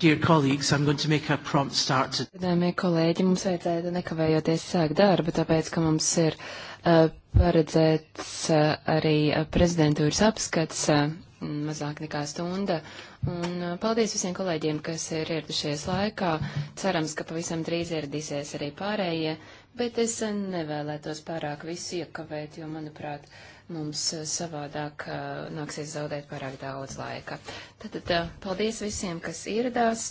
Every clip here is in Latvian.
Dear colleagues, I'm going to make a prompt start. Gadāmie kolēģi, mums vajadzētu nekavējoties sākt darbu, tāpēc, ka mums ir uh, paredzēts uh, arī prezidentūras apskats uh, mazāk nekā stunda. Un uh, paldies visiem kolēģiem, kas ir ieradušies laikā. Cerams, ka pavisam drīz ieradīsies arī pārējie, bet es uh, nevēlētos pārāk visu iekavēt, jo, manuprāt, uh, mums eh, savādāk eh, nāksies zaudēt pārāk daudz laika. Tātad eh, paldies visiem, kas ieradās,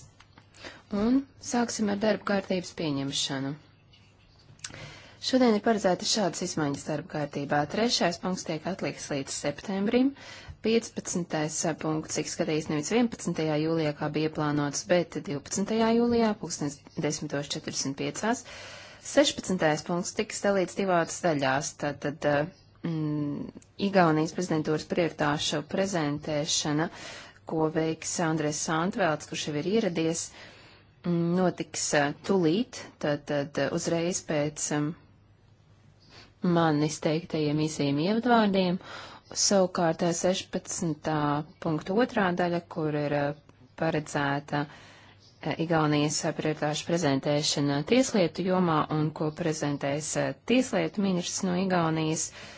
un sāksim ar darba kārtības pieņemšanu. Šodien ir paredzēta šādas izmaiņas darba kārtībā. Trešais punkts tiek atliekts līdz septembrim, 15. punkts, cik skatījis nevis 11. jūlijā, kā bija plānots, bet 12. jūlijā, 10.45. 16. punkts tiks dalīts divās daļās, tātad mm, Igaunijas prezidentūras prioritāšu prezentēšana, ko veiks Andrēs Santvēlts, kurš jau ir ieradies, mm, notiks eh, tulīt, tad, tad eh, uzreiz pēc mm, manis teiktajiem īsajiem ievadvārdiem. Savukārt 16.2. Eh, daļa, kur ir paredzēta Igaunijas prioritāšu prezentēšana tieslietu jomā un ko prezentēs tieslietu ministrs no Igaunijas. Uh,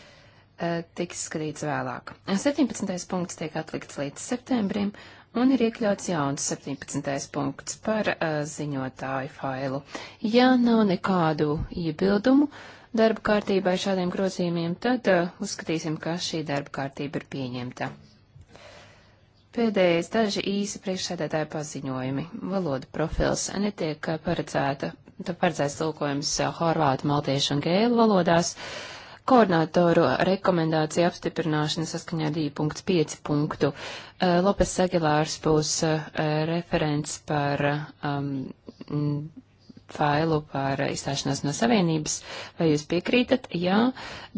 Eh, tiks skatīts vēlāk. 17. punkts tiek atlikts līdz septembrim, un ir iekļauts jauns 17. punkts par uh, ziņotāju failu. Ja nav nekādu iebildumu darba kārtībai šādiem grozījumiem, tad uh, uzskatīsim, ka šī darba kārtība ir pieņemta. Pēdējais daži īsi priekšsēdētāju paziņojumi. Valoda profils netiek paredzēta, paredzēts tulkojums horvātu, maltiešu un gēlu valodās. Uh, koordinātoru rekomendāciju apstiprināšanu saskaņā 2.5 punktu. Eh, Lopes Agilārs būs eh, referents par um, failu par izstāšanos no savienības. Vai jūs piekrītat? Jā,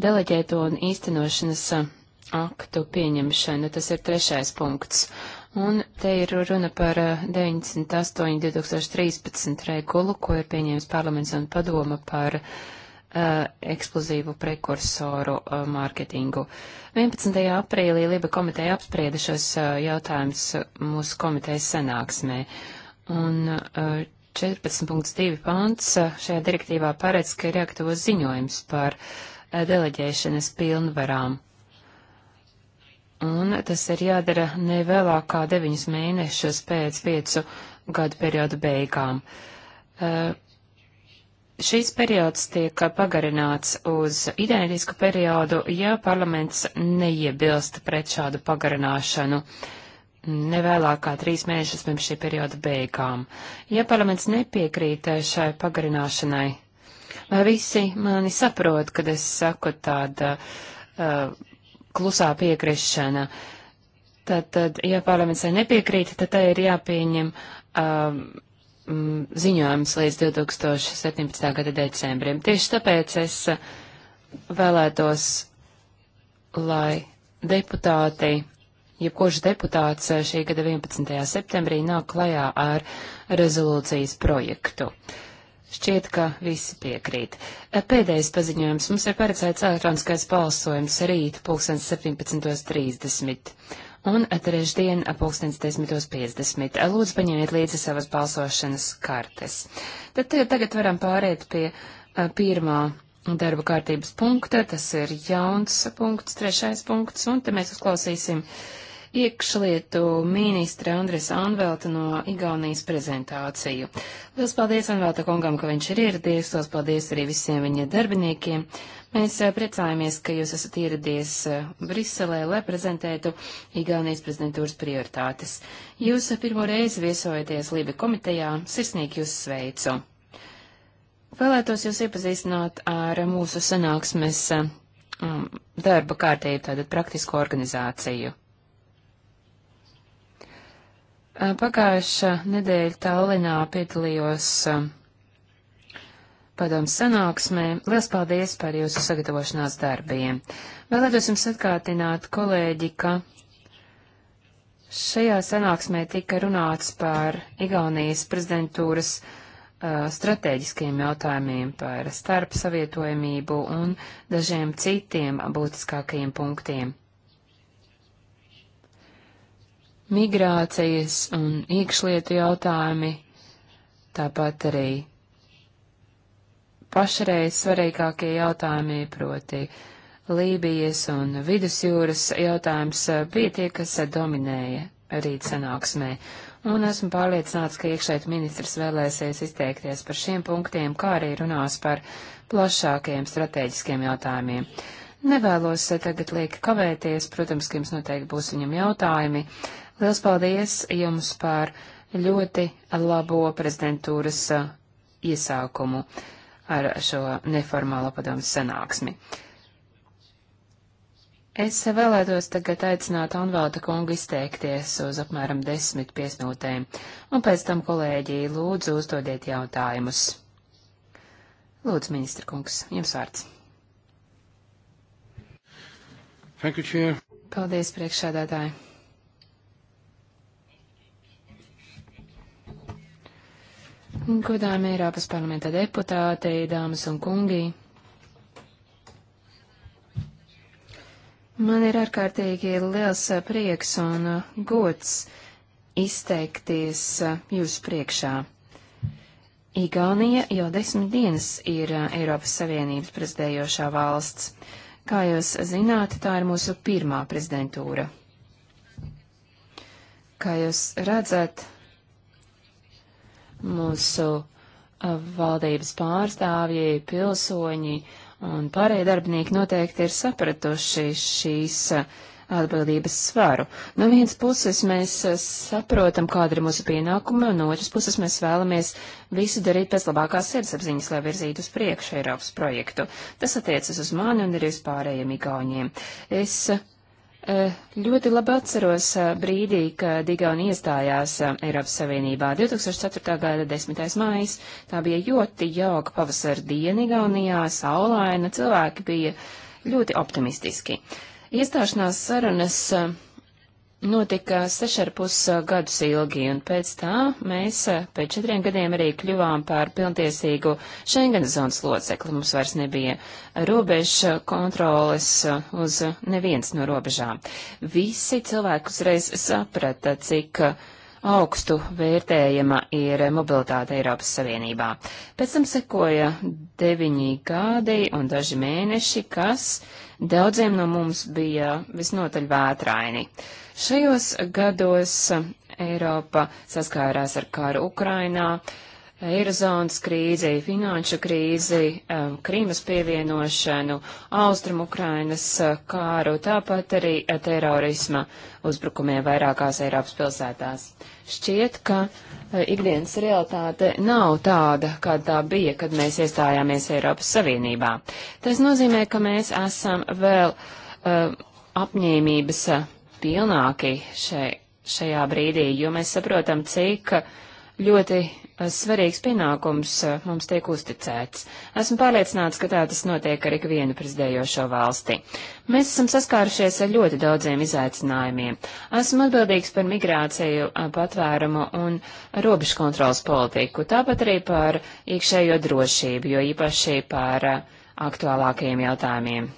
deleģēto un īstenošanas eh, aktu pieņemšana, tas ir trešais punkts. Un te ir runa par 98.2013 regulu, ko ir pieņēmis parlaments un padoma par uh, Uh, eksplozīvu prekursoru uh, mārketingu. 11. aprīlī Liba komiteja apsprieda šos uh, jautājumus mūsu komitejas sanāksmē. Un 14.2 pants šajā direktīvā paredz, ka ir jāgatavo ziņojums par deleģēšanas pilnvarām. Un tas ir jādara nevēlākā 9 mēnešus pēc 5 gadu periodu beigām. Uh, Šīs periods tiek pagarināts uz identisku periodu, ja parlaments neiebilst pret šādu pagarināšanu nevēlākā trīs mēnešus pirms šī perioda beigām. Ja parlaments nepiekrīt šai pagarināšanai, vai visi mani saprot, kad es saku tāda uh, klusā piekrišana, tad, tad ja parlaments nepiekrīt, tad tai ir jāpieņem uh, mm, ziņojums līdz 2017. gada decembrim. Tieši tāpēc es eh, vēlētos, lai deputāti, jebkurš deputāts eh, šī gada 11. septembrī nāk klajā ar rezolūcijas projektu. Šķiet, ka visi piekrīt. Eh, pēdējais paziņojums mums ir paredzēts elektroniskais balsojums rīt 17.30 un trešdien pulkstens 10.50. Lūdzu, paņemiet līdzi savas balsošanas kartes. Tad tagad varam pāriet pie pirmā darba kārtības punkta. Tas ir jauns punkts, trešais punkts, un te mēs uzklausīsim. Uh, iekšlietu ministra Andres Anvelta no Igaunijas prezentāciju. Lielas paldies Anvelta kungam, ka viņš ir ieradies, lielas paldies arī visiem viņa darbiniekiem. Mēs eh, priecājamies, ka jūs esat ieradies eh, Briselē, lai prezentētu Igaunijas prezidentūras prioritātes. Jūs eh, pirmo reizi viesojaties Lībe komitejā, sirsnīgi jūs sveicu. Vēlētos jūs iepazīstināt ar mūsu sanāksmes um, darba kārtību, tātad praktisko organizāciju. Pagājušā nedēļa Tallinā piedalījos padomu sanāksmē. Lielas paldies par jūsu sagatavošanās darbiem. Vēlētos jums atkārtināt, kolēģi, ka šajā sanāksmē tika runāts par Igaunijas prezidentūras stratēģiskiem jautājumiem par starp savietojamību un dažiem citiem būtiskākajiem punktiem migrācijas un iekšlietu jautājumi, tāpat arī pašreiz svarīgākie jautājumi, proti Lībijas un Vidusjūras jautājums eh, bija tie, kas eh, dominēja rīt sanāksmē. Un esmu pārliecināts, ka iekšēt ministrs vēlēsies izteikties par šiem punktiem, kā arī runās par plašākiem strateģiskiem jautājumiem. Nevēlos eh, tagad lieki kavēties, protams, ka jums noteikti būs viņam jautājumi. Lielas paldies jums par ļoti labo prezidentūras iesākumu ar šo neformālo padomu sanāksmi. Es vēlētos tagad aicināt Anvalda kungu izteikties uz apmēram 10-5 minūtēm, un pēc tam kolēģi lūdzu uzdodiet jautājumus. Lūdzu, ministra kungs, jums vārds. Thank you, Chair. Paldies, priekšsēdētāji. Godājumie Eiropas parlamenta deputāti, dāmas un kungi. Man ir ārkārtīgi liels prieks un gods izteikties jūsu priekšā. Igaunija jau desmit dienas ir Eiropas Savienības prezidējošā valsts. Kā jūs zināt, tā ir mūsu pirmā prezidentūra. Kā jūs redzat, mūsu uh, valdības pārstāvji, pilsoņi un pārējie darbinieki noteikti ir sapratuši šīs uh, atbildības svaru. No vienas puses mēs uh, saprotam, kāda ir mūsu pienākuma, un no otras puses mēs vēlamies visu darīt pēc labākās sirdsapziņas, lai virzītu uz priekšu Eiropas projektu. Tas attiecas uz mani un arī uz pārējiem igauņiem. Es Eh, ļoti labi atceros eh, brīdī, kad Igauni iestājās eh, Eiropas Savienībā 2004. gada 10. mājas. Tā bija ļoti jauka pavasara diena Igaunijā, saulaina, cilvēki bija ļoti optimistiski. Iestāšanās sarunas notika sešarpus eh, gadus ilgi, un pēc tā mēs eh, pēc četriem gadiem arī kļuvām par pilntiesīgu Schengen zonas locekli. Mums vairs nebija robežu eh, kontroles uz neviens no robežām. Visi cilvēki uzreiz saprata, cik augstu vērtējama ir mobilitāte Eiropas Savienībā. Pēc tam sekoja deviņi gadi un daži mēneši, kas daudziem no mums bija visnotaļ vētraini. Uh, Šajos gados Eiropa saskārās ar karu Ukrainā, Eirozonas krīzi, finanšu krīzi, um, Krīmas pievienošanu, Austrum Ukrainas uh, kāru, tāpat arī uh, terorisma uzbrukumiem vairākās Eiropas pilsētās. Šķiet, ka uh, ikdienas realitāte nav tāda, kāda tā bija, kad mēs iestājāmies Eiropas Savienībā. Tas nozīmē, ka mēs esam vēl uh, apņēmības pilnāki šai, šajā brīdī, jo mēs saprotam, cik ļoti eh, svarīgs pienākums eh, mums tiek uzticēts. Esmu pārliecināts, ka tā tas notiek ar ikvienu prezidējošo valsti. Mēs esam saskārušies ar ļoti daudziem izaicinājumiem. Esmu atbildīgs par migrāciju, eh, patvērumu un robežu kontrolas politiku, tāpat arī par iekšējo drošību, jo īpaši par aktuālākajiem jautājumiem.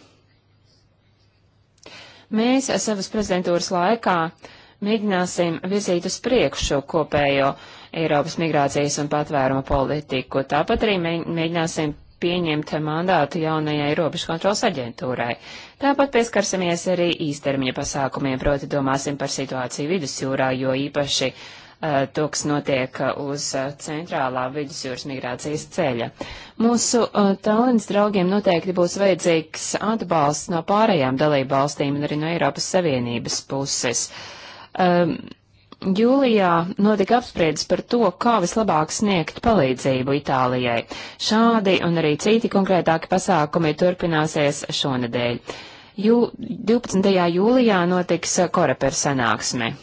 Mēs savas prezidentūras laikā mēģināsim virzīt uz priekšu kopējo Eiropas migrācijas un patvēruma politiku. Tāpat arī mēģināsim pieņemt mandātu jaunajai robežu kontrols aģentūrai. Tāpat pieskarsimies arī īstermiņa pasākumiem, proti domāsim par situāciju vidusjūrā, jo īpaši Eh, to, kas notiek eh, uz eh, centrālā vidusjūras migrācijas ceļa. Mūsu Tallinas draugiem noteikti būs vajadzīgs atbalsts no pārējām dalību valstīm un arī no Eiropas Savienības puses. Um, Jūlijā notika apspriedis par to, kā vislabāk sniegt palīdzību Itālijai. Šādi un arī citi konkrētāki pasākumi turpināsies šonadēļ. Jū, 12. jūlijā notiks koreper sanāksme.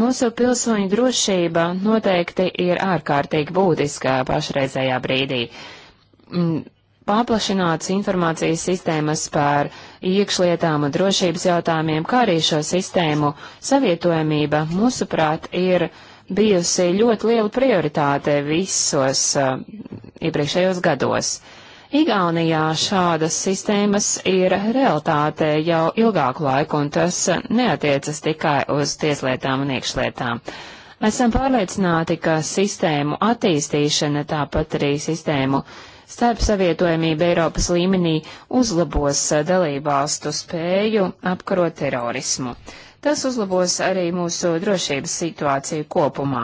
Mūsu pilsoņu drošība noteikti ir ārkārtīgi būtiska pašreizējā brīdī. Mm, paplašināts informācijas sistēmas par iekšlietām un drošības jautājumiem, kā arī šo sistēmu savietojamība, mūsuprāt, ir bijusi ļoti liela prioritāte visos uh, iepriekšējos gados. Uh, Igaunijā šādas sistēmas ir realitāte jau ilgāku laiku, un tas neatiecas tikai uz tieslietām un iekšlietām. Esam pārliecināti, ka sistēmu attīstīšana, tāpat arī sistēmu starpsavietojamība Eiropas līmenī uzlabos dalībvalstu spēju apkarot terorismu. Tas uzlabos arī mūsu drošības situāciju kopumā.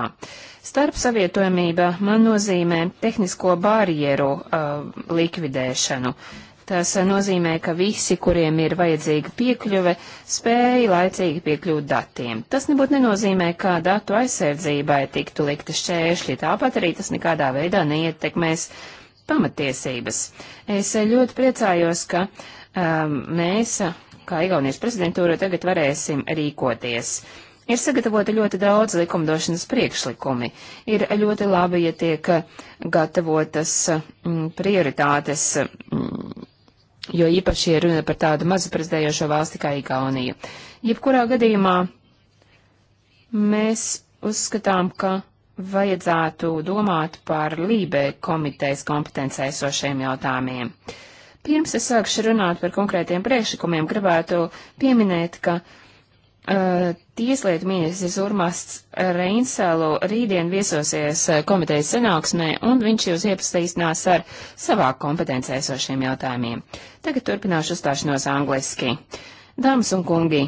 Starp savietojamība man nozīmē tehnisko barjeru uh, likvidēšanu. Tas uh, nozīmē, ka visi, kuriem ir vajadzīga piekļuve, spēja laicīgi piekļūt datiem. Tas nebūtu nenozīmē, ka datu aizsardzībai tiktu likta šķēršļi, tāpat arī tas nekādā veidā neietekmēs pamatiesības. Es uh, ļoti priecājos, ka um, mēs kā Igaunijas prezidentūra tagad varēsim rīkoties. Ir sagatavota ļoti daudz likumdošanas priekšlikumi. Ir ļoti labi, ja tiek gatavotas m, mm, prioritātes, m, mm, jo īpaši ir runa par tādu mazu prezidējošo valsti kā Igaunija. Jebkurā gadījumā mēs uzskatām, ka vajadzētu domāt par Lībē komitejas kompetencē esošiem jautājumiem. Uh, Pirms es sākšu runāt par konkrētiem priekšlikumiem, gribētu pieminēt, ka uh, tieslietu ministrs Urmasts Reinsēlu rītdien viesosies uh, komitejas sanāksmē, un viņš jūs iepazīstinās ar savā kompetencē esošiem jautājumiem. Tagad turpināšu uzstāšanos angliski. Dāmas un kungi,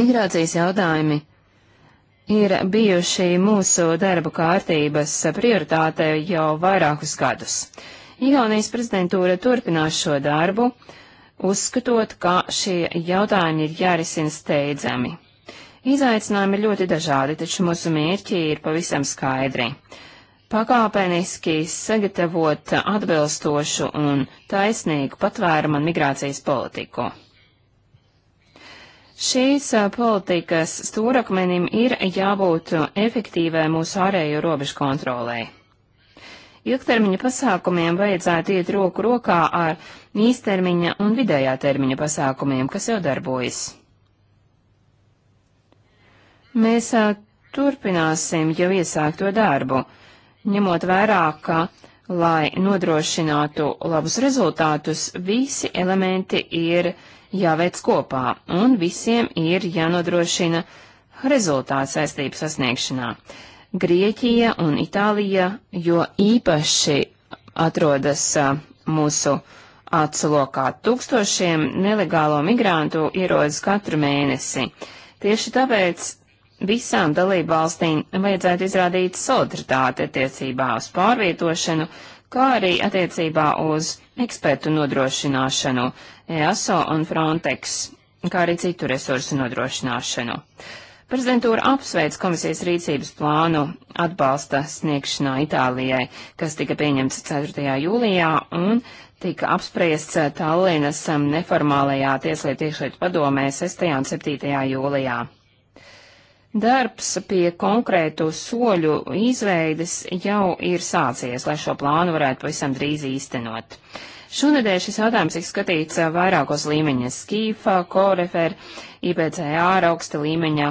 migrācijas jautājumi ir bijuši mūsu darba kārtības prioritāte jau vairākus gadus. Uh, Igaunijas prezidentūra turpinās šo darbu, uzskatot, ka šie jautājumi ir jārisina steidzami. Izaicinājumi ir ļoti dažādi, taču mūsu mērķi ir pavisam skaidri pakāpeniski sagatavot atbilstošu un taisnīgu patvērumu un migrācijas politiku. Šīs politikas stūrakmenim ir jābūt efektīvai mūsu ārējo robežu kontrolē. Ilgtermiņa pasākumiem vajadzētu iet roku rokā ar īstermiņa un vidējā termiņa pasākumiem, kas jau darbojas. Mēs a, turpināsim jau iesākto darbu, ņemot vērā, ka, lai nodrošinātu labus rezultātus, visi elementi ir jāveic kopā, un visiem ir jānodrošina rezultāts saistību sasniegšanā. Grieķija un Itālija jo īpaši atrodas mūsu atslokā. Tūkstošiem nelegālo migrantu ierodas katru mēnesi. Tieši tāpēc visām dalību valstīm vajadzētu izrādīt solidaritāti attiecībā uz pārvietošanu, kā arī attiecībā uz ekspertu nodrošināšanu, EASO un Frontex, kā arī citu resursu nodrošināšanu. Uh, Prezidentūra apsveic komisijas rīcības plānu atbalsta sniegšanā Itālijai, kas tika pieņemts 4. jūlijā un tika apspriests Tallinas um, neformālajā tieslietu iekšlietu padomē 6. un 7. jūlijā. Darbs pie konkrētu soļu izveides jau ir sācies, lai šo plānu varētu pavisam drīz īstenot. Šonadēļ šis jautājums ir skatīts vairākos līmeņos - skīfa, korefer, IBCA ar augsta līmeņa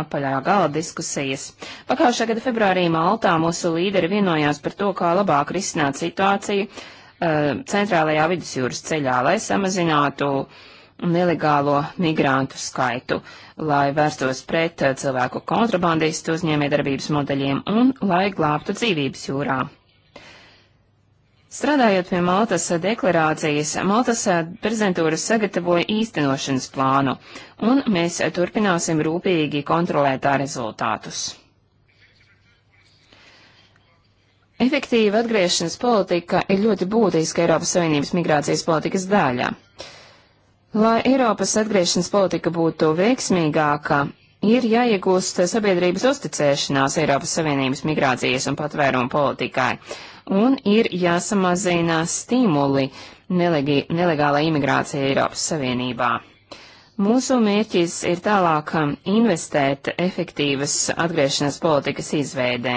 apaļā gala diskusijas. Pagājušā gada februārī Maltā mūsu līderi vienojās par to, kā labāk risināt situāciju centrālajā vidusjūras ceļā, lai samazinātu nelegālo migrantu skaitu, lai vērstos pret cilvēku kontrabandistu uzņēmējdarbības modeļiem un lai glābtu dzīvības jūrā. Strādājot pie Maltas deklarācijas, Maltas eh, prezidentūra sagatavoja īstenošanas plānu, un mēs eh, turpināsim rūpīgi kontrolēt tā rezultātus. Efektīva atgriešanas politika ir ļoti būtiska Eiropas Savienības migrācijas politikas daļā. Lai Eiropas atgriešanas politika būtu veiksmīgāka, ir jāiegūst sabiedrības uzticēšanās Eiropas Savienības migrācijas un patvērumu politikai un ir jāsamazina stimuli nelegi, nelegālai imigrācijai Eiropas Savienībā. Mūsu mērķis ir tālāk um, investēt efektīvas atgriešanās politikas izveidē.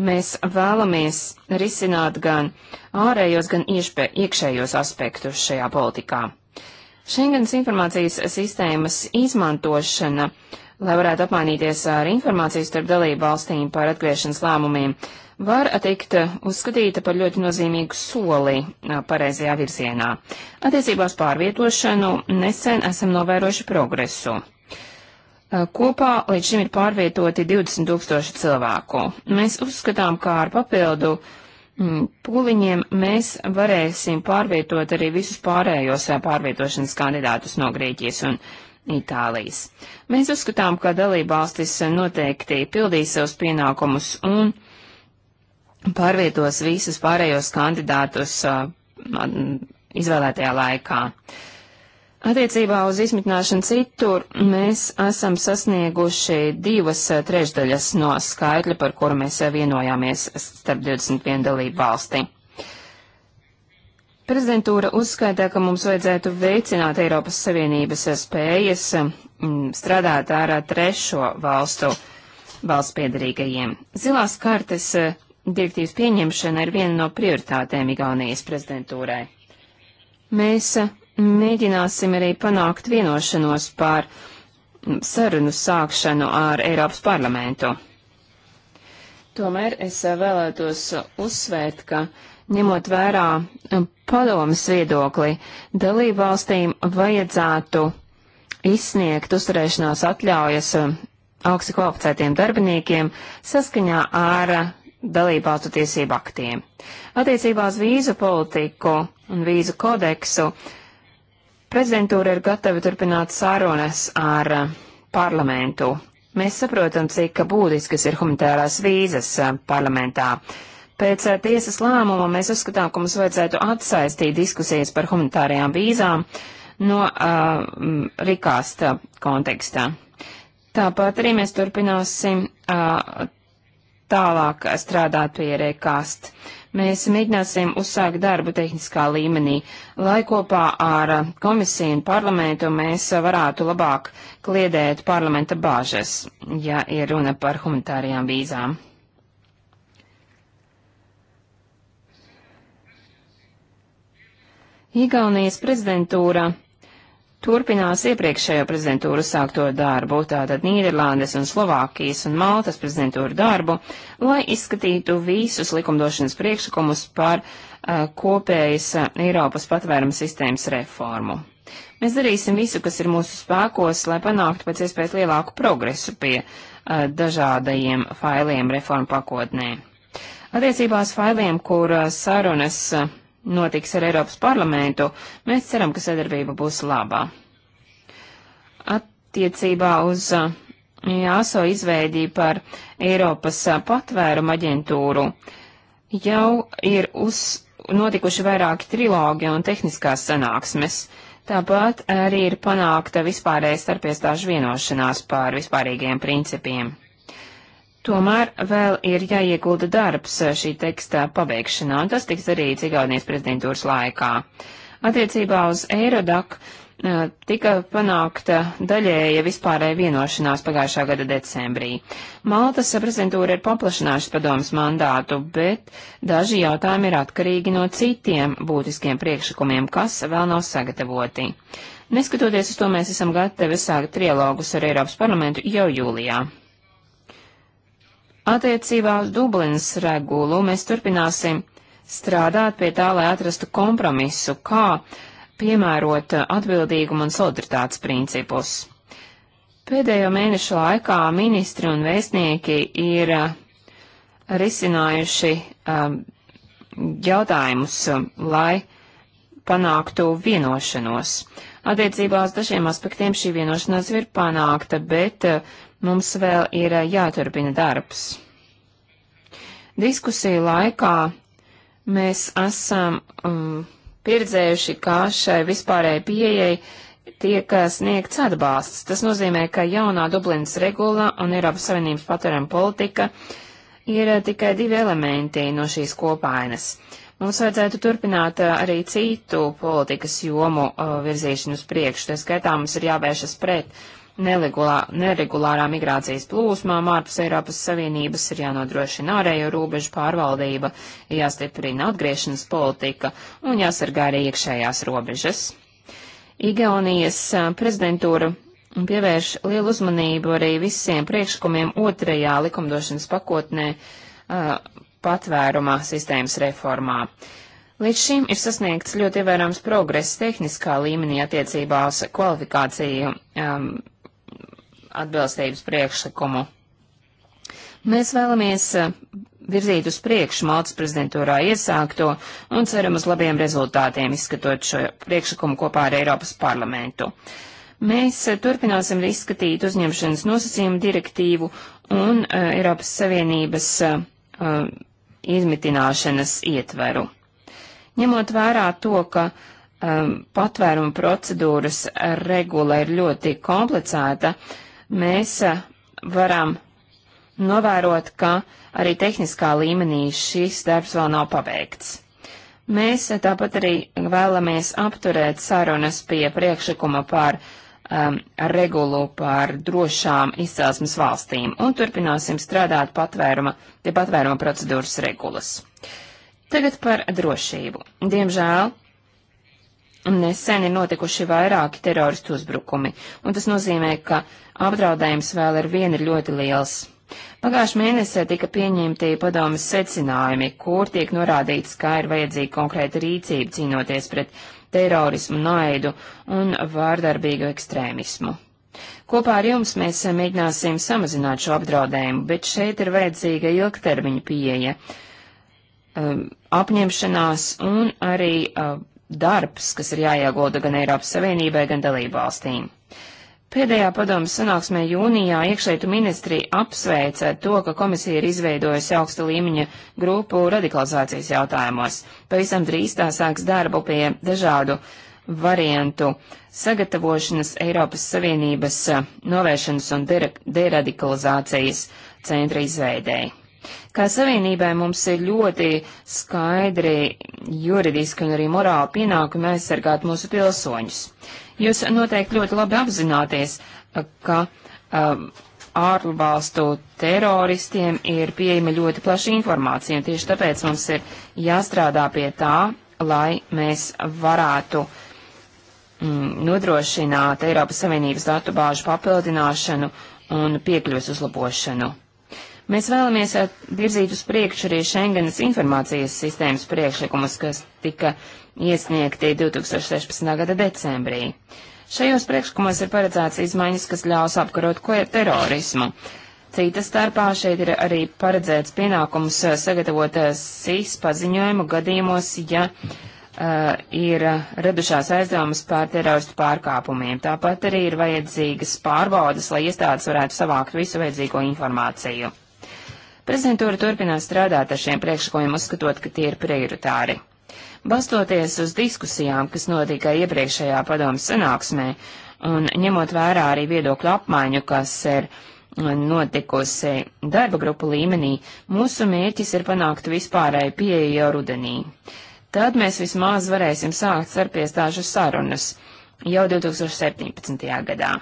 Mēs vēlamies risināt gan ārējos, gan iešpē, iekšējos aspektus šajā politikā. Šengens informācijas sistēmas izmantošana, lai varētu apmainīties ar informāciju starp dalību valstīm par atgriešanas lēmumiem, var tikt uzskatīta par ļoti nozīmīgu soli pareizajā virzienā. Attiecībās pārvietošanu nesen esam novērojuši progresu. Kopā līdz šim ir pārvietoti 20 tūkstoši cilvēku. Mēs uzskatām, kā ar papildu pūliņiem mēs varēsim pārvietot arī visus pārējos pārvietošanas kandidātus no Grieķijas un Itālijas. Mēs uzskatām, ka dalībvalstis noteikti pildīs savus pienākumus un uh, pārvietos visus pārējos kandidātus uh, izvēlētajā laikā. Attiecībā uz izmitināšanu citur mēs esam sasnieguši divas uh, trešdaļas no skaitļa, par kuru mēs uh, vienojāmies starp 21 dalību valsti. Prezidentūra uzskaita, ka mums vajadzētu veicināt Eiropas Savienības uh, spējas um, strādāt ar trešo valstu valsts piedarīgajiem. Zilās kartes direktīvas pieņemšana ir viena no prioritātēm Igaunijas prezidentūrai. Mēs eh, mēģināsim arī panākt vienošanos par sarunu sākšanu ar Eiropas parlamentu. Tomēr es eh, vēlētos uzsvērt, ka ņemot vērā eh, padomas viedokli, dalībvalstīm vajadzētu izsniegt uzturēšanās atļaujas augsti kvalificētiem darbiniekiem saskaņā ar dalībvalstu tiesību aktiem. Attiecībā uz vīzu politiku un vīzu kodeksu prezidentūra ir gatava turpināt sarunas ar eh, parlamentu. Mēs saprotam, cik būtiskas ir humanitārās vīzas eh, parlamentā. Pēc eh, tiesas lēmuma mēs uzskatām, ka mums vajadzētu atsaistīt diskusijas par humanitārajām vīzām no uh, rikāsta kontekstā. Tāpat arī mēs turpināsim uh, tālāk strādāt pie rekāst. Mēs mēģināsim uzsākt darbu tehniskā līmenī, lai kopā ar komisiju un parlamentu mēs varētu labāk kliedēt parlamenta bāžas, ja ir runa par humanitārijām vīzām. Igaunijas prezidentūra turpinās iepriekšējo prezidentūru sākto darbu, tātad Nīderlandes un Slovākijas un Maltas prezidentūru darbu, lai izskatītu visus likumdošanas priekšlikumus par uh, kopējas uh, Eiropas patvērums sistēmas reformu. Mēs darīsim visu, kas ir mūsu spēkos, lai panāktu pēc iespējas lielāku progresu pie uh, dažādajiem failiem reformu pakotnē. Attiecībās failiem, kur sarunas notiks ar Eiropas parlamentu, mēs ceram, ka sadarbība būs labā. Attiecībā uz ASO uh, izveidī par Eiropas uh, patvērumu aģentūru jau ir uz, notikuši vairāki trilogi un tehniskās sanāksmes. Tāpat arī ir panākta vispārējais starpiestāžu vienošanās par vispārīgiem principiem. Tomēr vēl ir jāiegulda darbs šī teksta pabeigšanā, un tas tiks darīts Igaunijas prezidentūras laikā. Attiecībā uz Eirodak eh, tika panākta daļēja vispārēja vienošanās pagājušā gada decembrī. Maltas prezidentūra ir paplašinājusi padomas mandātu, bet daži jautājumi ir atkarīgi no citiem būtiskiem priekšlikumiem, kas vēl nav sagatavoti. Neskatoties uz to, mēs esam gatavi sākt trialogus ar Eiropas parlamentu jau jūlijā. Attiecībā uz Dublinas regulu mēs turpināsim strādāt pie tā, lai atrastu kompromisu, kā piemērot atbildīgumu un solidaritātes principus. Pēdējo mēnešu laikā ministri un vēstnieki ir uh, risinājuši um, jautājumus, um, lai panāktu vienošanos. Attiecībā uz dažiem aspektiem šī vienošanās ir panākta, bet uh, Mums vēl ir jāturpina darbs. Diskusiju laikā mēs esam um, pieredzējuši, kā šai vispārējai pieejai tiek sniegts atbalsts. Tas nozīmē, ka jaunā Dublinas regula un Eiropas Savienības patērama politika ir tikai divi elementi no šīs kopainas. Mums vajadzētu turpināt arī citu politikas jomu virzīšanu uz priekšu. Tā skaitā mums ir jāvēršas pret nelegulā, neregulārā migrācijas plūsmām ārpus Eiropas Savienības ir jānodrošina ārējo robežu pārvaldība, jāstiprina atgriešanas politika un jāsargā arī iekšējās robežas. Igaunijas prezidentūra pievērš lielu uzmanību arī visiem priekšlikumiem otrajā likumdošanas pakotnē uh, patvērumā sistēmas reformā. Līdz šim ir sasniegts ļoti ievērojams progress tehniskā līmenī attiecībā uz kvalifikāciju um, atbilstības priekšlikumu. Mēs vēlamies eh, virzīt uz priekšu Maltas prezidentūrā iesākto un ceram uz labiem rezultātiem, izskatot šo priekšlikumu kopā ar Eiropas parlamentu. Mēs eh, turpināsim izskatīt uzņemšanas nosacījumu direktīvu un uh, Eiropas Savienības uh, izmitināšanas ietveru. Ņemot vērā to, ka um, patvērumu procedūras regula ir ļoti komplicēta, uh, mēs eh, varam novērot, ka arī tehniskā līmenī šis darbs vēl nav pabeigts. Mēs eh, tāpat arī vēlamies apturēt sarunas pie priekšlikuma par um, regulu par drošām izcelsmes valstīm un turpināsim strādāt patvēruma, pie patvēruma procedūras regulas. Tagad par drošību. Diemžēl Nesen ir notikuši vairāki teroristu uzbrukumi, un tas nozīmē, ka apdraudējums vēl ar vienu ir ļoti liels. Pagājušajā mēnesī tika pieņemti padomas secinājumi, kur tiek norādīts, kā ir vajadzīga konkrēta rīcība cīnoties pret terorismu, naidu un vārdarbīgu ekstrēmismu. Kopā ar jums mēs mēģināsim samazināt šo apdraudējumu, bet šeit ir vajadzīga ilgtermiņa pieeja, um, apņemšanās un arī um, darbs, kas ir jāiegulda gan Eiropas Savienībai, gan dalību valstīm. Pēdējā padomas sanāksmē jūnijā iekšlietu ministri apsveica to, ka komisija ir izveidojusi augsta līmeņa grupu radikalizācijas jautājumos. Pavisam drīz tā sāks darbu pie dažādu variantu sagatavošanas Eiropas Savienības novēršanas un deradikalizācijas centra izveidēji. Kā savienībai mums ir ļoti skaidri juridiski un arī morāli pienākumi aizsargāt mūsu pilsoņus. Jūs noteikti ļoti labi apzināties, ka um, ārvalstu teroristiem ir pieejama ļoti plaša informācija, un tieši tāpēc mums ir jāstrādā pie tā, lai mēs varētu mm, nodrošināt Eiropas Savienības datu bāžu papildināšanu un piekļuves uzlabošanu. Mēs vēlamies eh, virzīt uz priekšu arī Schengenas informācijas sistēmas priekšlikumus, kas tika iesniegti 2016. gada decembrī. Šajos priekšlikumos ir paredzēts izmaiņas, kas ļaus apkarot terorismu. Cita starpā šeit ir arī paredzēts pienākums eh, sagatavot eh, SIS paziņojumu gadījumos, ja uh, ir radušās aizdomas par teroristu pārkāpumiem. Tāpat arī ir vajadzīgas pārbaudas, lai iestādes varētu savākt visu vajadzīgo informāciju. Prezidentūra turpinās strādāt ar šiem priekšlikumiem, uzskatot, ka tie ir prioritāri. Balstoties uz diskusijām, kas notika iepriekšējā padomu sanāksmē, un ņemot vērā arī viedokļu apmaiņu, kas ir notikusi darba grupu līmenī, mūsu mērķis ir panākt vispārēju pieeju jau rudenī. Tad mēs vismaz varēsim sākt starpiestāžu sarunas jau 2017. gadā.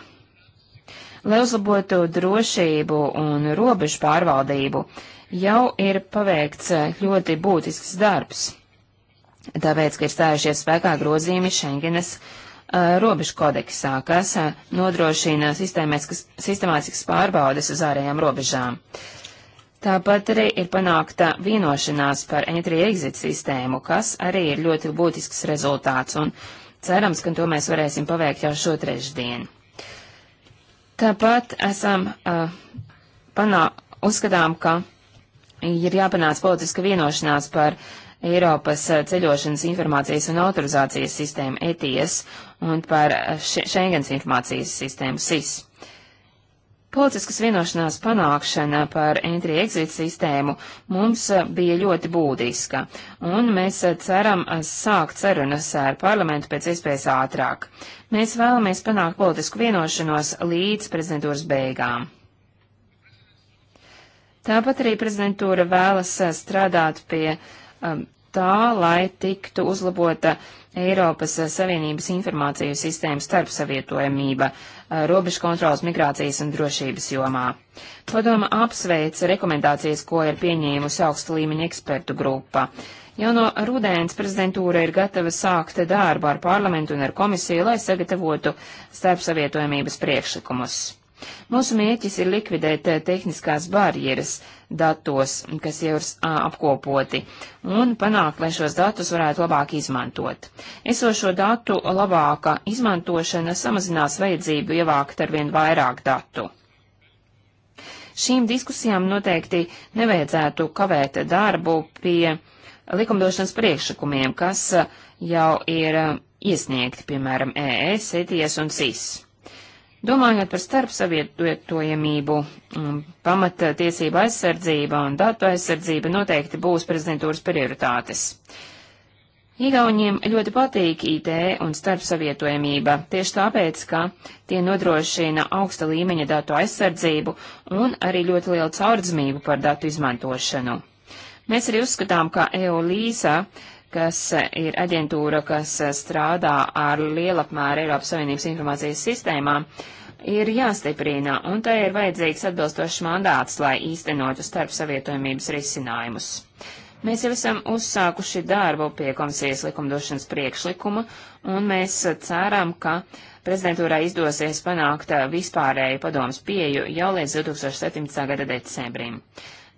Lai uzlabotu drošību un robežu pārvaldību, jau ir paveikts eh, ļoti būtisks darbs, tāpēc, ka ir stājušies spēkā grozījumi Schengenes uh, robežu kodeksā, kas uh, nodrošina sistemātiskas pārbaudes uz ārējām robežām. Tāpat arī ir panākta vienošanās par entry-exit sistēmu, kas arī ir ļoti būtisks rezultāts, un cerams, ka to mēs varēsim paveikt jau šo trešdienu. Tāpat esam uh, panā, uzskatām, ka ir jāpanāc politiska vienošanās par Eiropas ceļošanas informācijas un autorizācijas sistēmu ETIES un par Schengens informācijas sistēmu SIS. Uh, Politiskas vienošanās panākšana par entry-exit sistēmu mums eh, bija ļoti būtiska, un mēs eh, ceram eh, sākt sarunas ar parlamentu pēc iespējas ātrāk. Mēs vēlamies panākt politisku vienošanos līdz prezidentūras beigām. Tāpat arī prezidentūra vēlas strādāt pie um, tā, lai tiktu uzlabota Eiropas Savienības informāciju sistēmas starpsavietojamība eh, robežu kontrolas migrācijas un drošības jomā. Padoma apsveic rekomendācijas, ko ir pieņēmusi augsta līmeņa ekspertu grupa. Jau no rudēns prezidentūra ir gatava sākt darbu ar parlamentu un ar komisiju, lai sagatavotu starpsavietojamības priekšlikumus. Mūsu mērķis ir likvidēt eh, tehniskās barjeras datos, kas jau ir apkopoti, un panākt, lai šos datus varētu labāk izmantot. Esošo datu labāka izmantošana samazinās vajadzību ievākt arvien vairāk datu. Šīm diskusijām noteikti nevajadzētu kavēt darbu pie likumdošanas priekšlikumiem, kas jau ir iesniegti, piemēram, ES, ETS un CIS. Domājot par starpsavietojamību, mm, pamata tiesība aizsardzība un datu aizsardzība noteikti būs prezidentūras prioritātes. Igauņiem ļoti patīk IT un starpsavietojamība, tieši tāpēc, ka tie nodrošina augsta līmeņa datu aizsardzību un arī ļoti lielu caurdzmību par datu izmantošanu. Mēs arī uzskatām, ka EOLīsa uh, kas ir aģentūra, kas strādā ar lielapmēru Eiropas Savienības informācijas sistēmām, ir jāstiprina, un tai ir vajadzīgs atbilstošs mandāts, lai īstenotu starp savietojumības risinājumus. Mēs jau esam uzsākuši darbu pie komisijas likumdošanas priekšlikuma, un mēs ceram, ka prezidentūrā izdosies panākt vispārēju padomas pieju jau līdz 2017. gada decembrim.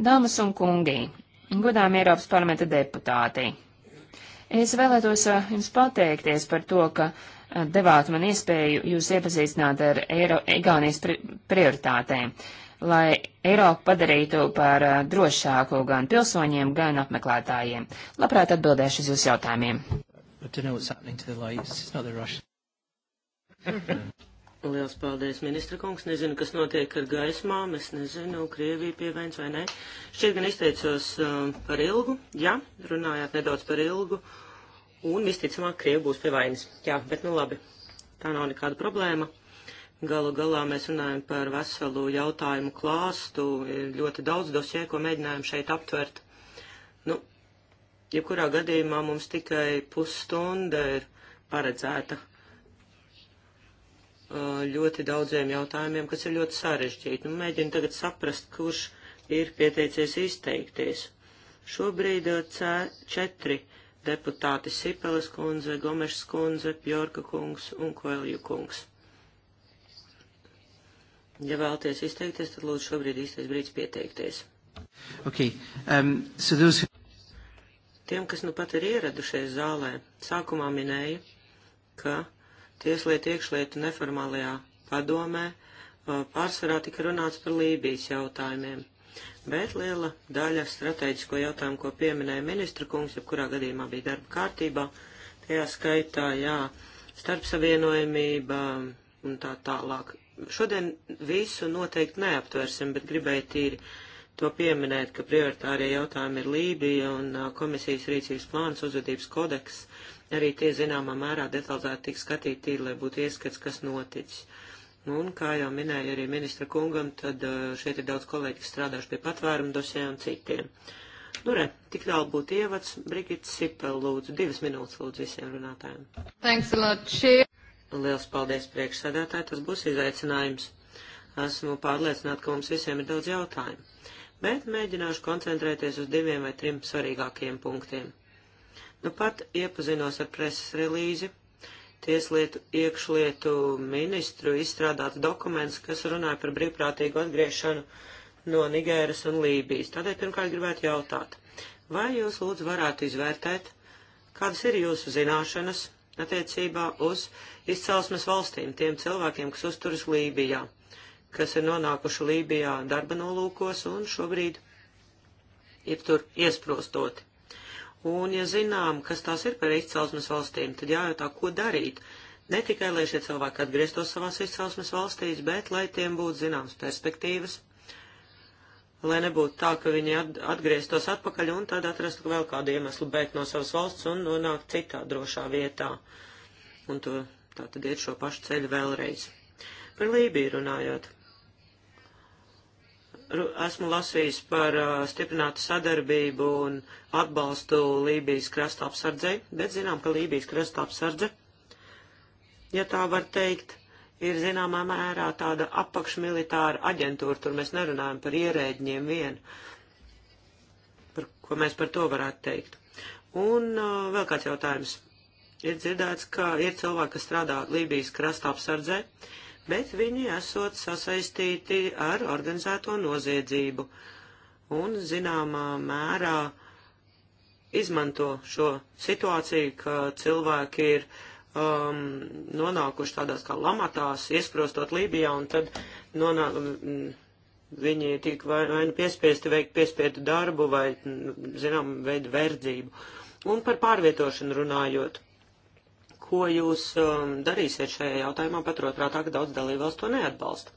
Dāmas un kungi, godām Eiropas parlamenta deputāti! Es vēlētos uh, jums pateikties par to, ka uh, devāt man iespēju jūs iepazīstināt ar Eiro, Igaunijas pri prioritātēm, lai Eiropu padarītu par uh, drošāku gan pilsoņiem, gan apmeklētājiem. Labprāt atbildēšu uz jūsu jautājumiem. Liels paldies, ministra kungs. Nezinu, kas notiek ar gaismām. Es nezinu, Krievija pieviens vai nē. Šķiet gan izteicos um, par ilgu. Jā, runājāt nedaudz par ilgu. Uh, Un visticamāk, Krievi būs pie vainas. Jā, bet nu labi, tā nav nekāda problēma. Galu galā mēs runājam par veselu jautājumu klāstu, ir ļoti daudz dosie, ko mēģinājam šeit aptvert. Nu, jebkurā ja gadījumā mums tikai pusstunda ir paredzēta uh, ļoti daudziem jautājumiem, kas ir ļoti sarežģīti. Nu, mēģinu tagad saprast, kurš ir pieteicies izteikties. Šobrīd uh, četri deputāti Sipeles kundze, Gomešs kundze, Pjorka kungs un Koelju kungs. Ja vēlaties izteikties, tad lūdzu šobrīd īstais brīdis pieteikties. Okay. Um, so those... Tiem, kas nu pat ir ieradušies zālē, sākumā minēju, ka tieslietu iekšlietu neformālajā padomē uh, pārsvarā tika runāts par Lībijas jautājumiem bet liela daļa strateģisko jautājumu, ko pieminēja ministra kungs, jebkurā gadījumā bija darba kārtībā, tajā skaitā, jā, starpsavienojamība un tā tālāk. Šodien visu noteikti neaptversim, bet gribēju tīri to pieminēt, ka prioritārie jautājumi ir Lībija un komisijas rīcības plāns, uzvedības kodeks. Arī tie zināmā mērā detalizēti tiks skatīti, tīri, lai būtu ieskats, kas noticis. Un, kā jau minēja arī ministra kungam, tad uh, šeit ir daudz kolēģi, kas strādājuši pie patvērumu dosē un citiem. Nu, re, tik tālu būtu ievads. Brigita Sipel, lūdzu, divas minūtes lūdzu visiem runātājiem. Thanks a lot, cheer. Liels paldies priekšsēdētāji, tas būs izaicinājums. Esmu pārliecināta, ka mums visiem ir daudz jautājumu, bet mēģināšu koncentrēties uz diviem vai trim svarīgākiem punktiem. Nu pat iepazinos ar preses relīzi tieslietu iekšlietu ministru izstrādāts dokuments, kas runāja par brīvprātīgu atgriešanu no Nigēras un Lībijas. Tādēļ pirmkārt gribētu jautāt, vai jūs lūdzu varētu izvērtēt, kādas ir jūsu zināšanas attiecībā uz izcelsmes valstīm, tiem cilvēkiem, kas uzturas Lībijā, kas ir nonākuši Lībijā darba nolūkos un šobrīd ir tur iesprostoti. Un, ja zinām, kas tās ir par izcelsmes valstīm, tad jājautā, ko darīt. Ne tikai, lai šie cilvēki atgrieztos savās izcelsmes valstīs, bet lai tiem būtu zināmas perspektīvas, lai nebūtu tā, ka viņi atgrieztos atpakaļ un tad atrastu vēl kādu iemeslu bēgt no savas valsts un nonākt citā drošā vietā. Un to tā tad iet šo pašu ceļu vēlreiz. Par Lībiju runājot esmu lasījis par uh, stiprinātu sadarbību un atbalstu Lībijas krasta apsardzei, bet zinām, ka Lībijas krasta apsardze, ja tā var teikt, ir zināmā mērā tāda apakšmilitāra aģentūra, tur mēs nerunājam par ierēģiem vien, par, ko mēs par to varētu teikt. Un uh, vēl kāds jautājums. Ir dzirdēts, ka ir cilvēki, kas strādā Lībijas krasta apsardzē. Uh, bet viņi esot sasaistīti ar organizēto noziedzību un zināmā mērā izmanto šo situāciju, ka cilvēki ir um, nonākuši tādās kā lamatās, iesprostot Lībijā, un tad nonāk, um, viņi tiek vai, vai nu piespiesti veikt piespiedu darbu vai, nu, zinām, veidu verdzību. Un par pārvietošanu runājot ko jūs um, darīsiet šajā jautājumā, paturot prātā, ka daudz dalībvalsts to neatbalsta?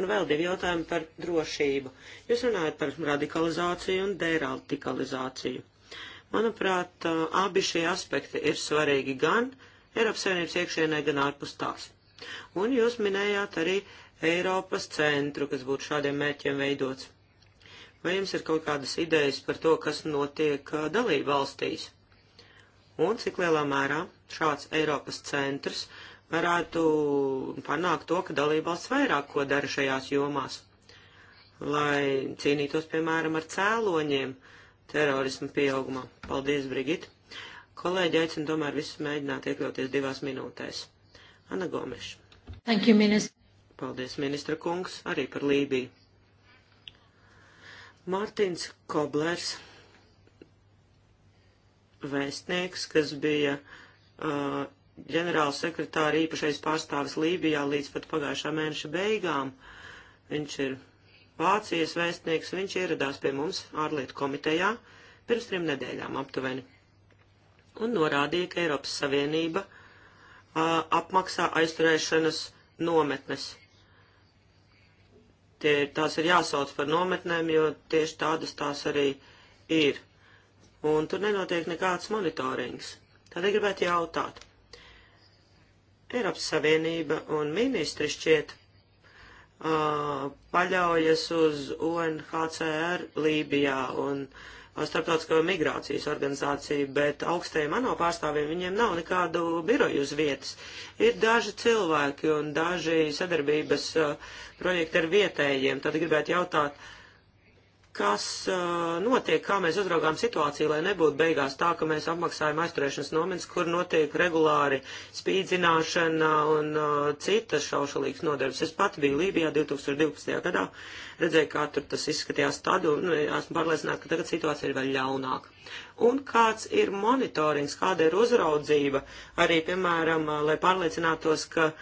Un vēl divi jautājumi par drošību. Jūs runājat par radikalizāciju un deradikalizāciju. Manuprāt, uh, abi šie aspekti ir svarīgi gan Eiropas Savienības iekšienē, gan ārpus tās. Un jūs minējāt arī Eiropas centru, kas būtu šādiem mērķiem veidots. Vai jums ir kaut kādas idejas par to, kas notiek uh, dalību valstīs? Un cik lielā mērā šāds Eiropas centrs varētu panākt to, ka dalībvalsts vairāk ko dara šajās jomās, lai cīnītos, piemēram, ar cēloņiem terorismu pieaugumā. Paldies, Brigita! Kolēģi aicina tomēr visus mēģināt iekļauties divās minūtēs. Ana Gomeša. Thank you, minister. Paldies, ministra kungs, arī par Lībiju. Mārtiņs Koblers, vēstnieks, kas bija uh, uh, ģenerāla sekretāra īpašais pārstāvis Lībijā līdz pat pagājušā mēneša beigām. Viņš ir Vācijas vēstnieks, viņš ieradās pie mums ārlietu komitejā pirms trim nedēļām aptuveni un norādīja, ka Eiropas Savienība uh, apmaksā aizturēšanas nometnes. Tie, tās ir jāsauc par nometnēm, jo tieši tādas tās arī ir. Un tur nenotiek nekāds monitorings. Tādēļ gribētu jautāt. Eiropas Savienība un ministri šķiet uh, paļaujas uz UNHCR Lībijā un Starptautisko migrācijas organizāciju, bet augstajiem ANO pārstāvjiem viņiem nav nekādu biroju uz vietas. Ir daži cilvēki un daži sadarbības uh, projekti ar vietējiem. Tad gribētu jautāt, uh, kas uh, notiek, kā mēs uzraugām situāciju, lai nebūtu beigās tā, ka mēs apmaksājam aizturēšanas nometnes, kur notiek regulāri spīdzināšana un uh, citas šaušalīgas nodarbes. Es pati biju Lībijā 2012. gadā, redzēju, kā tur tas izskatījās tad, un nu, esmu pārliecināta, ka tagad situācija ir vēl ļaunāka. Un kāds ir monitorings, kāda ir uzraudzība, arī, piemēram, uh, lai pārliecinātos, ka uh,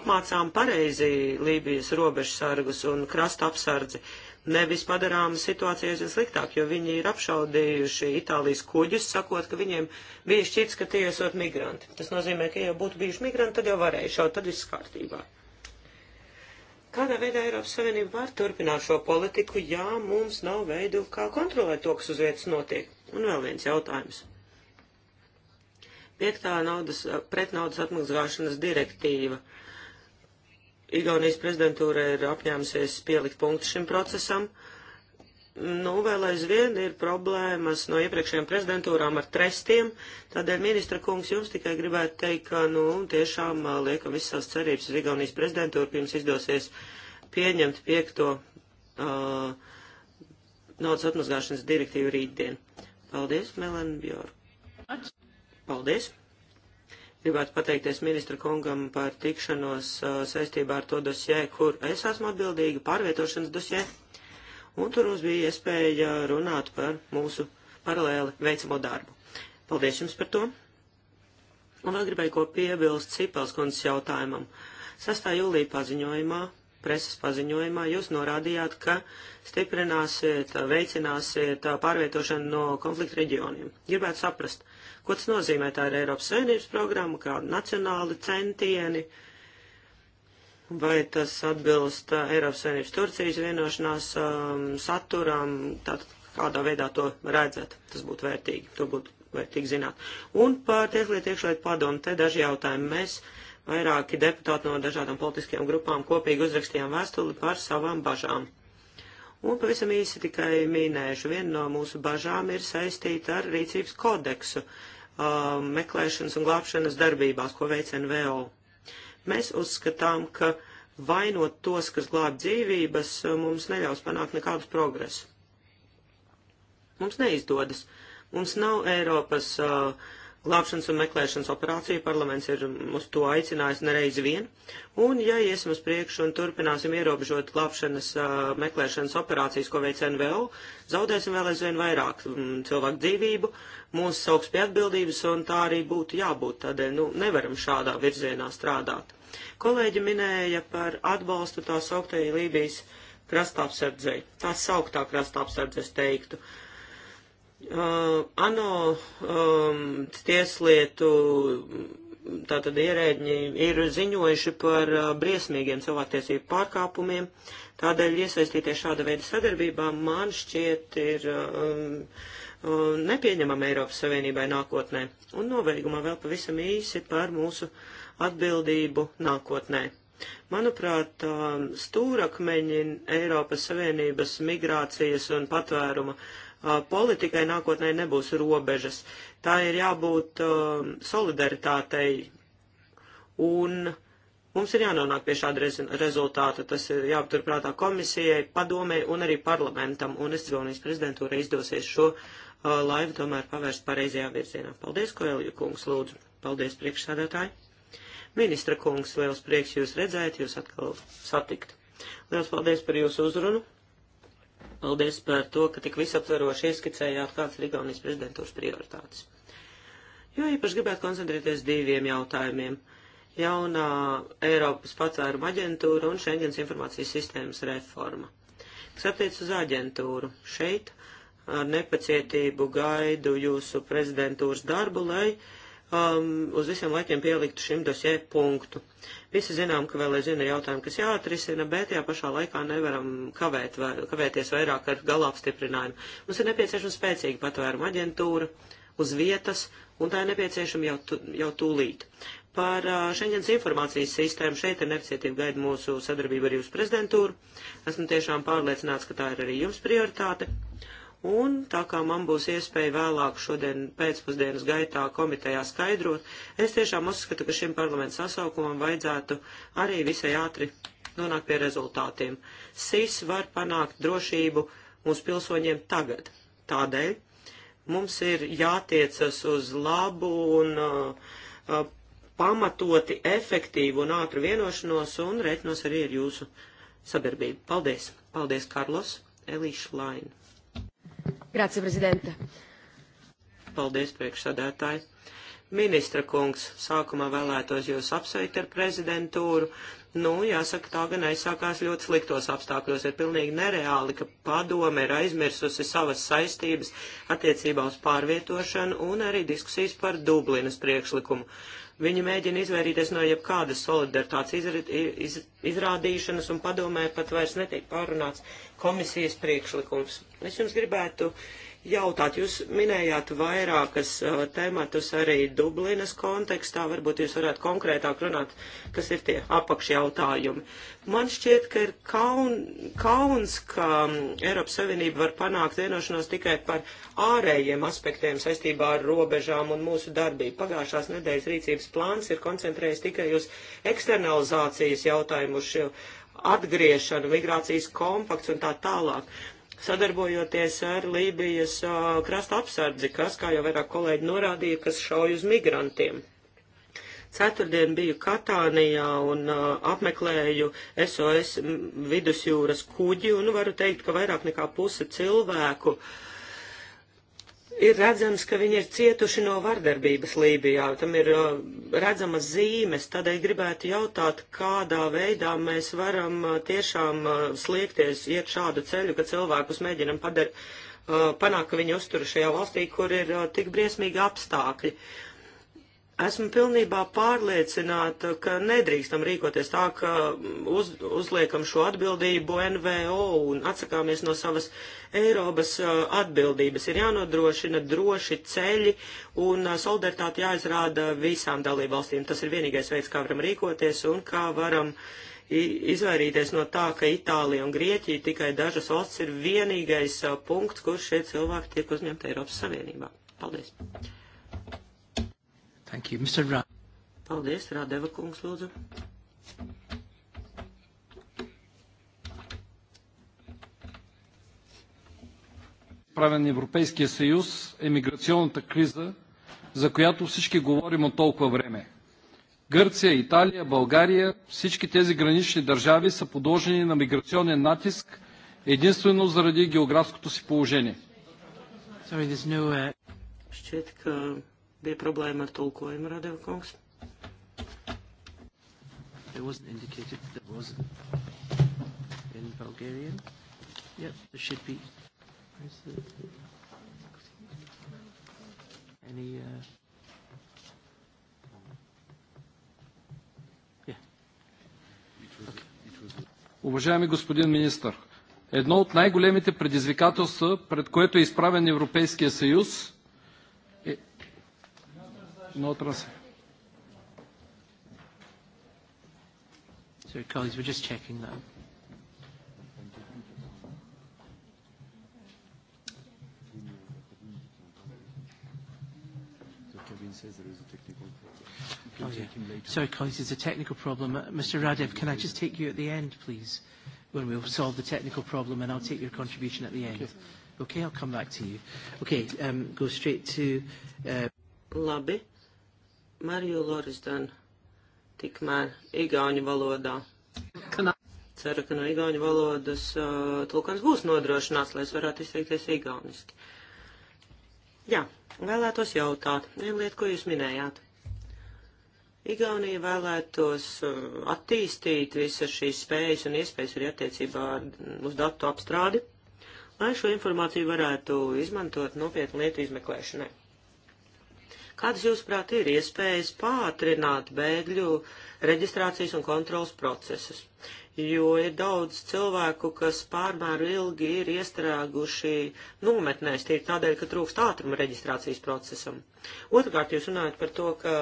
apmācām pareizi Lībijas robežsargus un krasta apsardzi. Uh, nevis padarām situāciju aizvien sliktāk, jo viņi ir apšaudījuši Itālijas kuģus, sakot, ka viņiem bija šķits, ka tie esot migranti. Tas nozīmē, ka ja būtu bijuši migranti, tad jau varēja šaut, tad viss kārtībā. Kādā veidā Eiropas Savienība var turpināt šo politiku, ja mums nav veidu, kā kontrolēt to, kas uz vietas notiek? Un vēl viens jautājums. Piektā naudas, pretnaudas atmaksāšanas direktīva. Uh, Igaunijas prezidentūra ir apņēmusies pielikt punktu šim procesam. Nu, vēl aizvien ir problēmas no iepriekšējām prezidentūrām ar trestiem, tādēļ ministra kungs jums tikai gribētu teikt, ka, nu, tiešām liekam visas cerības uz Igaunijas prezidentūru, pirms izdosies pieņemt piekto uh, naudas atmazgāšanas direktīvu rītdien. Paldies, Melena Bjork. Paldies. Gribētu pateikties ministra kungam par tikšanos uh, saistībā ar to dosjē, kur es esmu atbildīga pārvietošanas dosjē. Un tur mums bija iespēja runāt par mūsu paralēli veicamo darbu. Paldies jums par to. Un vēl gribēju ko piebilst Cipels kundzes jautājumam. 6. jūlija paziņojumā preses paziņojumā jūs norādījāt, ka stiprināsiet, veicināsiet uh, pārvietošanu no konflikta reģioniem. Gribētu saprast, Ko tas nozīmē? Tā ir Eiropas Savienības programma, kā nacionāli centieni. Vai tas atbilst uh, Eiropas Savienības Turcijas vienošanās um, saturam, tātad kādā veidā to redzēt? Tas būtu vērtīgi, to būtu vērtīgi zināt. Un par tieslietu iekšlietu padomu, te daži jautājumi mēs vairāki deputāti no dažādām politiskajām grupām kopīgi uzrakstījām vēstuli par savām bažām. Un pavisam īsi tikai minēšu, viena no mūsu bažām ir saistīta ar rīcības kodeksu, um, meklēšanas un glābšanas darbībās, ko veic NVO. Mēs uzskatām, ka vainot tos, kas glāb dzīvības, mums neļaus panākt nekādus progresu. Mums neizdodas. Mums nav Eiropas uh, glābšanas un meklēšanas operāciju. Parlaments ir uz to aicinājis nereiz vien. Un, ja iesim uz priekšu un turpināsim ierobežot glābšanas uh, meklēšanas operācijas, ko veic NVO, zaudēsim vēl aizvien vairāk mm, cilvēku dzīvību, mūs sauks pie atbildības, un tā arī būtu jābūt. Tādēļ nu, nevaram šādā virzienā strādāt. Kolēģi minēja par atbalstu tā sauktajai Lībijas krastāpsardzei, tā sauktā krastāpsardzes teiktu. Uh, Uh, ANO um, tieslietu tātad ierēģi ir ziņojuši par uh, briesmīgiem cilvēktiesību pārkāpumiem, tādēļ iesaistīties šāda veida sadarbībā man šķiet ir um, um, nepieņemama Eiropas Savienībai nākotnē. Un noveigumā vēl pavisam īsi par mūsu atbildību nākotnē. Manuprāt, um, stūrakmeņi Eiropas Savienības migrācijas un patvēruma uh, politikai nākotnē nebūs robežas. Tā ir jābūt uh, solidaritātei un mums ir jānonāk pie šāda rez rezultāta. Tas ir jāpaturprātā komisijai, padomē un arī parlamentam. Un es Igaunijas prezidentūra izdosies šo uh, laivu tomēr pavērst pareizajā virzienā. Paldies, Koelju kungs, lūdzu. Paldies, priekšsādātāji. Ministra kungs, liels prieks jūs redzēt, jūs atkal satikt. Liels paldies par jūsu uzrunu. Paldies par to, ka tik visaptveroši ieskicējāt, kāds ir Igaunijas prezidentūras prioritātes. Jo īpaši gribētu koncentrēties diviem jautājumiem - jaunā Eiropas patvēruma aģentūra un Schengens informācijas sistēmas reforma. Kas attiec uz aģentūru, šeit ar nepacietību gaidu jūsu prezidentūras darbu, lai um, uz visiem laikiem pieliktu šim dosē punktu. Uh, Visi zinām, ka vēl aizvien ir jautājumi, kas jāatrisina, bet tajā pašā laikā nevaram kavēt, vai, kavēties vairāk ar galapstiprinājumu. Mums ir nepieciešama spēcīga patvēruma aģentūra uz vietas, un tā ir nepieciešama jau, tu, jau tūlīt. Par Schengens informācijas sistēmu šeit ir nepacietība gaida mūsu sadarbība arī uz prezidentūru. Esmu tiešām pārliecināts, ka tā ir arī jums prioritāte. Uh, Un tā kā man būs iespēja vēlāk šodien pēcpusdienas gaitā komitejā skaidrot, es tiešām uzskatu, ka šim parlamentu sasaukumam vajadzētu arī visai ātri nonākt pie rezultātiem. SIS var panākt drošību mūsu pilsoņiem tagad. Tādēļ mums ir jātiecas uz labu un uh, uh pamatoti efektīvu un ātru vienošanos un reiķinos arī ar jūsu sabarbību. Paldies! Paldies, Karlos! Elīša Laina. Grācija, prezidente. Paldies, priekšsādātāji. Ministra kungs, sākumā vēlētos jūs apsveikt ar prezidentūru. Nu, jāsaka, tā gan aizsākās ļoti sliktos apstākļos. Ir pilnīgi nereāli, ka padome ir aizmirsusi savas saistības attiecībā uz pārvietošanu un arī diskusijas par Dublinas priekšlikumu. Viņi mēģina izvairīties no jebkādas solidaritātes izrādīšanas un padomē pat vairs netiek pārunāts komisijas priekšlikums. Es jums gribētu uh, jautāt. Jūs minējāt vairākas uh, tematus arī Dublinas kontekstā. Varbūt jūs varētu konkrētāk runāt, kas ir tie apakšjautājumi. Man šķiet, ka ir kaun, kauns, ka um, Eiropas Savienība var panākt vienošanos tikai par ārējiem aspektiem saistībā ar robežām un mūsu darbību. Pagājušās nedēļas rīcības plāns ir koncentrējis tikai uz eksternalizācijas jautājumu, uz šo atgriešanu, migrācijas kompakts un tā tālāk sadarbojoties ar Lībijas uh, krasta apsardzi, kas, kā jau vairāk kolēģi norādīja, kas šauj uz migrantiem. Ceturtdien biju Katānijā un uh, apmeklēju SOS vidusjūras kuģi, un nu varu teikt, ka vairāk nekā puse cilvēku uh, ir redzams, ka viņi ir cietuši no vardarbības Lībijā, tam ir uh, redzamas zīmes, tādēļ gribētu jautāt, kādā veidā mēs varam uh, tiešām uh, sliekties, iet šādu ceļu, ka cilvēkus mēģinam padarīt, uh, panākt, ka viņi uztur šajā valstī, kur ir uh, tik briesmīgi apstākļi. Uh, Esmu pilnībā pārliecināta, ka nedrīkstam rīkoties tā, ka uz, uzliekam šo atbildību NVO un atsakāmies no savas Eiropas uh, atbildības. Ir jānodrošina droši ceļi un uh, solidaritāte jāizrāda visām dalībvalstīm. Tas ir vienīgais veids, kā varam rīkoties un kā varam izvairīties no tā, ka Itālija un Grieķija tikai dažas valsts ir vienīgais uh, punkts, kur šie cilvēki tiek uzņemti Eiropas Savienībā. Paldies! Thank you, Mr. Ra. Paldies, Rādeva kungs, lūdzu. правен Европейския съюз е миграционната криза, за която всички говорим от толкова време. Гърция, Италия, България, всички тези гранични държави са подложени на миграционен натиск единствено заради географското си положение. Sorry, no, uh... Šķiet, ka Bija problēma ar tulkojumu, Radeva kungs. It wasn't indicated that wasn't in Bulgarian. Yep, there should be. Where's the... Any... Uh, Уважаеми господин министър, едно от най-големите предизвикателства, пред което е изправен Европейския съюз, no otras. Sorry, colleagues, we're just checking that. Kevin says there is a technical problem. Oh, yeah. Sorry, colleagues, there's a technical problem. Uh, Mr. Radev, can I just take you at the end, please, when we'll solve the technical problem, and I'll take your contribution at the end. Okay, okay I'll come back to you. Okay, um, go straight to... Uh... Labi, Mariju Lorisdanu tikmēr igauņu valodā. Ceru, ka no igauņu valodas uh, tulkums būs nodrošināts, lai es varētu izteikties igauniski. Jā, vēlētos jautāt vienu lietu, ko jūs minējāt. Igaunija vēlētos uh, attīstīt visas šīs spējas un iespējas arī attiecībā uz datu apstrādi, lai šo informāciju varētu izmantot nopietnu lietu izmeklēšanai. Kādas, jūsuprāt, ir iespējas pātrināt bēgļu reģistrācijas un kontrolas procesus? Jo ir daudz cilvēku, kas pārmēr ilgi ir iestrēguši nometnēs, tīri tādēļ, ka trūkst ātruma reģistrācijas procesam. Otrakārt, jūs runājat par to, ka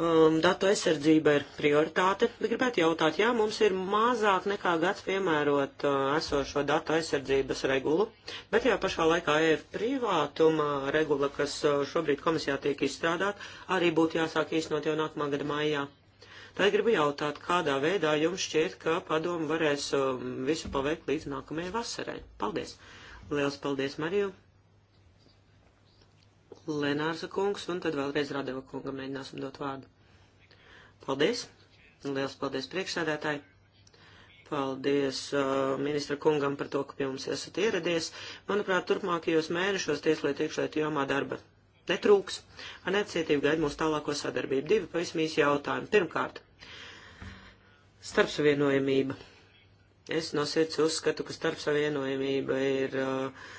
um, datu aizsardzība ir prioritāte, bet gribētu jautāt, jā, mums ir mazāk nekā gads piemērot uh, esošo datu aizsardzības regulu, bet jā, pašā laikā ir privātuma regula, kas uh, šobrīd komisijā tiek izstrādāt, arī būtu jāsāk īstenot jau nākamā gada maijā. Tā gribu jautāt, kādā veidā jums šķiet, ka padomu varēs uh, visu paveikt līdz nākamajai vasarai. Paldies! Liels paldies, Mariju! Lenārsa kungs, un tad vēlreiz Radeva kunga mēģināsim dot vārdu. Paldies! Liels paldies priekšsēdētāji! Paldies uh, ministra kungam par to, ka pie mums esat ieradies. Manuprāt, turpmākajos mēnešos tieslietu iekšlietu jomā darba netrūks. Ar necietību gaidu mūsu tālāko sadarbību. Divi pavisam īsi jautājumi. Pirmkārt, starpsavienojamība. Es no sirds uzskatu, ka starpsavienojamība ir. Uh,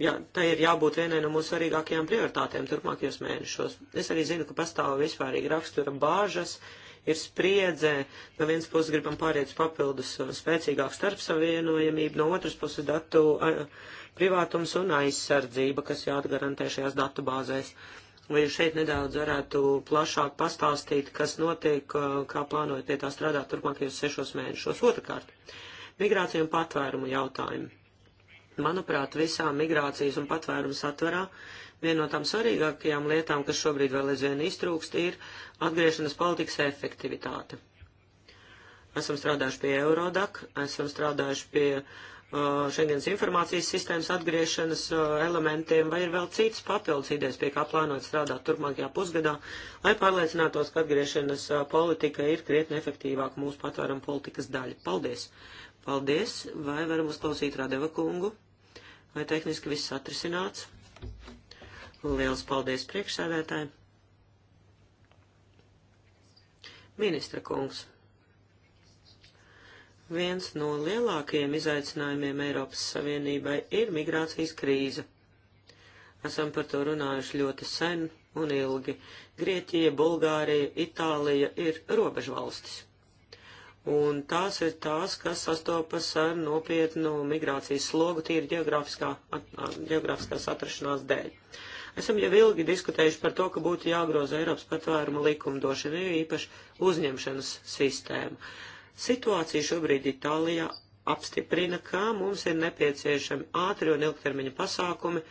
jā, tā ir jābūt vienai no mūsu svarīgākajām prioritātēm turpmākajos mēnešos. Es arī zinu, ka pastāv vispārīgi rakstura bāžas, ir spriedzē, no vienas puses gribam pāriet uz papildus uh, spēcīgāku starpsavienojamību, no otras puses datu uh, privātums un aizsardzība, kas jāatgarantē šajās datu bāzēs. Vai jūs šeit nedaudz varētu plašāk pastāstīt, kas notiek, uh, kā plānojat pie tā strādāt turpmākajos sešos mēnešos? Otrakārt, migrācija un patvērumu jautājumu Manuprāt, visā migrācijas un patvērums atverā viena no tām svarīgākajām lietām, kas šobrīd vēl aizvien iztrūkst, ir atgriešanas politikas efektivitāte. Esam strādājuši pie Eurodak, esam strādājuši pie uh, Schengens informācijas sistēmas atgriešanas uh, elementiem, vai ir vēl citas papildus idejas, pie kā plānot strādāt turpmākajā pusgadā, lai pārliecinātos, ka atgriešanas uh, politika ir krietni efektīvāka mūsu patvērumu politikas daļa. Paldies! Paldies! Vai varam uzklausīt Radeva kungu? Vai tehniski viss atrisināts? Liels paldies priekšsēdētājiem! Ministra kungs, viens no lielākajiem izaicinājumiem Eiropas Savienībai ir migrācijas krīze. Esam par to runājuši ļoti sen un ilgi. Grieķija, Bulgārija, Itālija ir robežvalstis un tās ir tās, kas sastopas ar nopietnu migrācijas slogu tīri geogrāfiskā, at, geogrāfiskās atrašanās dēļ. Esam jau ilgi diskutējuši par to, ka būtu jāgroza Eiropas patvēruma likumdošana, jo īpaši uzņemšanas sistēma. Situācija šobrīd Itālijā apstiprina, ka mums ir nepieciešami ātri un ilgtermiņa pasākumi,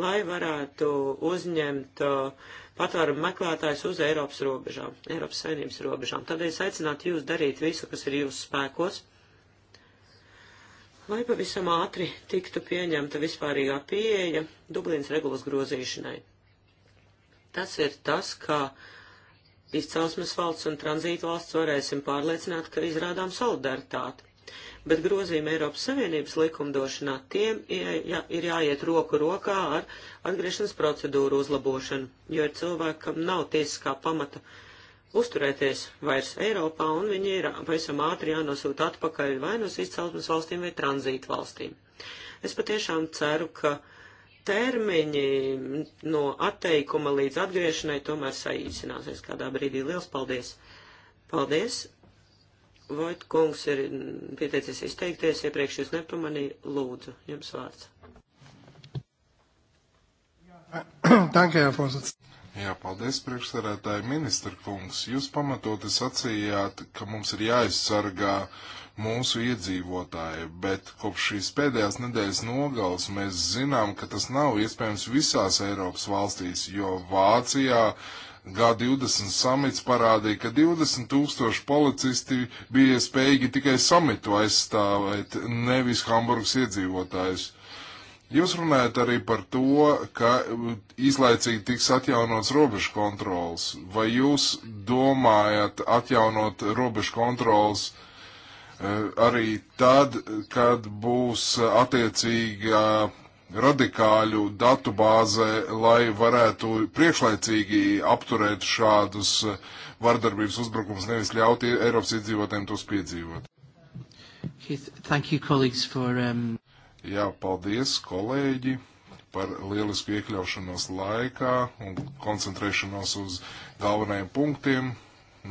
lai varētu uzņemt uh, patvērumu meklētājs uz Eiropas robežām, Eiropas saimnības robežām. Tādēļ es aicinātu jūs darīt visu, kas ir jūsu spēkos, lai pavisam ātri tiktu pieņemta vispārīgā pieeja Dublīnas regulas grozīšanai. Tas ir tas, kā izcelsmes valsts un tranzītu valsts varēsim pārliecināt, ka izrādām solidaritāti bet grozījumi Eiropas Savienības likumdošanā tiem ir jāiet roku rokā ar atgriešanas procedūru uzlabošanu, jo ir cilvēki, kam nav tiesiskā pamata uzturēties vairs Eiropā, un viņi ir pavisam ātri jānosūta atpakaļ vai no izcelsmes valstīm vai tranzītu valstīm. Es patiešām ceru, ka termiņi no atteikuma līdz atgriešanai tomēr saīsināsies kādā brīdī. Liels paldies! Paldies! Vojt kungs ir pieteicies izteikties, iepriekš jūs nepamanīju, lūdzu, jums vārds. Danke, Herr Vorsitz. Jā, paldies, priekšsarētāji ministra kungs. Jūs pamatoti sacījāt, ka mums ir jāizsargā mūsu iedzīvotāji, bet kopš šīs pēdējās nedēļas nogals mēs zinām, ka tas nav iespējams visās Eiropas valstīs, jo Vācijā uh, G20 samits parādīja, ka 20 tūkstoši policisti bija spējīgi tikai samitu aizstāvēt, nevis Hamburgas iedzīvotājus. Jūs runājat arī par to, ka īslaicīgi tiks atjaunots robežu kontrols. Vai jūs domājat atjaunot robežu kontrols eh, arī tad, kad būs attiecīga radikāļu datu bāzē, lai varētu priekšlaicīgi apturēt šādus eh, vardarbības uzbrukums, nevis ļaut Eiropas iedzīvotājiem tos piedzīvot. Thank you, colleagues, for, um... Jā, paldies, kolēģi, par lielisku iekļaušanos laikā un koncentrēšanos uz galvenajiem punktiem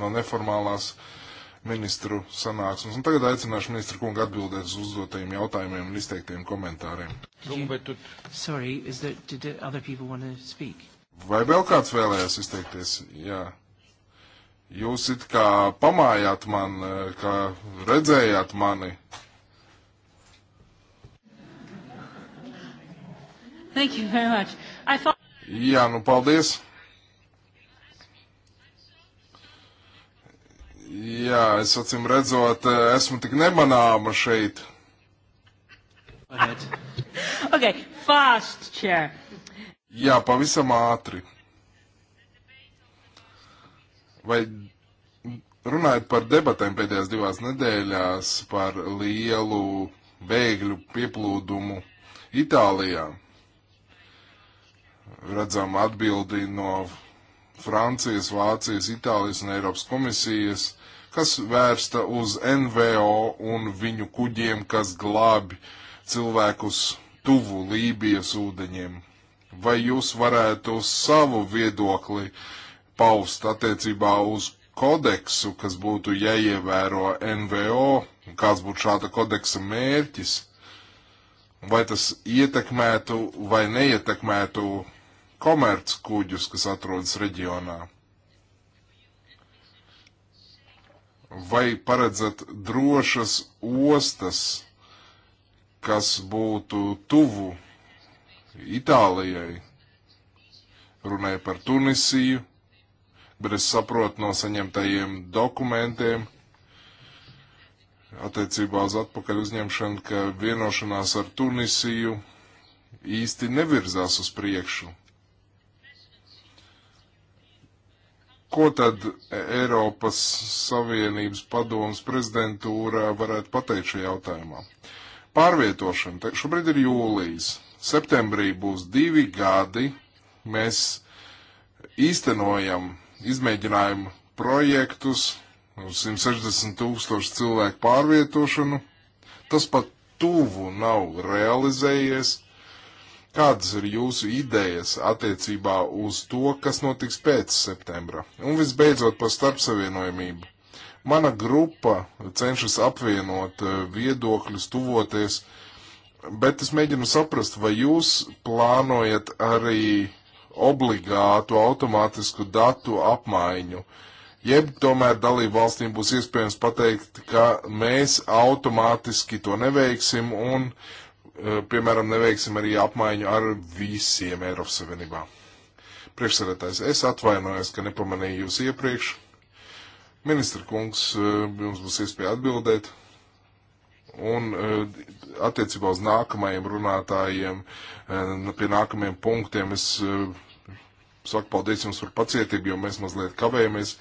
no neformālās uh, ministru sanāksmes. Un tagad aicināšu ministru kungu atbildēt uz uzdotajiem jautājumiem un izteiktiem komentāriem. Sorry, there, Vai vēl kāds vēlējās izteikties? Jā. Jūs it kā pamājāt man, kā redzējāt mani. Thank you very much. I thought... Jā, nu paldies. Jā, es acīm redzot, eh, esmu tik nemanāma šeit. okay, fast, chair. Jā, pavisam ātri. Vai runājot par debatēm pēdējās divās nedēļās par lielu bēgļu pieplūdumu Itālijā, redzam atbildi no Francijas, Vācijas, Itālijas un Eiropas komisijas kas vērsta uz NVO un viņu kuģiem, kas glābi cilvēkus tuvu Lībijas ūdeņiem. Vai jūs varētu savu viedokli paust attiecībā uz kodeksu, kas būtu jāievēro NVO, kāds būtu šāda kodeksa mērķis? Vai tas ietekmētu vai neietekmētu komerc kuģus, kas atrodas reģionā? vai paredzat drošas ostas, kas būtu tuvu Itālijai? Runāju par Tunisiju, bet es saprotu no saņemtajiem dokumentiem attiecībā uz atpakaļ uzņemšanu, ka vienošanās ar Tunisiju īsti nevirzās uz priekšu. Ko tad Eiropas Savienības padomas prezidentūra varētu pateikt šajā jautājumā? Pārvietošana. Te šobrīd ir jūlijas. Septembrī būs divi gadi. Mēs īstenojam izmēģinājumu projektus, 160 tūkstoši cilvēku pārvietošanu. Tas pat tuvu nav realizējies. Kādas ir jūsu idejas attiecībā uz to, kas notiks pēc septembra? Un visbeidzot par starpsavienojumību. Mana grupa cenšas apvienot eh, viedokļus, tuvoties, bet es mēģinu saprast, vai jūs plānojat arī obligātu automātisku datu apmaiņu, jeb tomēr dalību valstīm būs iespējams pateikt, ka mēs automātiski to neveiksim un uh, Eh, piemēram, neveiksim arī apmaiņu ar visiem Eiropas Savienībā. Priekšsēdētājs, es atvainojos, ka nepamanīju jūs iepriekš. Ministra kungs, eh, jums būs iespēja atbildēt. Un eh, attiecībā uz nākamajiem runātājiem, pie nākamajiem punktiem, es saku paldies jums par pacietību, jo mēs mazliet kavējamies.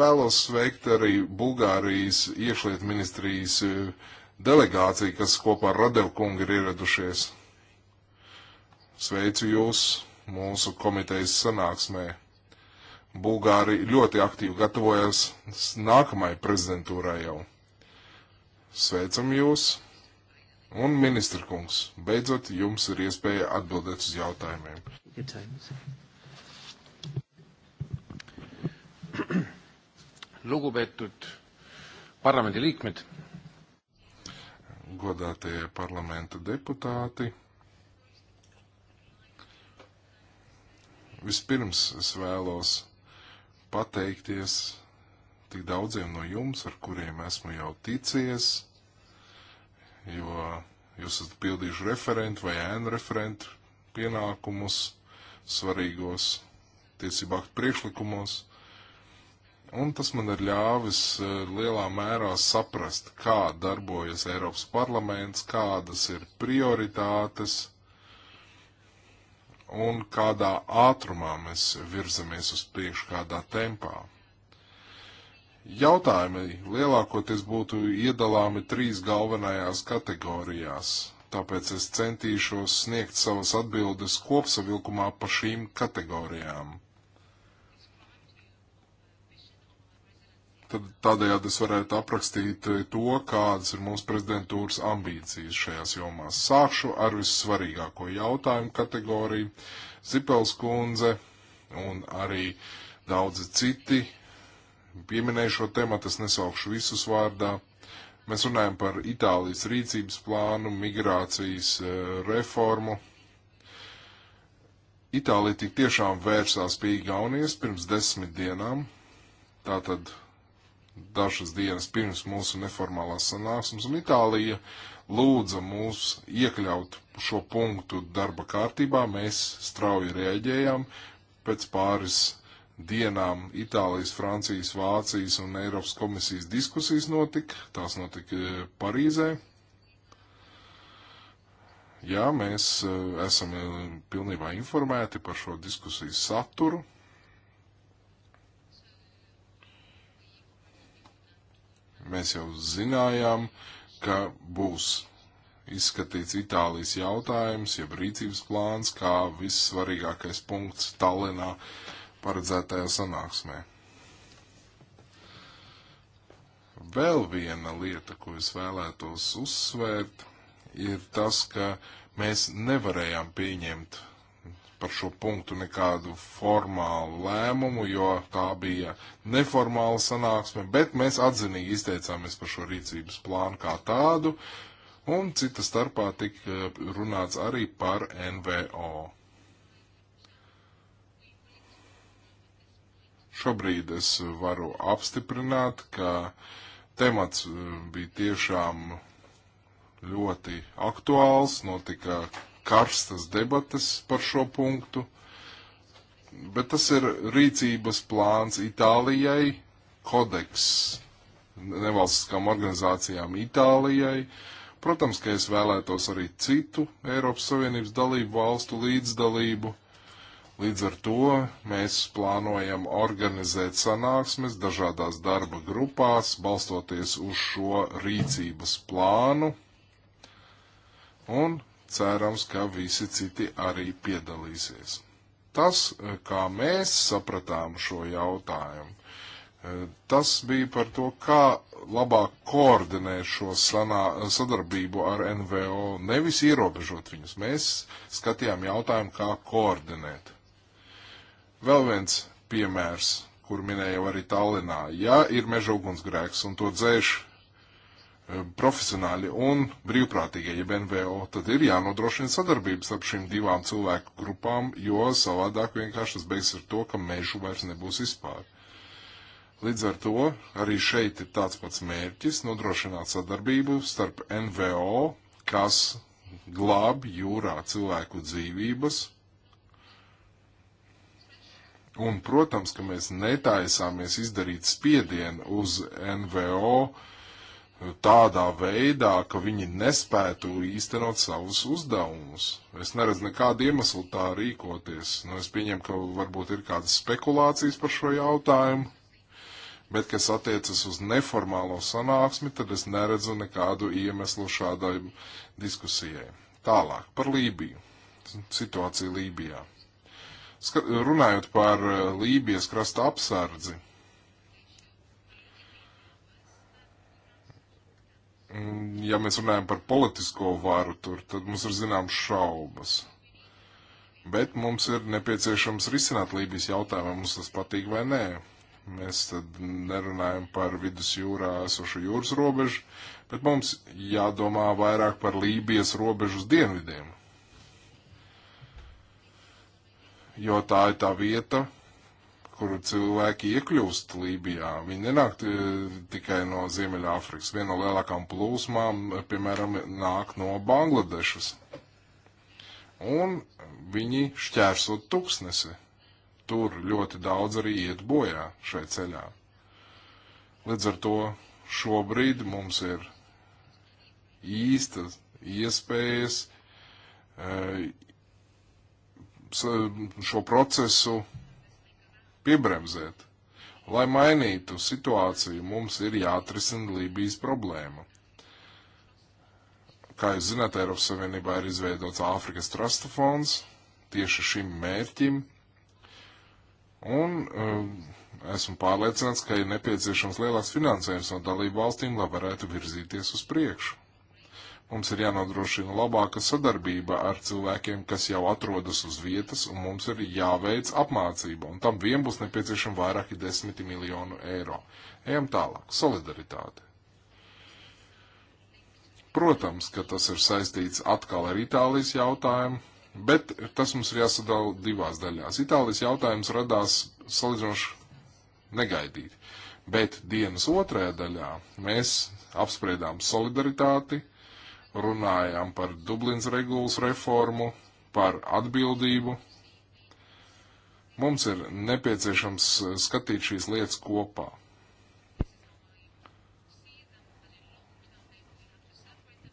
Vēlos sveikt arī Bulgārijas iekšliet ministrijas uh, delegācija, kas kopā ar Radevu kungu ir ieradušies. Sveicu jūs mūsu komitejas sanāksmē. Bulgāri ļoti aktīvi gatavojas nākamajai prezidentūrai jau. Sveicam jūs! Un ministra kungs, beidzot jums ir iespēja atbildēt uz jautājumiem. Good times. lugupeetud parlamendi liikmed godātie parlamenta deputāti. Vispirms es vēlos pateikties tik daudziem no jums, ar kuriem esmu jau ticies, jo jūs esat pildījuši referentu vai ēnu referentu pienākumus svarīgos tiesību aktu priekšlikumos. Un tas man ir ļāvis eh, lielā mērā saprast, kā darbojas Eiropas parlaments, kādas ir prioritātes un kādā ātrumā mēs virzamies uz priekšu, kādā tempā. Jautājumi lielākoties būtu iedalāmi trīs galvenajās kategorijās, tāpēc es centīšos sniegt savas atbildes kopsavilkumā pa šīm kategorijām. Tad tādējādi es varētu aprakstīt eh, to, kādas ir mūsu prezidentūras ambīcijas šajās jomās. Sākšu ar vissvarīgāko jautājumu kategoriju. Zipels kundze un arī daudzi citi pieminēja šo tematu, es nesaukšu visus vārdā. Mēs runājam par Itālijas rīcības plānu, migrācijas eh, reformu. Itālija tik tiešām vērsās pie Igaunijas pirms desmit dienām. Tātad dažas dienas pirms mūsu neformālās sanāksmes, un Itālija lūdza mūs iekļaut šo punktu darba kārtībā. Mēs strauji reaģējām pēc pāris dienām Itālijas, Francijas, Vācijas un Eiropas komisijas diskusijas notika. Tās notika eh, Parīzē. Jā, mēs eh, esam eh, pilnībā informēti par šo diskusiju saturu. Mēs jau zinājām, ka būs izskatīts Itālijas jautājums, jeb rīcības plāns, kā vissvarīgākais punkts Tallinā paredzētajā sanāksmē. Vēl viena lieta, ko es vēlētos uzsvērt, ir tas, ka mēs nevarējām pieņemt par šo punktu nekādu formālu lēmumu, jo tā bija neformāla sanāksme, bet mēs atzinīgi izteicāmies par šo rīcības plānu kā tādu, un cita starpā tika runāts arī par NVO. šobrīd es varu apstiprināt, ka temats eh, bija tiešām ļoti aktuāls, notika karstas debates par šo punktu, bet tas ir rīcības plāns Itālijai, kodeks nevalstiskām organizācijām Itālijai. Protams, ka es vēlētos arī citu Eiropas Savienības dalību valstu līdzdalību. Līdz ar to mēs plānojam organizēt sanāksmes dažādās darba grupās, balstoties uz šo rīcības plānu. Un cerams, ka visi citi arī piedalīsies. Tas, eh, kā mēs sapratām šo jautājumu, eh, tas bija par to, kā labāk koordinēt šo sanā, sadarbību ar NVO, nevis ierobežot viņus. Mēs skatījām jautājumu, kā koordinēt. Vēl viens piemērs, kur minēja arī Tallinā. Ja ir meža ugunsgrēks un to dzēš Um, profesionāļi un brīvprātīgie, jeb NVO, tad ir jānodrošina sadarbības ap šīm divām cilvēku grupām, jo savādāk vienkārši tas beigsies ar to, ka mežu vairs nebūs vispār. Līdz ar to arī šeit ir tāds pats mērķis - nodrošināt sadarbību starp NVO, kas glāb jūrā cilvēku dzīvības, un, protams, ka mēs netaisāmies izdarīt spiedienu uz NVO, uh, tādā veidā, ka viņi nespētu īstenot savus uzdevumus. Es neredzu nekādu iemeslu tā rīkoties. Nu, es pieņemu, ka varbūt ir kādas spekulācijas par šo jautājumu, bet kas attiecas uz neformālo sanāksmi, tad es neredzu nekādu iemeslu šādai diskusijai. Tālāk par Lībiju. Situācija Lībijā. Skat, runājot par eh, Lībijas krasta apsardzi Mm, ja mēs runājam par politisko varu tur, tad mums ir zināmas šaubas. Bet mums ir nepieciešams risināt Lībijas jautājumu, mums tas patīk vai nē. Mēs tad nerunājam par vidus jūrā esošu jūras robežu, bet mums jādomā vairāk par Lībijas robežu uz dienvidiem. Jo tā ir tā vieta, kur cilvēki iekļūst Lībijā. Viņi nenāk tikai no Ziemeļāfrikas. Viena no lielākām plūsmām, piemēram, nāk no Bangladešas. Un viņi šķērsot tuksnesi. Tur ļoti daudz arī iet bojā šai ceļā. Līdz ar to šobrīd mums ir īstas iespējas eh, šo procesu piebremzēt. Lai mainītu situāciju, mums ir jāatrisina Lībijas problēma. Kā jūs zināt, Eiropas Savienībā ir izveidots Āfrikas Trusta fonds tieši šim mērķim, un um, esmu pārliecināts, ka ir nepieciešams lielāks finansējums no dalību valstīm, lai varētu virzīties uz priekšu. Mums ir jānodrošina labāka sadarbība ar cilvēkiem, kas jau atrodas uz vietas, un mums ir jāveic apmācība, un tam vien būs nepieciešama vairāki desmiti miljonu eiro. Ejam tālāk. Solidaritāte. Protams, ka tas ir saistīts atkal ar Itālijas jautājumu, bet tas mums ir jāsadala divās daļās. Itālijas jautājums radās salīdzinoši negaidīti, bet dienas otrajā daļā mēs apspriedām solidaritāti, uh, runājām par Dublins regulas reformu, par atbildību. Mums ir nepieciešams skatīt šīs lietas kopā.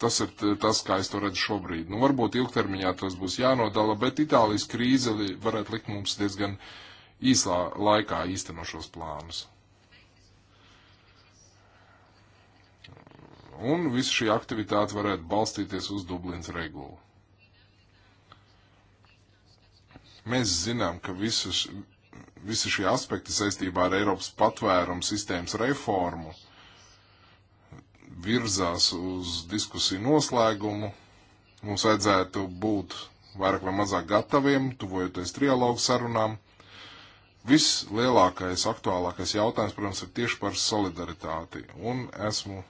Tas ir tas, kā es to redzu šobrīd. Nu, varbūt ilgtermiņā tas būs jānodala, bet Itālijas krīze varētu likt mums diezgan īsā laikā īstenošos plānus. Un visa šī aktivitāte varētu balstīties uz Dublins regulu. Mēs zinām, ka visas, visi šie aspekti saistībā ar Eiropas patvērumu sistēmas reformu virzās uz diskusiju noslēgumu. Mums vajadzētu būt vairāk vai mazāk gataviem, tuvojoties trialogu sarunām. Viss lielākais, aktuālākais jautājums, protams, ir tieši par solidaritāti. Un esmu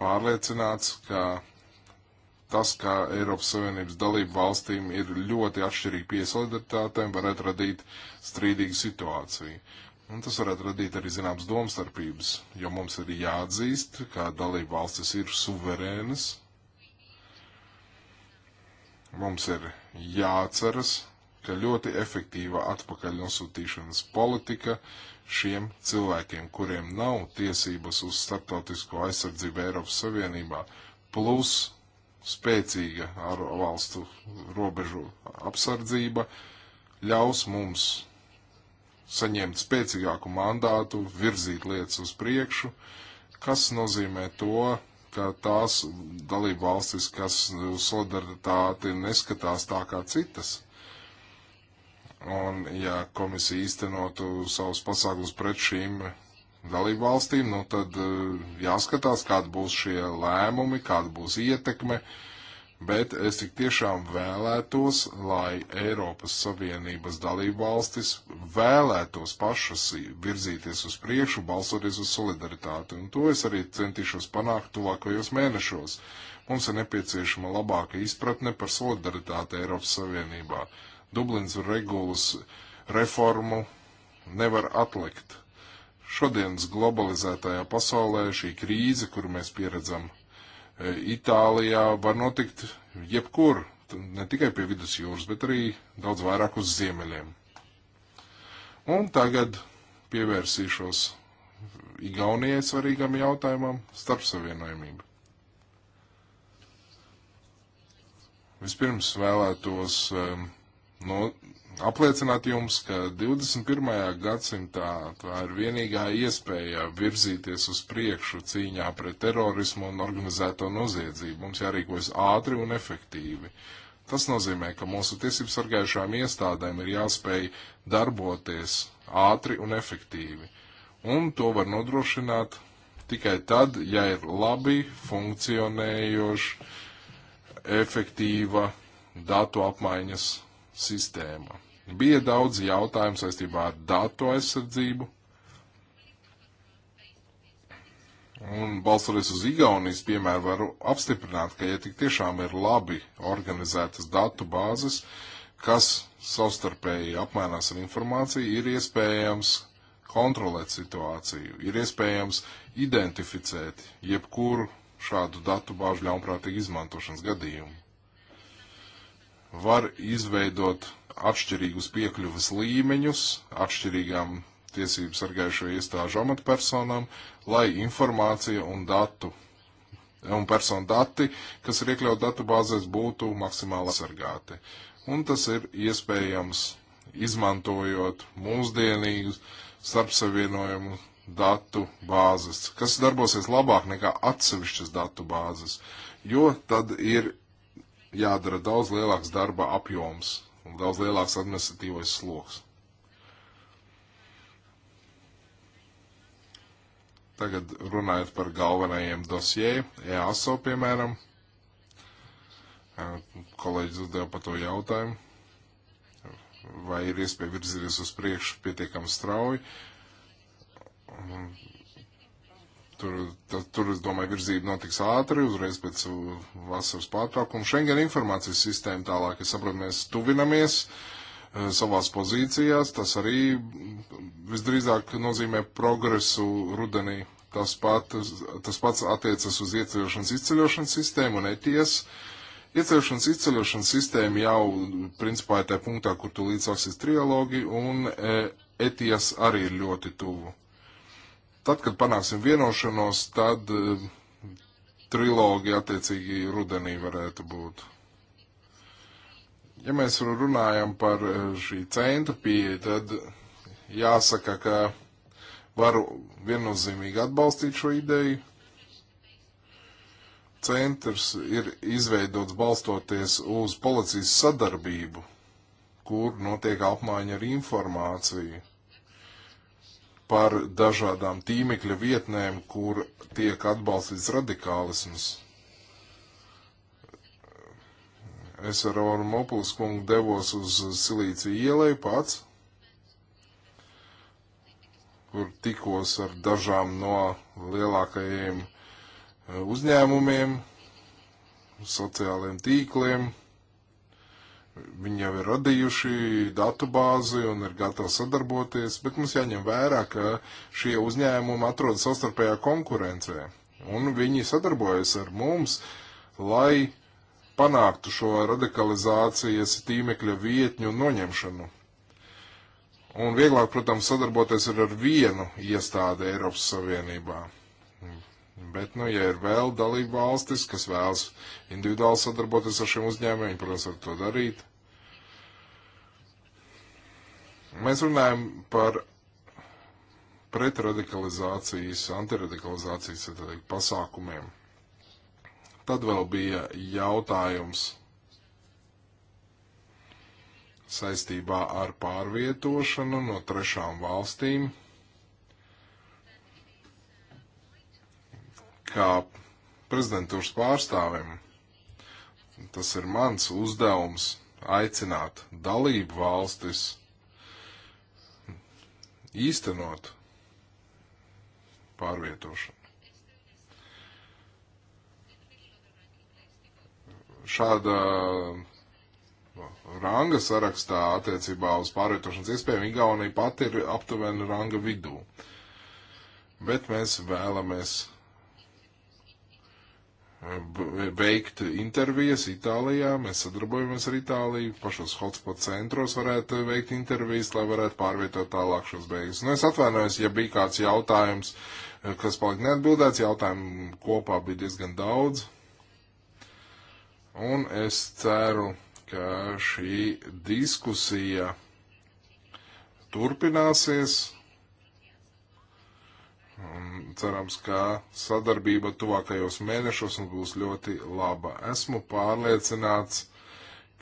pārliecināts, ka tas, ka Eiropas Savienības dalību valstīm ir ļoti atšķirīgi piesolidaritātēm, varētu radīt strīdīgu situāciju. Un tas varētu radīt arī zināmas domstarpības, jo mums ir jāatzīst, ka dalību valstis ir suverēnas. Mums ir jāatceras, ka ļoti efektīva atpakaļ nosūtīšanas politika šiem cilvēkiem, kuriem nav tiesības uz starptautisko aizsardzību Eiropas Savienībā, plus spēcīga ar valstu robežu apsardzība, ļaus mums saņemt spēcīgāku mandātu, virzīt lietas uz priekšu, kas nozīmē to, ka tās dalība valstis, kas solidaritāti neskatās tā kā citas, Un, ja komisija īstenotu savus pasākumus pret šīm dalību valstīm, nu tad eh, jāskatās, kāda būs šie lēmumi, kāda būs ietekme. Bet es tik tiešām vēlētos, lai Eiropas Savienības dalību valstis vēlētos pašas virzīties uz priekšu, balsoties uz solidaritāti. Un to es arī centīšos panākt tuvākajos mēnešos. Mums ir nepieciešama labāka izpratne par solidaritāti Eiropas Savienībā. Dublins regulas reformu nevar atlikt. Šodienas globalizētajā pasaulē šī krīze, kuru mēs pieredzam e, Itālijā, var notikt jebkur, ne tikai pie vidus jūras, bet arī daudz vairāk uz ziemeļiem. Un tagad pievērsīšos Igaunijai svarīgam jautājumam - starpsavienojumība. Vispirms vēlētos um, nu, apliecināt jums, ka 21. gadsimtā tā ir vienīgā iespēja virzīties uz priekšu cīņā pret terorismu un organizēto noziedzību. Mums jārīkojas ātri un efektīvi. Tas nozīmē, ka mūsu tiesību sargājušām iestādēm ir jāspēj darboties ātri un efektīvi. Un to var nodrošināt tikai tad, ja ir labi funkcionējoša, efektīva datu apmaiņas sistēma. Bija daudz jautājumu saistībā ar datu aizsardzību. Un balstoties uz Igaunijas piemēru, varu apstiprināt, ka, ja tik tiešām ir labi organizētas datu bāzes, kas savstarpēji apmainās ar informāciju, ir iespējams kontrolēt situāciju, ir iespējams identificēt jebkuru šādu datu bāžu ļaunprātīgu izmantošanas gadījumu var izveidot atšķirīgus piekļuvas līmeņus atšķirīgām tiesību sargājušo iestāžu amatpersonām, lai informācija un datu un personu dati, kas ir iekļauti datu bāzēs, būtu maksimāli sargāti. Un tas ir iespējams izmantojot mūsdienīgus starpsavienojumu datu bāzes, kas darbosies labāk nekā atsevišķas datu bāzes, jo tad ir jādara daudz lielāks darba apjoms un daudz lielāks administratīvais sloks. Tagad runājot par galvenajiem dosjē, EASO piemēram, kolēģis uzdeva par to jautājumu, vai ir iespēja virzīties uz priekšu pietiekami strauji. Tur, tā, tur, es domāju, virzība notiks ātri, uzreiz pēc vasaras pārtraukuma. Schengen informācijas sistēma tālāk, es saprotu, mēs tuvinamies eh, savās pozīcijās. Tas arī visdrīzāk nozīmē progresu rudenī. Tas, pat, tas pats attiecas uz ieceļošanas izceļošanas sistēmu un ETS. Ieceļošanas izceļošanas sistēma jau, principā, ir tajā punktā, kur tu līdzsāksies trialogi, un ETS eh, e arī ir ļoti tuvu Tad, kad panāksim vienošanos, tad eh, trilogi attiecīgi rudenī varētu būt. Ja mēs runājam par eh, šī centra pieeja, tad jāsaka, ka varu viennozīmīgi atbalstīt šo ideju. Centrs ir izveidots balstoties uz policijas sadarbību, kur notiek apmaiņa ar informāciju par dažādām tīmekļa vietnēm, kur tiek atbalstīts radikālisms. Es ar Oru Mopuls kungu devos uz Silīciju ielai pats, kur tikos ar dažām no lielākajiem eh, uzņēmumiem, sociāliem tīkliem Viņi jau ir radījuši datu bāzi un ir gatavi sadarboties, bet mums jāņem vērā, ka šie uzņēmumi atrodas savstarpējā konkurencē. Un viņi sadarbojas ar mums, lai panāktu šo radikalizācijas tīmekļa vietņu noņemšanu. Un vieglāk, protams, sadarboties ir ar vienu iestādi Eiropas Savienībā. Bet, nu, ja ir vēl dalība valstis, kas vēlas individuāli sadarboties ar šiem uzņēmējiem, protams, var to darīt. Mēs runājam par pretradikalizācijas, antiradikalizācijas tādī, pasākumiem. Tad vēl bija jautājums saistībā ar pārvietošanu no trešām valstīm. kā prezidentūras pārstāvim, tas ir mans uzdevums aicināt dalību valstis īstenot pārvietošanu. Šāda ranga sarakstā attiecībā uz pārvietošanas iespējām Igaunija pat ir aptuveni ranga vidū. Bet mēs vēlamies veikt intervijas Itālijā. Mēs sadarbojamies ar Itāliju, pašos hotspot centros varētu veikt intervijas, lai varētu pārvietot tālāk šos bēgļus. Nu, es atvainojos, ja bija kāds jautājums, eh, kas palika neatbildēts. Jautājumu kopā bija diezgan daudz. Un es ceru, ka šī diskusija turpināsies Un cerams, ka sadarbība tuvākajos mēnešos būs ļoti laba. Esmu pārliecināts,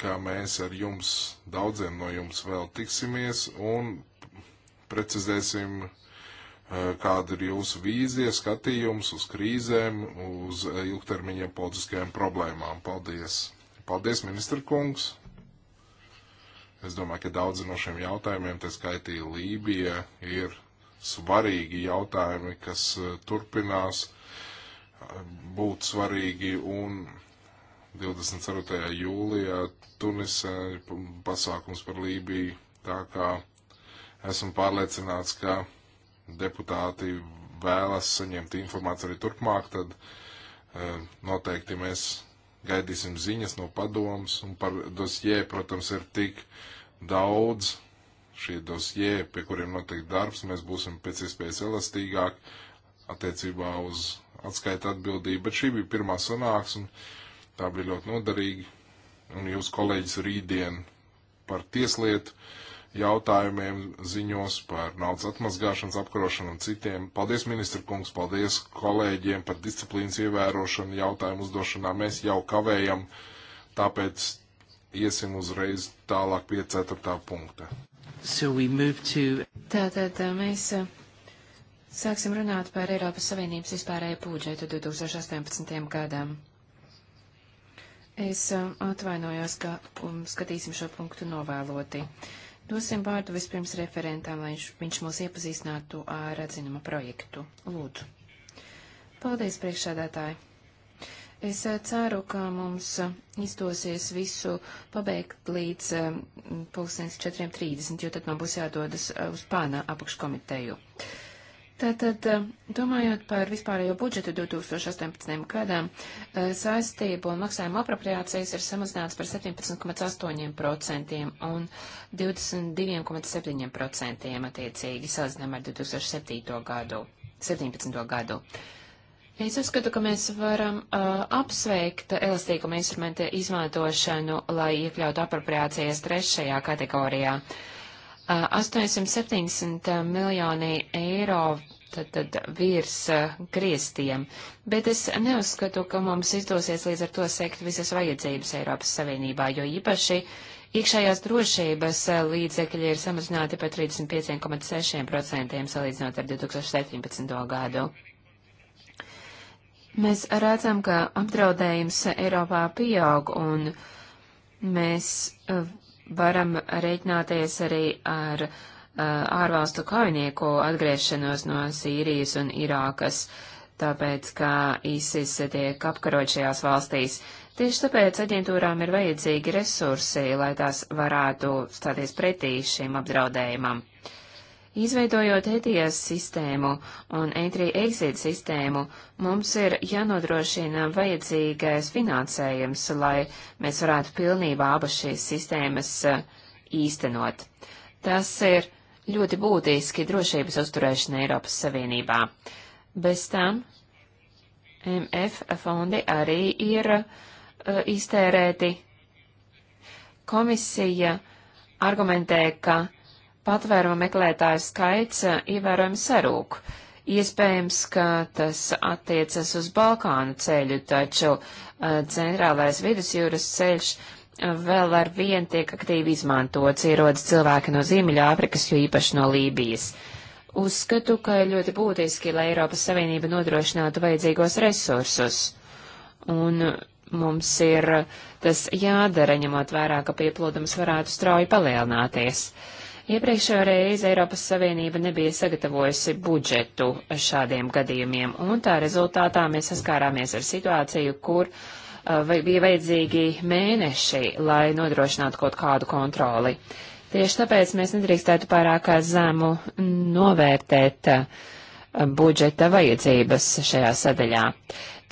ka mēs ar jums, daudziem no jums vēl tiksimies un precizēsim, eh, kāda ir jūsu vīzija, skatījums uz krīzēm, uz eh, ilgtermiņa politiskajām problēmām. Paldies! Paldies, ministra kungs! Es domāju, ka daudzi no šiem jautājumiem, tā skaitīja Lībija, ir svarīgi jautājumi, kas eh, turpinās eh, būt svarīgi un 24. jūlijā Tunisē pasākums par Lībiju, tā kā esmu pārliecināts, ka deputāti vēlas saņemt informāciju arī turpmāk, tad e, noteikti mēs gaidīsim ziņas no padomas. Un par dosjē, protams, ir tik daudz šie dosjē, pie kuriem notiek darbs, mēs būsim pēc iespējas elastīgāk attiecībā uz atskaita atbildību, bet šī bija pirmā sanāksme, tā bija ļoti noderīga, un jūs kolēģis rītdien par tieslietu jautājumiem ziņos par naudas atmazgāšanas apkarošanu un citiem. Paldies, ministra kungs, paldies kolēģiem par disciplīnas ievērošanu jautājumu uzdošanā. Mēs jau kavējam, tāpēc iesim uzreiz tālāk pie ceturtā punkta. So we move to... Tātad uh, mēs uh, sāksim runāt par Eiropas Savienības vispārēju budžetu 2018. gadam. Es uh, atvainojos, ka um, skatīsim šo punktu novēloti. Dosim vārdu vispirms referentam, lai viņš mūs iepazīstinātu ar atzinuma projektu. Lūdzu. Paldies, priekšsēdētāji! Es eh, ceru, ka mums eh, izdosies visu pabeigt līdz eh, pulkstens 4.30, jo tad man būs jādodas uz pāna apakškomiteju. Tātad, domājot par vispārējo budžetu 2018. gadam, saistību un maksājumu apropriācijas ir samazināts par 17,8% un 22,7% attiecīgi sazinām ar 2007. gadu. 17. gadu. Es uzskatu, ka mēs varam uh, apsveikt elastīguma instrumenta izmantošanu, lai iekļautu apropriācijas trešajā kategorijā. Uh, 870 miljoni eiro tad, tad virs uh, griestiem, bet es neuzskatu, ka mums izdosies līdz ar to sekt visas vajadzības Eiropas Savienībā, jo īpaši iekšējās drošības uh, līdzekļi ir samazināti par 35,6% salīdzinot ar 2017. gadu. Mēs redzam, ka apdraudējums Eiropā pieaug, un mēs uh, varam rēķināties arī ar uh, ārvalstu kaujinieku atgriešanos no Sīrijas un Irākas, tāpēc, ka ISIS tiek apkarot šajās valstīs. Tieši tāpēc aģentūrām ir vajadzīgi resursi, lai tās varētu stāties pretī šim apdraudējumam. Uh, Izveidojot ETIAS sistēmu un entry exit sistēmu, mums ir jānodrošina vajadzīgais finansējums, lai mēs varētu pilnībā abas šīs sistēmas eh, īstenot. Tas ir ļoti būtiski drošības uzturēšana Eiropas Savienībā. Bez tam MF fondi arī ir uh, iztērēti. Komisija argumentē, ka uh, patvērumu meklētāju skaits eh, ievērojami sarūk. Iespējams, ka tas attiecas uz Balkānu ceļu, taču eh, centrālais vidusjūras ceļš eh, vēl ar vien tiek aktīvi izmantots, ierodas cilvēki no Ziemeļāfrikas, jo īpaši no Lībijas. Uzskatu, ka ir ļoti būtiski, lai Eiropas Savienība nodrošinātu vajadzīgos resursus. Un mums ir tas jādara, ņemot vērā, ka pieplūdums varētu strauji palielināties. Uh, Iepriekšējā reize Eiropas Savienība nebija sagatavojusi budžetu šādiem gadījumiem, un tā rezultātā mēs saskārāmies ar situāciju, kur uh, vai, bija vajadzīgi mēneši, lai nodrošinātu kaut kādu kontroli. Tieši tāpēc mēs nedrīkstētu pārāk zemu novērtēt uh, budžeta vajadzības šajā sadaļā.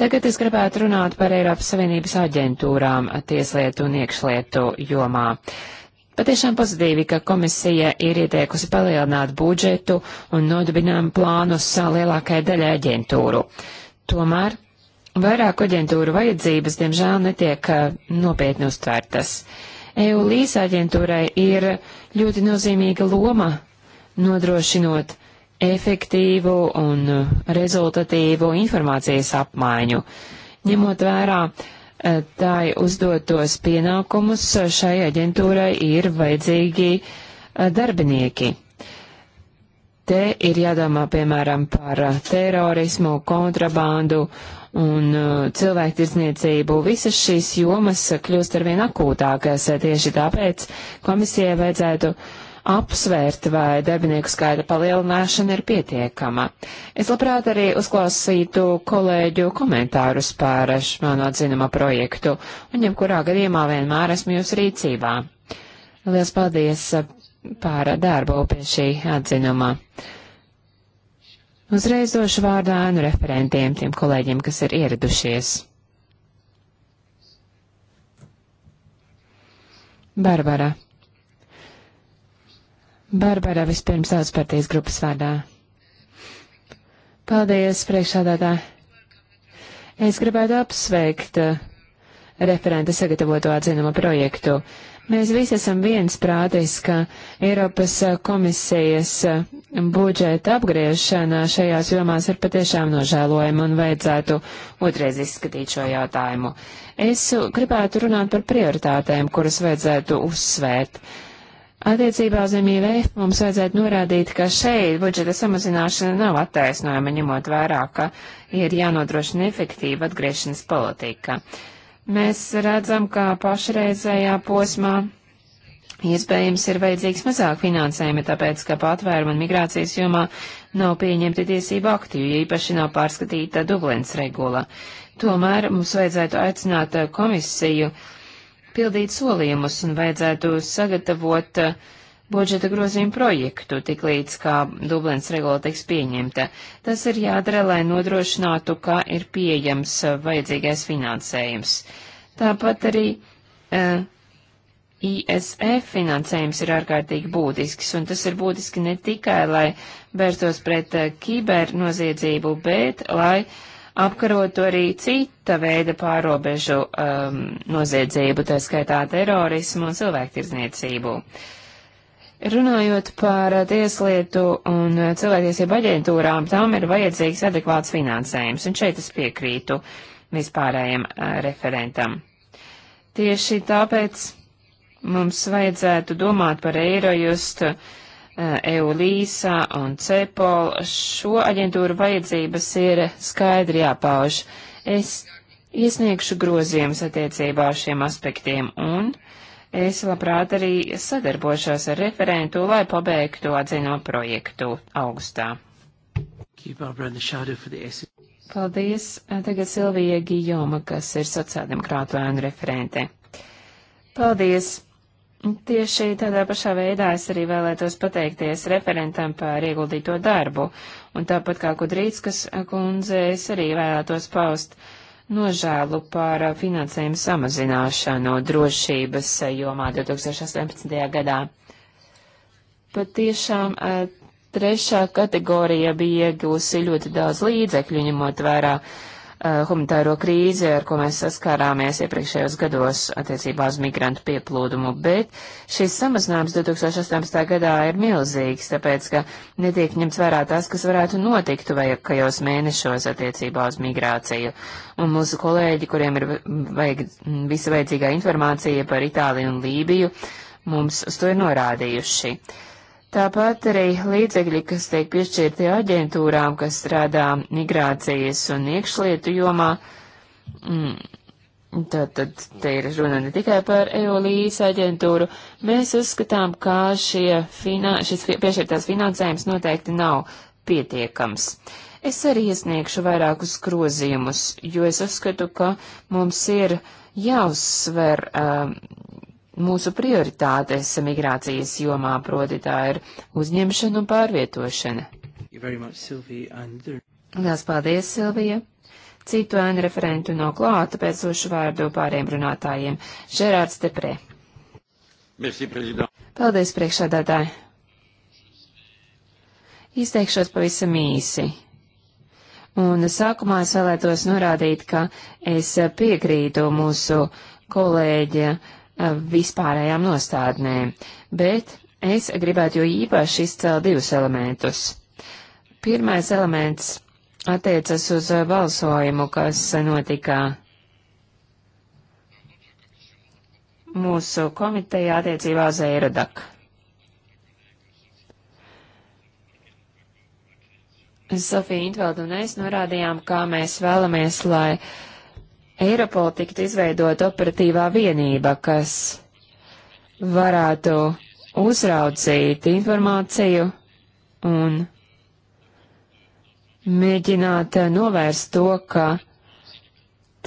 Tagad es gribētu runāt par Eiropas Savienības aģentūrām tieslietu un iekšlietu jomā. Uh, Patiešām pozitīvi, ka komisija ir ieteikusi palielināt budžetu un nodibinām plānus lielākajai daļai aģentūru. Tomēr vairāku aģentūru vajadzības, diemžēl, netiek eh, nopietni uztvērtas. EULīs aģentūrai ir ļoti nozīmīga loma nodrošinot efektīvu un eh, rezultatīvu informācijas apmaiņu, ņemot vērā uh, Eh, tai uzdotos pienākumus, šai aģentūrai ir vajadzīgi eh, darbinieki. Te ir jādomā, piemēram, par eh, terorismu, kontrabandu un cilvēktirdzniecību. Visas šīs jomas kļūst arvien akūtākas, tieši tāpēc komisijai vajadzētu uh, apsvērt, vai darbinieku skaita palielināšana ir pietiekama. Es labprāt arī uzklausītu kolēģu komentārus par manu atzinuma projektu, un jebkurā gadījumā vienmēr esmu jūs rīcībā. Lielas paldies par darbu pie šī atzinuma. Uzreiz došu vārdu ēnu referentiem, tiem kolēģiem, kas ir ieradušies. Barbara. Barbara vispirms tautspartijas grupas vārdā. Paldies, priekšādātāji. Es gribētu apsveikt uh, referenta sagatavoto atzinumu projektu. Mēs visi esam viens prātis, ka Eiropas uh, komisijas uh, budžeta apgriešana šajās jomās ir patiešām nožēlojama un vajadzētu otrais izskatīt šo jautājumu. Es gribētu runāt par prioritātēm, kuras vajadzētu uzsvērt. Attiecībā uz MIV mums vajadzētu norādīt, ka šeit budžeta samazināšana nav attaisnojama, ņemot vērā, ka ir jānodrošina efektīva atgriešanas politika. Mēs redzam, ka pašreizējā posmā iespējams ir vajadzīgs mazāk finansējuma, tāpēc, ka patvēruma un migrācijas jomā nav pieņemti tiesību akti, jo īpaši nav pārskatīta Dublins regula. Tomēr mums vajadzētu aicināt komisiju uh, pildīt solījumus un vajadzētu sagatavot eh, budžeta grozījumu projektu, tik līdz kā Dublins regula tiks pieņemta. Tas ir jādara, lai nodrošinātu, ka ir pieejams eh, vajadzīgais finansējums. Tāpat arī uh, eh, ISF finansējums ir ārkārtīgi būtisks, un tas ir būtiski ne tikai, lai vērstos pret uh, kibernoziedzību, bet lai uh, apkarotu arī cita veida pārobežu um, noziedzību, tā skaitā terorismu un cilvēktirdzniecību. Runājot par tieslietu un cilvēktiesību aģentūrām, tām ir vajadzīgs adekvāts finansējums, un šeit es piekrītu vispārējiem uh, referentam. Tieši tāpēc mums vajadzētu domāt par Eirojust uh, EULISA eh, e un CEPOL. Šo aģentūru vajadzības ir skaidri jāpauž. Es iesniegšu grozījumus attiecībā uz šiem aspektiem un es labprāt arī sadarbošos ar referentu, lai pabeigtu atzino projektu augustā. Paldies. Eh, tagad Silvija Gijoma, kas ir sociāldemokrātu ēnu referente. Paldies. Tieši tādā pašā veidā es arī vēlētos pateikties referentam par ieguldīto darbu, un tāpat kā Kudrītskas kundze, es arī vēlētos paust nožēlu par finansējumu samazināšanu drošības jomā 2018. gadā. Pat tiešām eh, trešā kategorija bija iegūsi ļoti daudz līdzekļu, ņemot vērā uh, uh, humanitāro krīzi, ar ko mēs saskārāmies iepriekšējos gados attiecībā uz migrantu pieplūdumu, bet šis samazinājums 2018. gadā ir milzīgs, tāpēc, ka netiek ņemts vērā tas, kas varētu notikt tuvākajos mēnešos attiecībā uz migrāciju. Un mūsu kolēģi, kuriem ir vajag visa vajadzīgā informācija par Itāliju un Lībiju, mums uz to ir norādījuši. Uh, Tāpat arī līdzekļi, kas tiek piešķirti aģentūrām, kas strādā migrācijas un iekšlietu jomā, mm, Tātad te ir runa ne tikai par EOLīs aģentūru. Mēs uzskatām, ka finā, šis piešķirtās finansējums noteikti nav pietiekams. Es arī iesniegšu vairākus grozījumus, jo es uzskatu, ka mums ir jāuzsver um, mūsu prioritātes migrācijas jomā, proti tā ir uzņemšana un pārvietošana. Lielas paldies, Silvija! Citu ēnu referentu nav no klāta, pēc ušu vārdu pāriem runātājiem - Žerārds Deprē. Merci, prezident. Paldies, priekšādātāji! Izteikšos pavisam īsi. Un sākumā es vēlētos norādīt, ka es piekrītu mūsu kolēģa uh, vispārējām nostādnēm, bet es gribētu jo īpaši izcelt divus elementus. Pirmais elements attiecas uz balsojumu, kas notika mūsu komiteja attiecībā uz Eirodak. Sofija Intvelda un es norādījām, kā mēs vēlamies, lai uh, Eiropola tiktu izveidot operatīvā vienība, kas varētu uzraudzīt informāciju un mēģināt novērst to, ka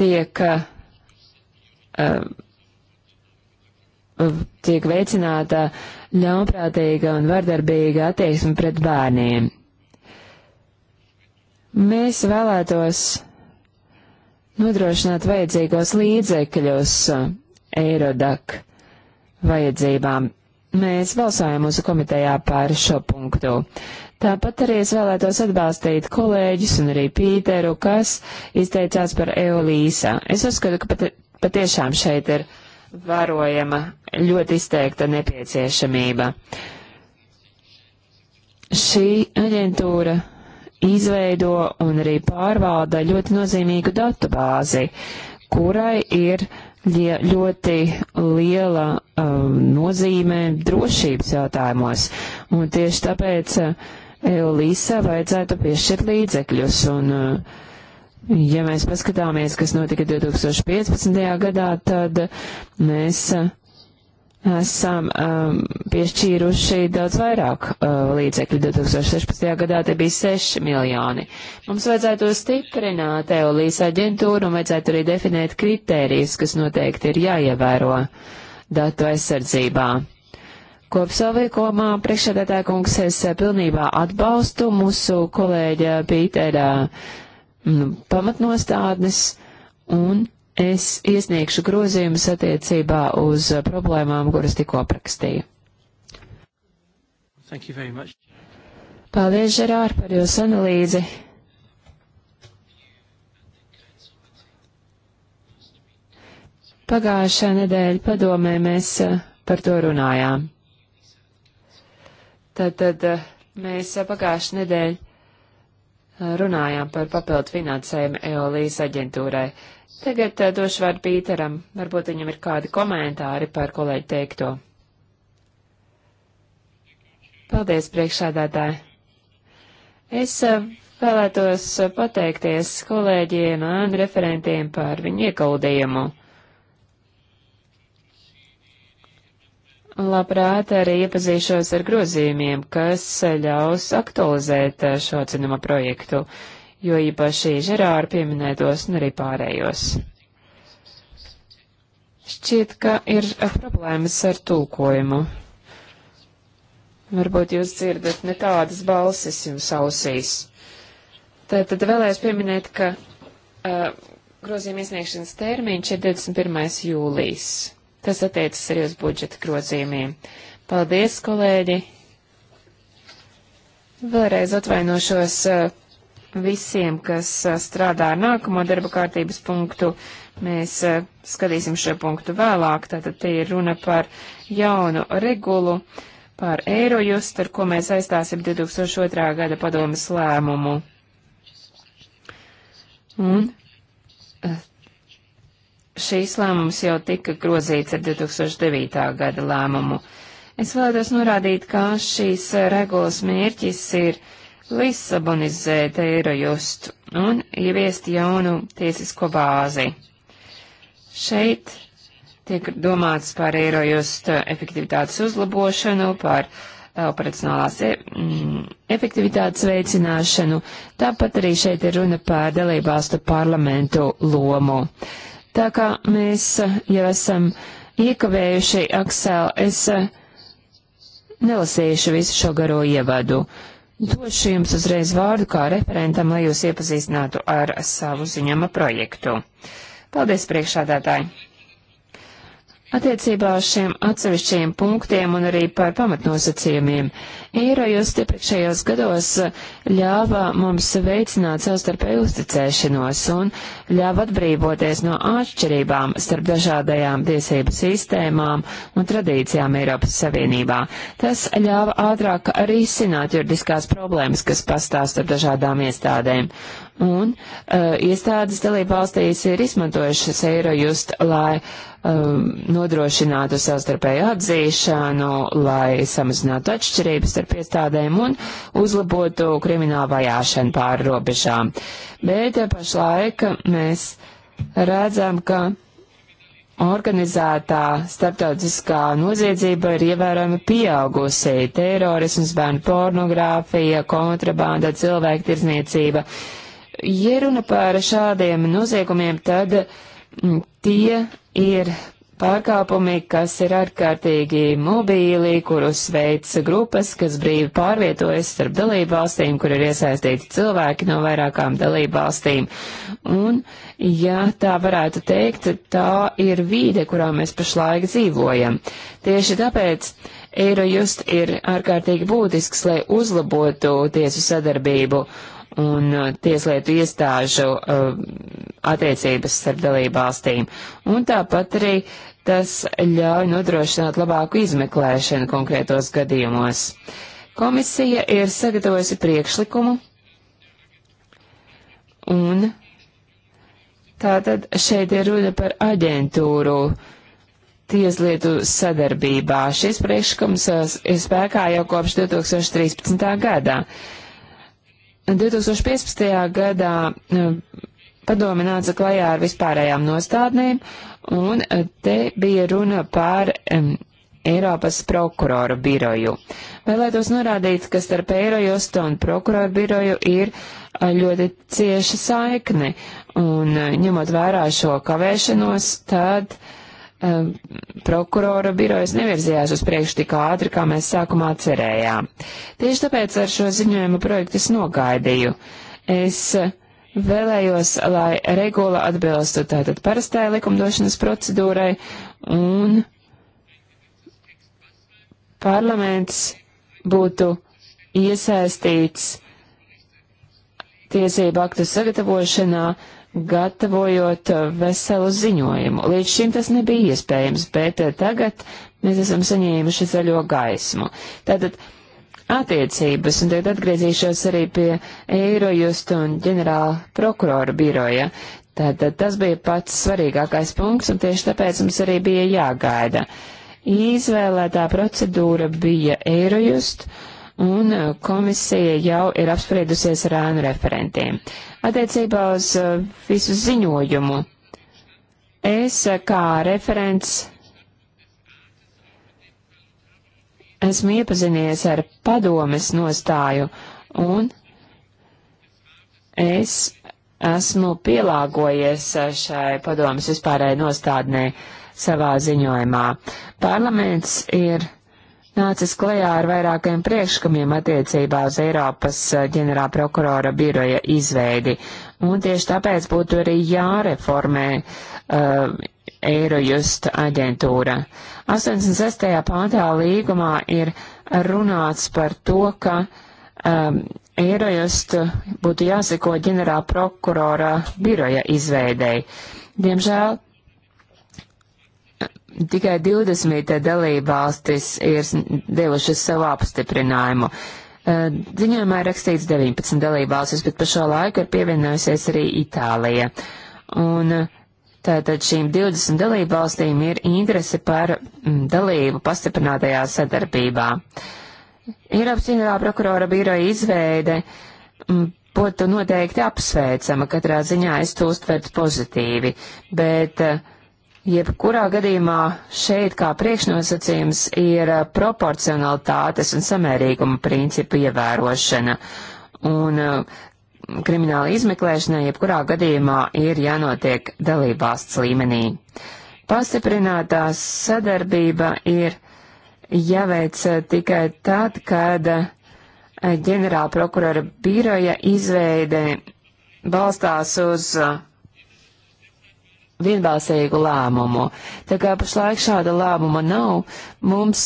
tiek, uh, tiek veicināta ļaunprātīga un vardarbīga attieksme pret bērniem. Mēs vēlētos nodrošināt vajadzīgos līdzekļus uh, Eirodak vajadzībām. Mēs balsājam mūsu komitejā par šo punktu. Tāpat arī es vēlētos atbalstīt kolēģis un arī Pīteru, kas izteicās par Eolīsā. Es uzskatu, ka pat, patiešām šeit ir varojama ļoti izteikta nepieciešamība. Šī aģentūra izveido un arī pārvalda ļoti nozīmīgu datu bāzi, kurai ir ļoti liela um, nozīme drošības jautājumos. Un tieši tāpēc uh, Eulīsa vajadzētu piešķirt līdzekļus. Un, uh, ja mēs paskatāmies, kas notika 2015. gadā, tad mēs. Uh, esam um, piešķīruši daudz vairāk uh, līdzekļu. 2016. gadā te bija 6 miljoni. Mums vajadzētu stiprināt EOLīs aģentūru un vajadzētu arī definēt kritērijus, kas noteikti ir jāievēro datu aizsardzībā. Kopsavilkumā priekšsēdētāja kungs es pilnībā atbalstu mūsu kolēģa Pītera mm, pamatnostādnes un es iesniegšu grozījumus attiecībā uz problēmām, kuras tikko aprakstīju. Paldies, Žerār, par jūsu analīzi. Pagājušā nedēļa padomē mēs eh, par to runājām. Tad, tad eh, mēs eh, pagājušā nedēļa runājām par papildu finansējumu EOLīs aģentūrai. Uh, Tagad uh, došu vārdu Pīteram. Varbūt viņam ir kādi komentāri par kolēģi teikto. Paldies, priekšādātāji. Es uh, vēlētos uh, pateikties kolēģiem un referentiem par viņu iekaudējumu. Labprāt arī iepazīšos ar grozījumiem, kas uh, ļaus aktualizēt uh, šo cinema projektu. Uh, jo īpaši Žerāra pieminētos un arī pārējos. Šķiet, ka ir eh, problēmas ar tulkojumu. Varbūt jūs dzirdat ne tādas balsis jums ausīs. Tad, tad vēlējos pieminēt, ka uh, grozījuma iesniegšanas termiņš ir 21. jūlijas. Tas attiecas arī uz budžeta grozījumiem. Paldies, kolēģi! Vēlreiz atvainošos uh, visiem, kas strādā ar nākamo darba kārtības punktu. Mēs skatīsim šo punktu vēlāk. Tātad te ir runa par jaunu regulu, par Eirojust, ar ko mēs aizstāsim 2002. gada padomas lēmumu. Un šīs lēmums jau tika grozīts ar 2009. gada lēmumu. Es vēlētos norādīt, ka šīs regulas mērķis ir Lisabonizēt Eirojust un ieviest jaunu tiesisko bāzi. Šeit tiek domāts par Eirojust efektivitātes uzlabošanu, par eh, operacionālās e mm, efektivitātes veicināšanu, tāpat arī šeit ir runa par dalībvalstu parlamentu lomu. Tā kā mēs eh, jau esam iekavējuši, Aksel, es eh, nelasīšu visu šo garo ievadu. Uh, Došu jums uzreiz vārdu kā referentam, lai jūs iepazīstinātu ar savu ziņama projektu. Paldies, priekšādātāji! Attiecībā uz šiem atsevišķajiem punktiem un arī par pamatnosacījumiem, Eirojust iepriekšējos gados ļāva mums veicināt savstarpēju uzticēšanos un ļāva atbrīvoties no atšķirībām starp dažādajām tiesību sistēmām un tradīcijām Eiropas Savienībā. Tas ļāva ātrāk arī izsināt juridiskās problēmas, kas pastāv starp dažādām iestādēm. Un uh, iestādes dalībvalstīs ir izmantojušas Eirojust, lai uh, um, nodrošinātu savstarpēju atzīšanu, lai samazinātu atšķirības starp iestādēm un uzlabotu kriminālu vajāšanu pāri robežām. Bet ja eh, pašlaik mēs redzam, ka organizētā starptautiskā noziedzība ir ievērojami pieaugusi. Terorisms, bērnu pornogrāfija, kontrabanda, cilvēktirzniecība. Ja runa par šādiem noziegumiem, tad uh, Tie ir pārkāpumi, kas ir ārkārtīgi mobīli, kurus veids grupas, kas brīvi pārvietojas starp dalību valstīm, kur ir iesaistīti cilvēki no vairākām dalību valstīm. Un, ja tā varētu teikt, tā ir vīde, kurā mēs pašlaik dzīvojam. Tieši tāpēc Eirojust ir ārkārtīgi būtisks, lai uzlabotu tiesu sadarbību un uh, tieslietu iestāžu uh, attiecības starp dalībvalstīm. Un tāpat arī tas ļauj nodrošināt labāku izmeklēšanu konkrētos gadījumos. Komisija ir sagatavojusi priekšlikumu, un tātad šeit ir runa par aģentūru tieslietu sadarbībā. Šis priekšlikums uh, ir spēkā jau kopš 2013. gadā. 2015. gadā e, padomi nāca klajā ar vispārējām nostādnēm, un e, te bija runa par um, Eiropas prokuroru biroju. Vēlētos norādīt, ka starp Eirojustu un prokuroru biroju ir ļoti cieša saikne, un ņemot vērā šo kavēšanos, tad uh, um, prokurora birojas nevirzījās uz priekšu tik ātri, kā mēs sākumā cerējām. Tieši tāpēc ar šo ziņojumu projektu es nogaidīju. Es eh, vēlējos, lai regula atbilstu tātad parastajai likumdošanas procedūrai un parlaments būtu iesaistīts tiesību aktu sagatavošanā, uh, gatavojot eh, veselu ziņojumu. Līdz šim tas nebija iespējams, bet eh, tagad mēs esam saņēmuši zaļo gaismu. Tātad attiecības, un tagad atgriezīšos arī pie Eirojusta un ģenerāla prokurora biroja. Tātad tas bija pats svarīgākais punkts, un tieši tāpēc mums arī bija jāgaida. Izvēlētā procedūra bija Eirojust, un eh, komisija jau ir apspriedusies ar ēnu referentiem. Uh, Attiecībā uz uh, visu ziņojumu es uh, kā referents esmu iepazinies ar padomes nostāju un es esmu pielāgojies uh, šai padomes vispārēji nostādnē savā ziņojumā. Parlaments ir nācis klajā ar vairākiem priekšlikumiem attiecībā uz Eiropas eh, ģenerāla prokurora biroja izveidi, un tieši tāpēc būtu arī jāreformē uh, Eirojust aģentūra. 86. pāntā līgumā ir runāts par to, ka um, Eirojust būtu jāseko ģenerāla prokurora biroja izveidei. Diemžēl Tikai 20 dalībvalstis ir devušas savu apstiprinājumu. Ziņojumā ir rakstīts 19 dalībvalstis, bet pa šo laiku ir pievienojusies arī Itālija. Un tātad šīm 20 dalībvalstīm ir interese par dalību pastiprinātajā sadarbībā. Eiropas ģenerāla prokurora biroja izveide būtu noteikti apsveicama, katrā ziņā es to uztvertu pozitīvi, bet uh, Jebkurā gadījumā šeit kā priekšnosacījums ir eh, proporcionalitātes un samērīguma principu ievērošana. Un eh, krimināla izmeklēšana jebkurā gadījumā ir jānotiek dalībvalsts līmenī. Pastiprinātā sadarbība ir jāveic eh, tikai tad, kad ģenerāla prokurora biroja izveide balstās uz vienbalsīgu lēmumu. Tā kā pašlaik šāda lēmuma nav, mums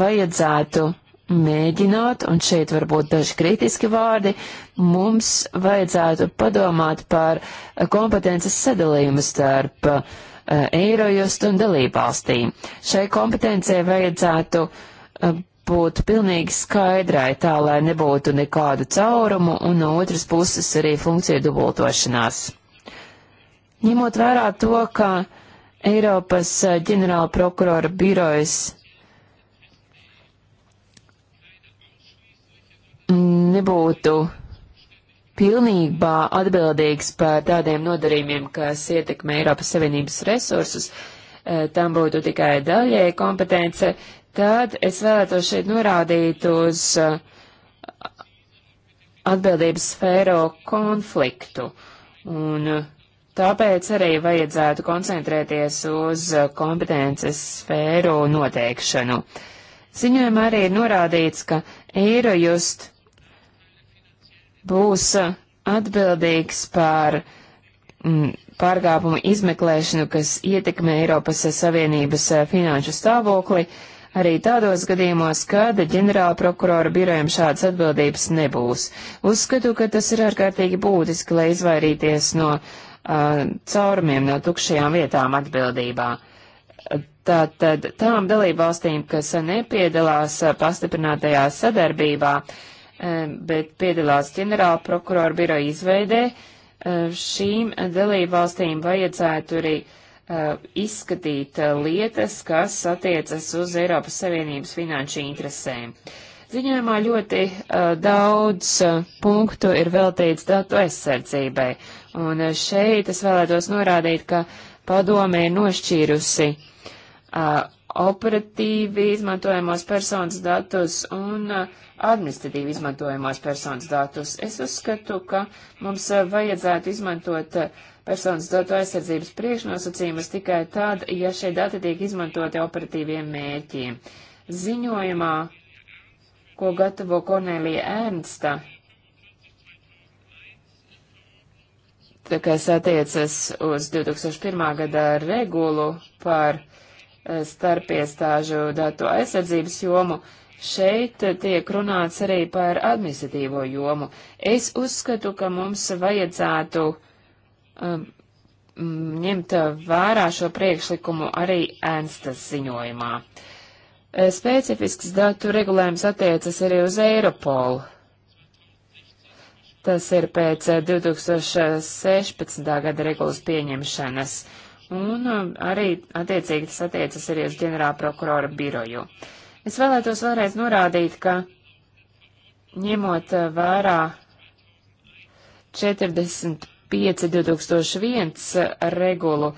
vajadzētu mēģināt, un šeit varbūt daži kritiski vārdi, mums vajadzētu padomāt par kompetences sadalījumu starp uh, Eirojust un dalībvalstīm. Šai kompetencijai vajadzētu uh, būt pilnīgi skaidrai, tā lai nebūtu nekādu caurumu, un no otras puses arī funkcija dubultošanās. Ņemot vērā to, ka Eiropas eh, ģenerāla prokurora birojas nebūtu pilnībā atbildīgs par tādiem nodarījumiem, kas ietekmē Eiropas Savienības resursus, eh, tam būtu tikai daļēji kompetence, tad es vēlētos šeit norādīt uz eh, atbildības sfēro konfliktu. Un Tāpēc arī vajadzētu koncentrēties uz kompetences sfēru noteikšanu. Ziņojumā arī ir norādīts, ka Eirojust būs atbildīgs par mm, pārkāpumu izmeklēšanu, kas ietekmē Eiropas Savienības finanšu stāvokli, arī tādos gadījumos, kad ģenerāla prokurora birojam šādas atbildības nebūs. Uzskatu, ka tas ir ārkārtīgi būtiski, lai izvairīties no uh, Uh, caurumiem no tukšajām vietām atbildībā. Tātad tām dalībvalstīm, kas nepiedalās uh, pastiprinātajā sadarbībā, um, bet piedalās ģenerāla prokurora biroja izveidē, uh, šīm dalībvalstīm vajadzētu arī izskatīt lietas, kas attiecas uz Eiropas Savienības finanšu interesēm. Ziņojumā ļoti daudz punktu ir veltīts datu aizsardzībai, Un eh, šeit es vēlētos norādīt, ka padome ir nošķīrusi uh, operatīvi izmantojamos personas datus un uh, administratīvi izmantojamās personas datus. Es uzskatu, ka mums vajadzētu izmantot personas datu aizsardzības priekšnosacījumus tikai tad, ja šie dati tiek izmantoti operatīviem mērķiem. Ziņojumā, ko gatavo Kornelija Ernsta, kas attiecas uz 2001. gada regulu par eh, starpiestāžu datu aizsardzības jomu, Šeit tiek runāts arī par administratīvo jomu. Es uzskatu, ka mums vajadzētu um, ņemt vērā šo priekšlikumu arī ēnstas ziņojumā. Eh, specifisks datu regulējums attiecas arī uz Eiropolu. Tas ir pēc 2016. Eh, gada regulas pieņemšanas. Un um, arī attiecīgi tas attiecas arī uz ģenerāla prokurora biroju. Es vēlētos vēlreiz norādīt, ka ņemot eh, vērā 45.2001 eh, regulu,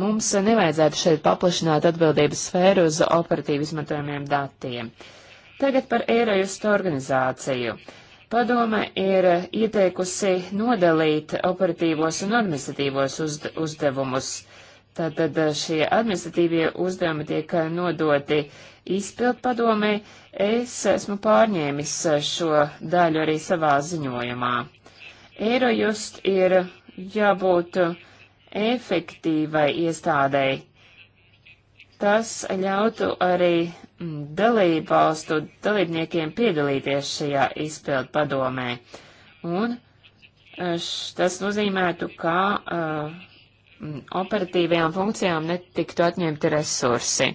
mums nevajadzētu šeit paplašināt atbildības sfēru uz operatīvi izmantojumiem datiem. Tagad par Eirojustu organizāciju. Uh, Padome ir ieteikusi nodalīt operatīvos un administratīvos uzd uzdevumus. Tātad eh, šie administratīvie uzdevumi tiek eh, nodoti izpildu padomē. Es esmu pārņēmis eh, šo daļu arī savā ziņojumā. Eirojust ir jābūt efektīvai iestādēji. Tas ļautu arī Mm, dalībvalstu dalībniekiem piedalīties šajā izpildu padomē. Un eh, š, tas nozīmētu, ka uh, operatīvajām funkcijām netiktu atņemti resursi.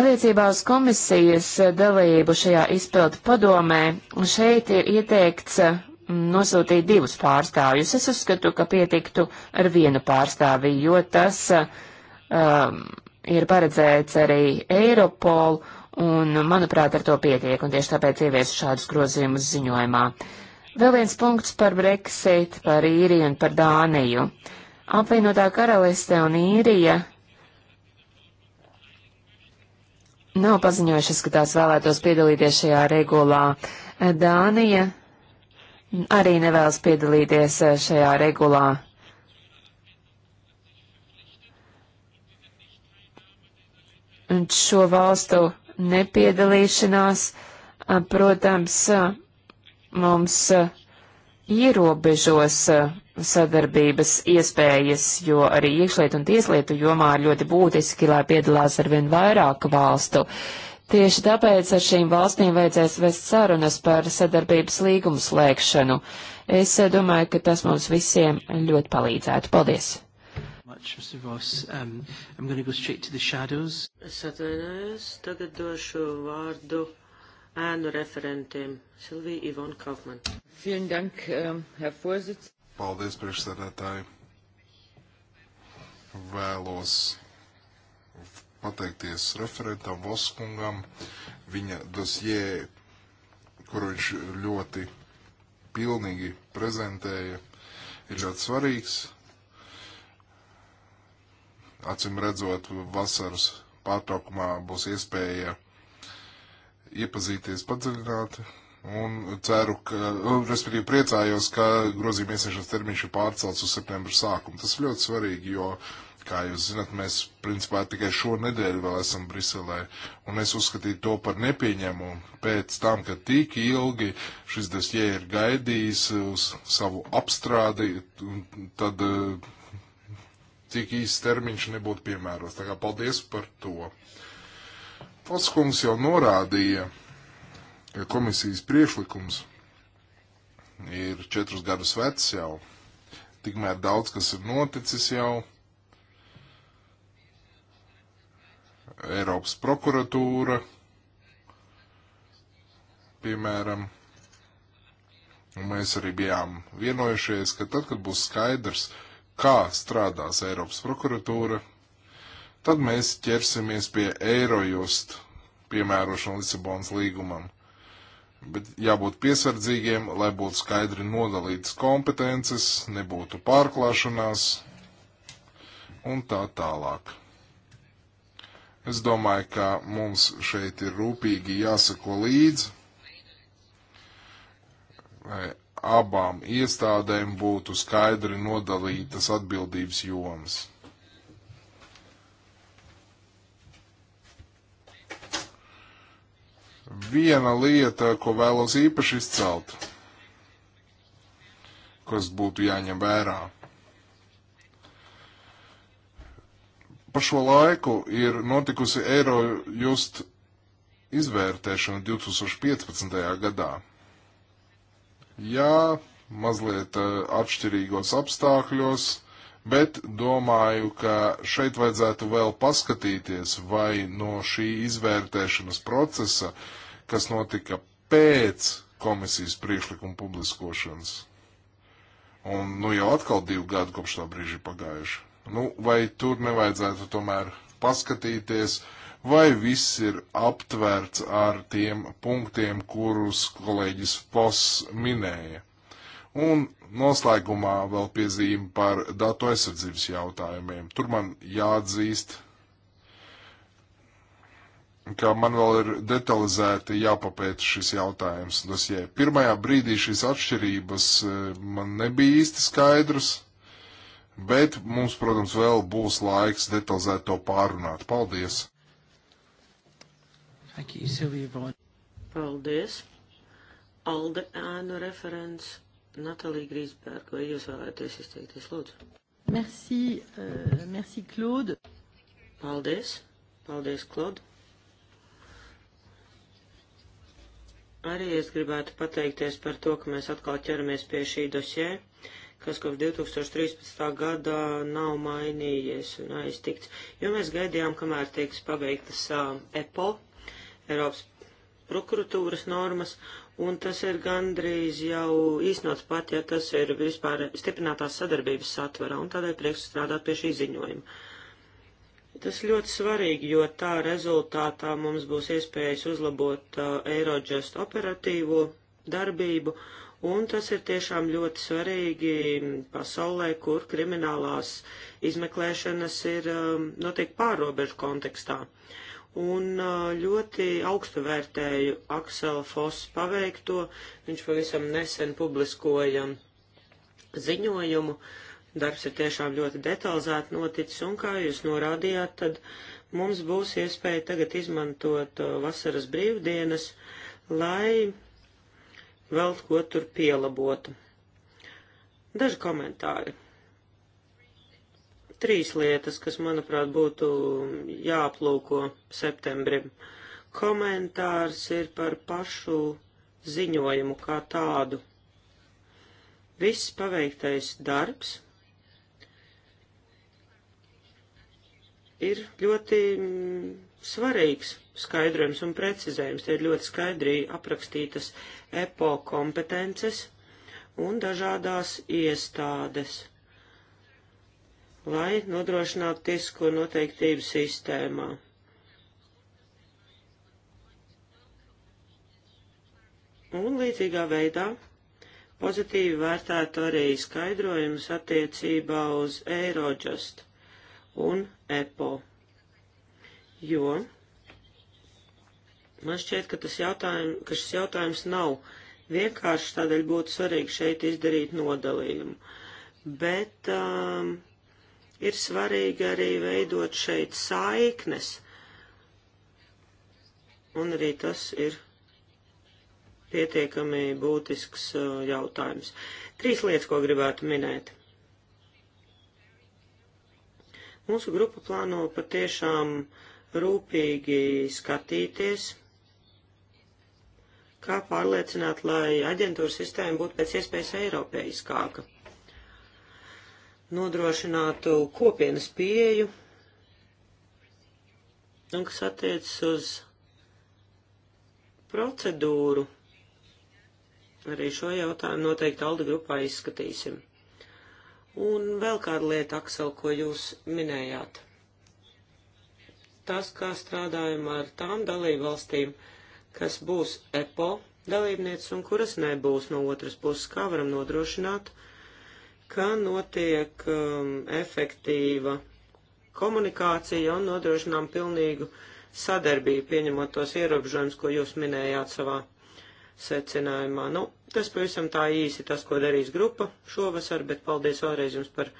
Attiecībā uz komisijas dalību šajā izpildu padomē šeit ir ieteikts eh, mm, nosūtīt divus pārstāvjus. Es uzskatu, ka pietiktu ar vienu pārstāvi, jo tas um, uh, ir paredzēts arī Eiropol, un, manuprāt, ar to pietiek, un tieši tāpēc ieviesu šādus grozījumus ziņojumā. Vēl viens punkts par Brexit, par īriju un par Dāniju. Apvienotā karaliste un īrija nav paziņojušas, ka tās vēlētos piedalīties šajā regulā. Dānija arī nevēlas piedalīties eh, šajā regulā. šo valstu nepiedalīšanās, protams, mums ierobežos sadarbības iespējas, jo arī iekšlietu un tieslietu jomā ir ļoti būtiski, lai piedalās arvien vairāk valstu. Tieši tāpēc ar šīm valstīm vajadzēs vest sarunas par sadarbības līgumu slēgšanu. Es domāju, ka tas mums visiem ļoti palīdzētu. Paldies! much, Mr. Ross. Um, I'm going to go straight to the shadows. Es atvainojos, tagad došu vārdu ēnu referentiem. Silvija Ivona Kaufman. Vielen Dank, um, Herr Vorsitz. Paldies, priekšsēdētāji. Vēlos pateikties referentam Voskungam. Viņa dosjē, kuru viņš ļoti pilnīgi prezentēja, ir ļoti svarīgs acim redzot, vasaras pārtraukumā būs iespēja iepazīties padziļināt. Un ceru, ka, nu, respektīvi priecājos, ka grozījuma iesniešanas termiņš ir pārcelts uz septembra sākumu. Tas ir ļoti svarīgi, jo, kā jūs zinat, mēs principā tikai šo nedēļu vēl esam Briselē. Un es uzskatīju to par nepieņemumu pēc tam, ka tik ilgi šis desjē ir gaidījis uz savu apstrādi, tad uh, tik īsts termiņš nebūtu piemērots. Tā kā paldies par to. Foskungs jau norādīja, ka komisijas priešlikums ir četrus gadus vecs jau. Tikmēr daudz kas ir noticis jau. Eiropas prokuratūra, piemēram, un mēs arī bijām vienojušies, ka tad, kad būs skaidrs, uh, kā strādās Eiropas prokuratūra, tad mēs ķersimies pie Eirojust piemērošana Lisabonas līgumam. Bet jābūt piesardzīgiem, lai būtu skaidri nodalītas kompetences, nebūtu pārklāšanās un tā tālāk. Es domāju, ka mums šeit ir rūpīgi jāsako līdzi, lai abām iestādēm būtu skaidri nodalītas atbildības jomas. Viena lieta, ko vēlos īpaši izcelt, kas būtu jāņem vērā. Pa šo laiku ir notikusi Eirojust izvērtēšana 2015. gadā. Jā, mazliet eh, atšķirīgos apstākļos, bet domāju, ka šeit vajadzētu vēl paskatīties, vai no šī izvērtēšanas procesa, kas notika pēc komisijas priekšlikuma publiskošanas, un nu jau atkal divi gadi kopš tā brīža pagājuši, nu vai tur nevajadzētu tomēr paskatīties, uh, vai viss ir aptvērts ar tiem punktiem, kurus kolēģis Fos minēja. Un noslēgumā vēl piezīme par datu aizsardzības jautājumiem. Tur man jāatzīst, ka man vēl ir detalizēti jāpapēta šis jautājums dosjē. Pirmajā brīdī šīs atšķirības eh, man nebija īsti skaidrs, bet mums, protams, vēl būs laiks detalizēt to pārunāt. Paldies! Thank you, Silvija Vaughan. Paldies. Alde ēnu referents Natālija Grīsberga, vai jūs vēlēties izteikties, lūdzu? Merci, uh, merci, Claude. Paldies. Paldies, Claude. Arī es gribētu pateikties par to, ka mēs atkal ķeramies pie šī dosē, kas kopš 2013. gada nav mainījies un aiztikts, jo mēs gaidījām, kamēr tiks pabeigtas uh, EPO Eiropas prokuratūras normas, un tas ir gandrīz jau īstenots pat, ja tas ir vispār stiprinātās sadarbības satvarā, un tādēļ prieks strādāt pie šī ziņojuma. Tas ļoti svarīgi, jo tā rezultātā mums būs iespējas uzlabot uh, Eirodžest operatīvo darbību, un tas ir tiešām ļoti svarīgi pasaulē, kur kriminālās izmeklēšanas ir um, notiek pārobežu kontekstā. Uh, un ļoti augstu vērtēju Aksela Foss paveikto. Viņš pavisam nesen publiskoja ziņojumu. Darbs ir tiešām ļoti detalizēti noticis, un kā jūs norādījāt, tad mums būs iespēja tagad izmantot vasaras brīvdienas, lai vēl ko tur pielabotu. Daži komentāri trīs lietas, kas, manuprāt, būtu jāaplūko septembrim. Komentārs ir par pašu ziņojumu kā tādu. Viss paveiktais darbs ir ļoti mm, svarīgs skaidrojums un precizējums. Tie ir ļoti skaidri aprakstītas EPO kompetences un dažādās iestādes lai nodrošinātu tiesisko noteiktību sistēmā. Un līdzīgā veidā pozitīvi vērtētu arī skaidrojumus attiecībā uz Eirodžast un EPO, jo man šķiet, ka, jautājum, ka šis jautājums nav vienkārši, tādēļ būtu svarīgi šeit izdarīt nodalījumu. Bet um, ir svarīgi arī veidot šeit saiknes, un arī tas ir pietiekami būtisks uh, jautājums. Trīs lietas, ko gribētu minēt. Mūsu grupa plāno patiešām rūpīgi skatīties, kā pārliecināt, lai aģentūra sistēma būtu pēc iespējas eiropeiskāka nodrošinātu kopienas pieeju un kas attiecas uz procedūru. Arī šo jautājumu noteikti Alda grupā izskatīsim. Un vēl kāda lieta, Aksel, ko jūs minējāt. Tas, kā strādājam ar tām dalībvalstīm, kas būs EPO dalībnieces un kuras nebūs no otras puses, kā varam nodrošināt, uh, ka notiek um, efektīva komunikācija un nodrošinām pilnīgu sadarbību, pieņemot tos ierobežojumus, ko jūs minējāt savā secinājumā. Nu, tas pavisam tā īsi tas, ko darīs grupa šovasar, bet paldies vēlreiz jums par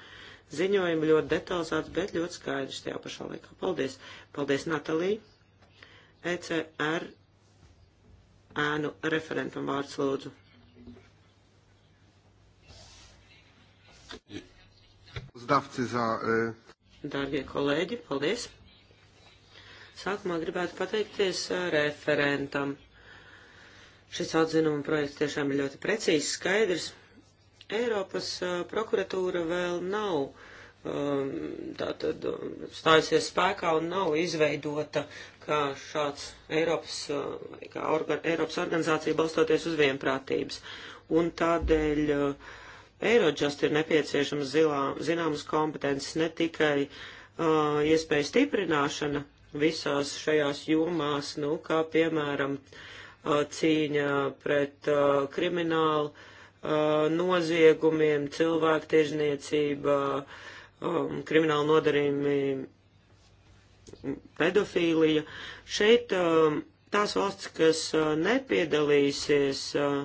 ziņojumu. Ļoti detalizēts, bet ļoti skaidrs tajā pašā laikā. Paldies. Paldies, Natalija. ECR ēnu referentam vārds lūdzu. E, Dārgie kolēģi, paldies! Sākumā gribētu pateikties e, referentam. Šis atzinuma projekts tiešām ir ļoti precīzs, skaidrs. Eiropas e, prokuratūra vēl nav um, tātad, stājusies spēkā un nav izveidota kā šāds Eiropas, kā orga, Eiropas organizācija balstoties uz vienprātības. Un tādēļ uh, Eirodžast ir nepieciešamas zināmas kompetences, ne tikai uh, iespēja stiprināšana visās šajās jomās, nu, kā piemēram uh, cīņa pret uh, kriminālu uh, noziegumiem, cilvēktiežniecība, um, kriminālu nodarījumi, pedofīlija. Šeit uh, tās valsts, kas uh, nepiedalīsies uh,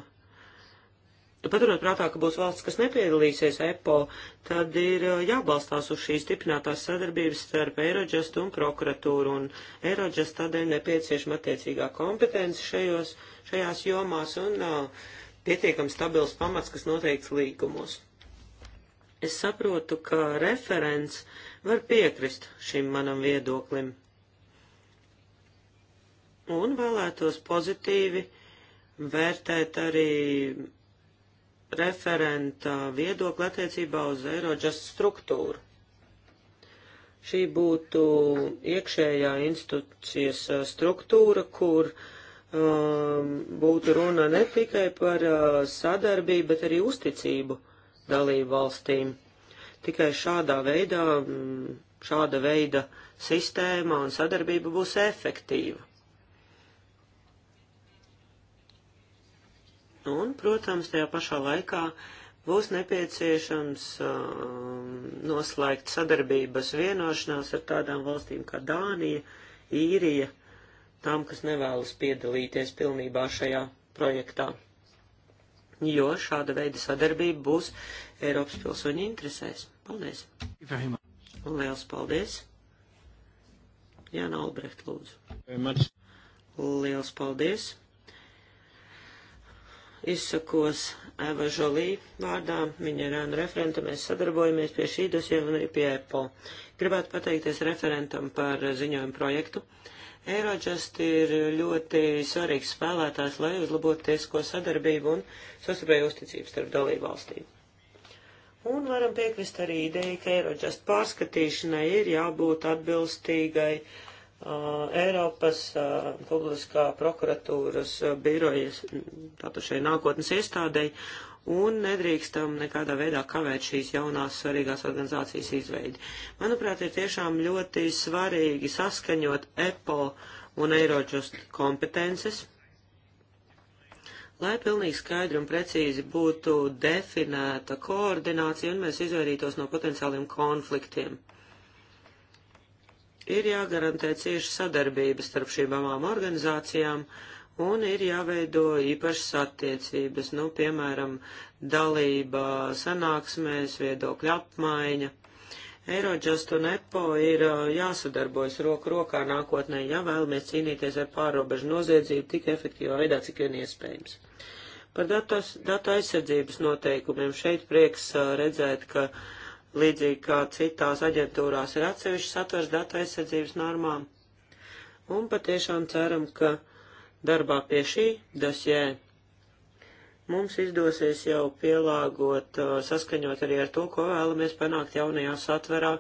Paturot prātā, ka būs valsts, kas nepiedalīsies EPO, tad ir uh, jābalstās uz šīs stiprinātās sadarbības starp Eirodžast un prokuratūru, un Eirodžast tādēļ nepieciešama attiecīgā kompetence šajos, šajās jomās un uh, pietiekams stabils pamats, kas noteikts līgumos. Es saprotu, ka referents var piekrist šim manam viedoklim. Un vēlētos pozitīvi vērtēt arī referenta viedokli attiecībā uz Eirodžas struktūru. Šī būtu iekšējā institūcijas uh, struktūra, kur um, būtu runa ne tikai par uh, sadarbību, bet arī uzticību dalību valstīm. Tikai šādā veidā, mm, šāda veida sistēma un sadarbība būs efektīva. Un, protams, tajā pašā laikā būs nepieciešams um, noslēgt sadarbības vienošanās ar tādām valstīm kā Dānija, Īrija, tām, kas nevēlas piedalīties pilnībā šajā projektā. Jo šāda veida sadarbība būs Eiropas pilsoņu interesēs. Paldies! Liels paldies! Jāna Albrecht, lūdzu. Liels paldies! izsakos Eva Žolī vārdā. Viņa ir ēnu referenta, mēs sadarbojamies pie šī dosiem un arī pie Apple. Gribētu pateikties referentam par ziņojumu projektu. Eirodžast ir ļoti svarīgs spēlētājs, lai uzlabotu tiesisko sadarbību un sastarpēju uzticību starp dalību valstīm. Un varam piekrist arī ideja, ka Eirodžast pārskatīšanai ir jābūt atbilstīgai uh, Uh, Eiropas uh, publiskā prokuratūras uh, birojas, tātad šai nākotnes iestādei, un nedrīkstam nekādā veidā kavēt šīs jaunās svarīgās organizācijas izveidi. Manuprāt, ir tiešām ļoti svarīgi saskaņot EPO un Eirožust kompetences, lai pilnīgi skaidri un precīzi būtu definēta koordinācija un mēs izvairītos no potenciāliem konfliktiem ir jāgarantē cieša sadarbība starp šīm abām organizācijām un ir jāveido īpašas attiecības, nu, piemēram, dalība sanāksmēs, viedokļa apmaiņa. Eirodžast un EPO ir jāsadarbojas roku rokā nākotnē, ja vēlamies cīnīties ar pārobežu noziedzību tik efektīvā veidā, cik vien iespējams. Par datos, datu aizsardzības noteikumiem šeit prieks redzēt, ka uh, līdzīgi kā citās aģentūrās ir atsevišķi satvers datu aizsardzības normām. Un patiešām ceram, ka darbā pie šī dosjē mums izdosies jau pielāgot, uh, saskaņot arī ar to, ko vēlamies panākt jaunajā satverā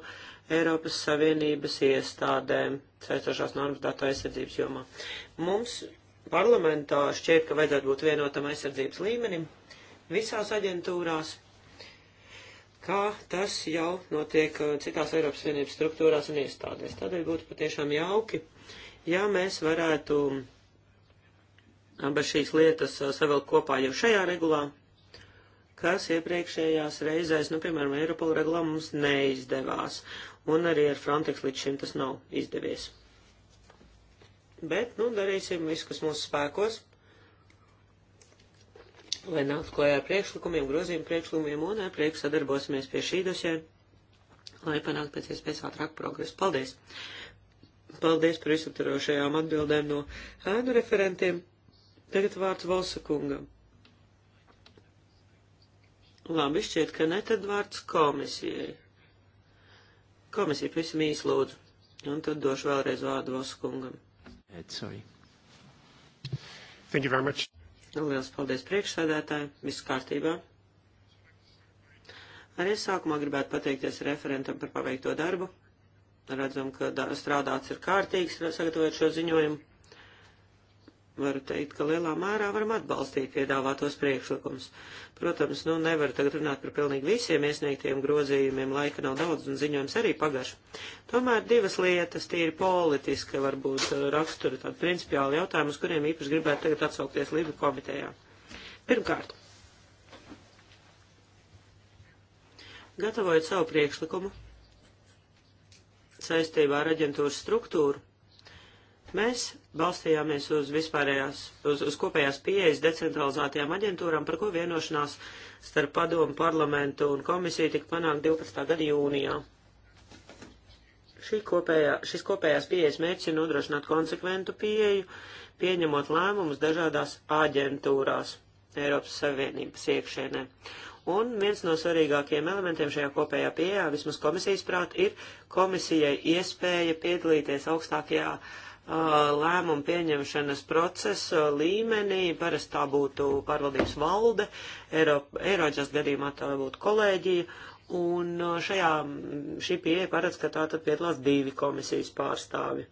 Eiropas Savienības iestādēm saistošās normas datu aizsardzības jomā. Mums parlamentā šķiet, ka vajadzētu būt vienotam aizsardzības līmenim visās aģentūrās kā tas jau notiek uh, citās Eiropas Savienības struktūrās un iestādēs. Tādēļ būtu patiešām jauki, ja mēs varētu abas šīs lietas uh, savilkt kopā jau šajā regulā, kas iepriekšējās reizēs, nu, piemēram, Eiropola regulā mums neizdevās, un arī ar Frontex līdz šim tas nav izdevies. Bet, nu, darīsim visu, kas mūsu spēkos lai nāks klajā ar priekšlikumiem, grozījumu priekšlikumiem un ar prieku sadarbosimies pie šī dosē, lai panāktu pēc iespējas ātrāk progresu. Paldies! Paldies par izsaturošajām atbildēm no ēnu referentiem. Tagad vārds Valsa kungam. Labi, šķiet, ka ne tad vārds komisijai. Komisija pavisam īsi lūdzu, un tad došu vēlreiz vārdu Valsa kungam. Ed, sorry. Thank you very much. Liels paldies priekšsēdētāji, viss kārtībā. Arī sākumā gribētu pateikties referentam par paveikto darbu. Redzam, ka strādāts ir kārtīgs, sagatavojot šo ziņojumu varu teikt, ka lielā mērā varam atbalstīt piedāvātos priekšlikumus. Protams, nu nevar tagad runāt par pilnīgi visiem iesniegtiem grozījumiem, laika nav daudz un ziņojums arī pagaš. Tomēr divas lietas tīri politiska, varbūt eh, rakstura tādi principiāli jautājumi, uz kuriem īpaši gribētu tagad atsaukties Lība komitejā. Pirmkārt, gatavojot savu priekšlikumu saistībā ar aģentūras struktūru, Mēs balstījāmies uz vispārējās, uz, uz kopējās pieejas decentralizētajām aģentūrām, par ko vienošanās starp padomu parlamentu un komisiju tika panākt 12. gada jūnijā. Šī kopējā, šis kopējās pieejas mērķis ir nodrošināt konsekventu pieeju, pieņemot lēmumus dažādās aģentūrās Eiropas Savienības iekšēnē. Un viens no svarīgākajiem elementiem šajā kopējā pieejā, vismaz komisijas prāt, ir komisijai iespēja piedalīties augstākajā uh, Uh, lēmumu pieņemšanas procesa līmenī. Parasti tā būtu pārvaldības valde, Eiroģas gadījumā tā būtu kolēģija. Un uh, šajā, šī pieeja paredz, ka tā tad piedalās divi komisijas pārstāvi.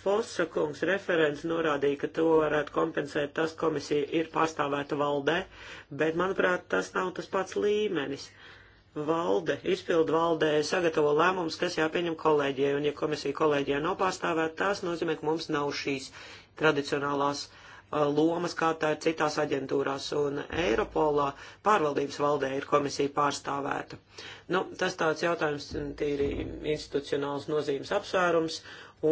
Fossa kungs referents norādīja, ka to varētu kompensēt tas, komisija ir pārstāvēta valdē, bet, manuprāt, tas nav tas pats līmenis. Uh, valde, izpildu valdē sagatavo lēmums, kas jāpieņem kolēģijai, un ja komisija kolēģijai nav pārstāvēta, tas nozīmē, ka mums nav šīs tradicionālās uh, lomas, kā tā ir citās aģentūrās, un Eiropolā pārvaldības valdē ir komisija pārstāvēta. Nu, tas tāds jautājums tīri institucionāls nozīmes apsvērums,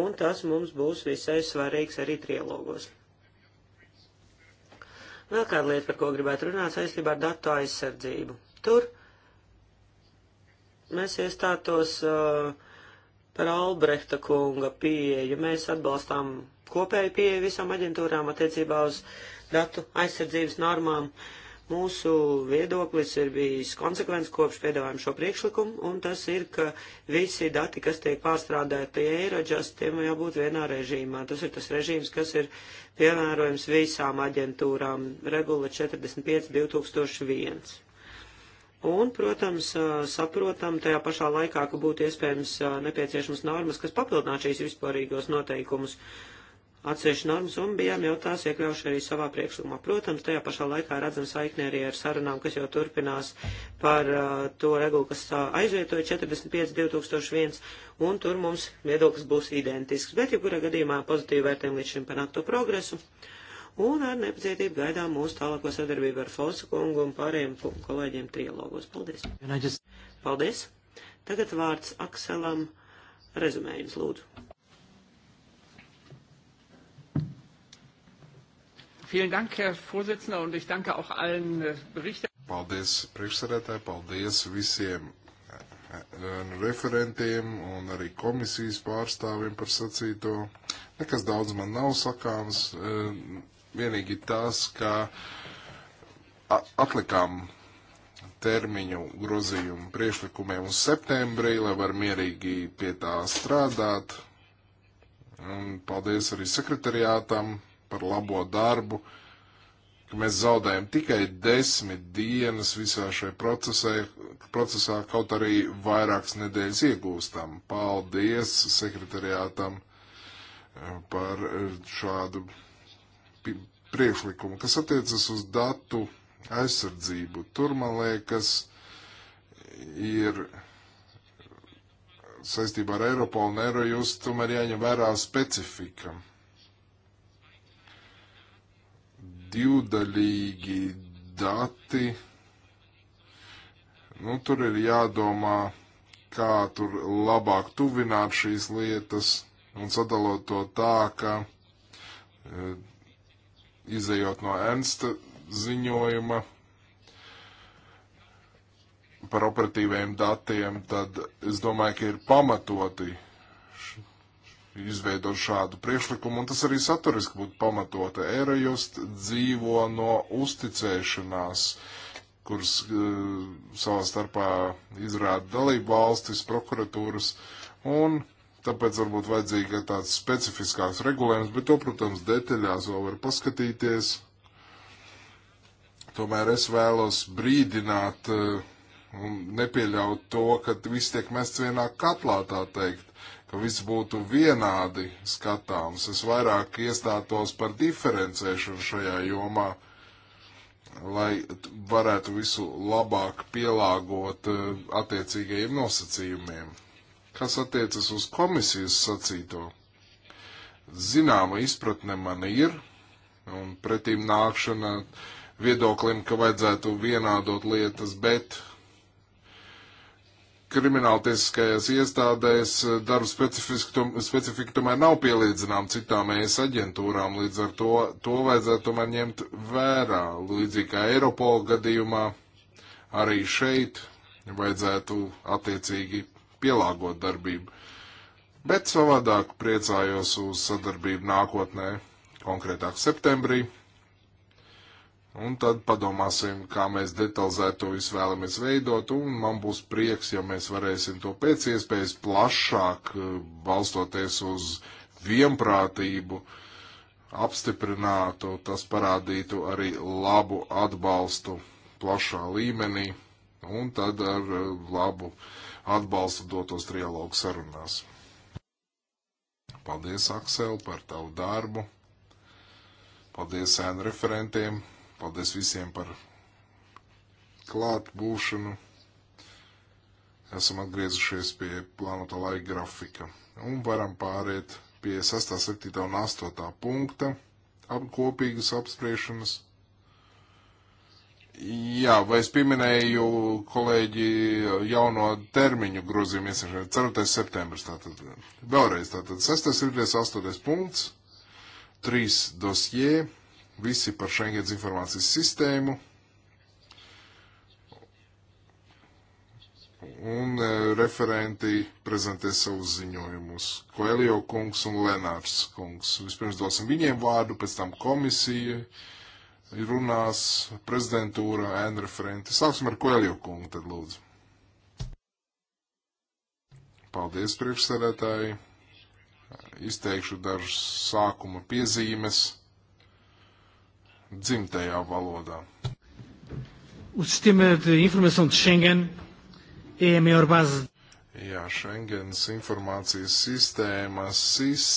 un tas mums būs visai svarīgs arī trialogos. Vēl kāda lieta, par ko gribētu runāt, saistībā ar datu aizsardzību. Tur Mēs iestātos uh, par Albrehta kunga pieeju. Mēs atbalstām kopēju pieeju visām aģentūrām attiecībā uz datu aizsardzības normām. Mūsu viedoklis ir bijis konsekvents kopš piedāvājam šo priekšlikumu, un tas ir, ka visi dati, kas tiek pārstrādāti Eirodžast, tiem jābūt vienā režīmā. Tas ir tas režīms, kas ir piemērojams visām aģentūrām, regula 45.2001. Un, protams, saprotam tajā pašā laikā, ka būtu iespējams nepieciešamas normas, kas papildinātu šīs vispārīgos noteikumus. Atsevišķi normas un bijām jau tās iekļaujuši arī savā priekšlikumā. Protams, tajā pašā laikā redzam saikni arī ar sarunām, kas jau turpinās par uh, to regulu, kas uh, aizvietoja 45.2001, un tur mums viedoklis būs identisks. Bet, ja kurā gadījumā pozitīvi vērtējam līdz šim panākto progresu. Uh, un ar nepacietību gaidām mūsu tālāko sadarbību ar Fosu kungu un pārējiem kolēģiem trilogos. Paldies! Just... Paldies! Tagad vārds Akselam rezumējums lūdzu. Vielen Dank, Herr Vorsitzender, un ich danke auch allen äh, Berichter. Paldies priekšsarētāji, paldies visiem äh, äh, referentiem un arī komisijas pārstāvjiem par sacīto. Nekas daudz man nav sakāms vienīgi tas, ka atlikām termiņu grozījumu priekšlikumiem uz septembrī, lai var mierīgi pie tā strādāt. Un paldies arī sekretariātam par labo darbu, ka mēs zaudējam tikai desmit dienas visā šajā procesē, procesā, kaut arī vairākas nedēļas iegūstam. Paldies sekretariātam eh, par eh, šādu priekšlikumu, kas attiecas uz datu aizsardzību. Tur, man liekas, ir saistībā ar Eiropolu un Eirojust, tomēr jāņem vērā specifika. Divdaļīgi dati, nu, tur ir jādomā, kā tur labāk tuvināt šīs lietas un sadalot to tā, ka eh, izējot no Ernsta ziņojuma par operatīviem datiem, tad es domāju, ka ir pamatoti izveidot šādu priekšlikumu, un tas arī saturiski būtu pamatota. Eirojust dzīvo no uzticēšanās, kuras uh, savā starpā izrāda dalību valstis, prokuratūras, un uh, Tāpēc varbūt vajadzīga tāds specifiskās regulējums, bet to, protams, detaļās vēl var paskatīties. Tomēr es vēlos brīdināt eh, un nepieļaut to, ka viss tiek mests vienā katlā, tā teikt, ka viss būtu vienādi skatāms. Es vairāk iestātos par diferencēšanu šajā jomā, lai varētu visu labāk pielāgot eh, attiecīgajiem nosacījumiem. Kas attiecas uz komisijas sacīto, zināma izpratne man ir, un pretīm nākšana viedoklim, ka vajadzētu vienādot lietas, bet krimināltiesiskajās iestādēs darba specifika tomēr nav pielīdzinām citām ES aģentūrām, līdz ar to to vajadzētu tomēr ņemt vērā, līdzīgi kā Eiropola gadījumā, arī šeit vajadzētu attiecīgi pielāgot darbību. Bet savādāk priecājos uz sadarbību nākotnē, konkrētāk septembrī. Un tad padomāsim, kā mēs detalizēt to visu vēlamies veidot, un man būs prieks, ja mēs varēsim to pēc iespējas plašāk, eh, balstoties uz vienprātību, apstiprinātu, tas parādītu arī labu atbalstu plašā līmenī, un tad ar eh, labu uh, atbalstu dotos trialogu sarunās. Paldies, Aksel, par tavu darbu. Paldies ēnu referentiem. Paldies visiem par klāt būšanu. Esam atgriezušies pie plānota laika grafika. Un varam pāriet pie 6, 7 un 8 punkta ap kopīgas apspriešanas. Jā, vai es pieminēju kolēģi jauno termiņu grozījumu iesaistīšanu? 4. septembris, tātad vēlreiz, tātad 6. rīties 8. punkts, 3 dosjē, visi par Schengens informācijas sistēmu. Un e, referenti prezentē savus ziņojumus. Koelio kungs un Lenārs kungs. Vispirms dosim viņiem vārdu, pēc tam komisiju. Uh, runās prezidentūra ēna referenti. Sāksim ar Koeljo kungu, tad lūdzu. Paldies, priekšsēdētāji. Izteikšu dažas sākuma piezīmes dzimtajā valodā. O sistema de informação de Schengen é a maior base. Jā, Schengens informācijas sistēma SIS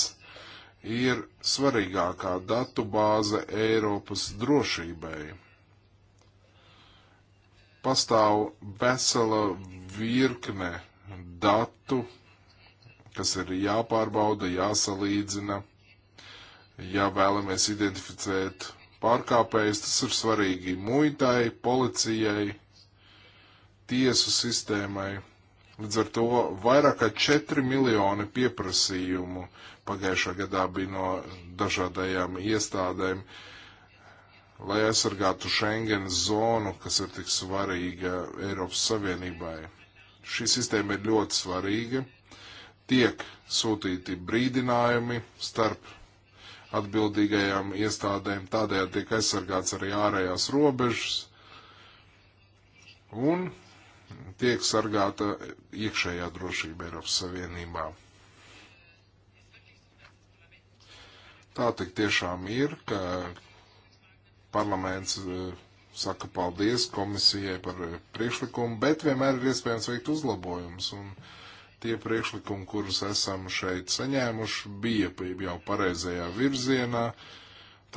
ir svarīgākā datu bāze Eiropas drošībai. Pastāv vesela virkne datu, kas ir jāpārbauda, jāsalīdzina. Ja vēlamies identificēt pārkāpējus, tas ir svarīgi muitai, policijai, tiesu sistēmai. Līdz ar to vairāk kā 4 miljoni pieprasījumu uh, pagājušā gadā bija no dažādajām iestādēm, lai aizsargātu Schengen zonu, kas ir tik svarīga Eiropas Savienībai. Šī sistēma ir ļoti svarīga. Tiek sūtīti brīdinājumi starp atbildīgajām iestādēm, tādējādi tiek aizsargāts arī ārējās robežas un tiek sargāta iekšējā drošība Eiropas Savienībā. Tā tik tiešām ir, ka parlaments e, saka paldies komisijai par e, priekšlikumu, bet vienmēr ir iespējams veikt uzlabojumus. Un tie priekšlikumi, kurus esam šeit saņēmuši, bija jau pareizajā virzienā.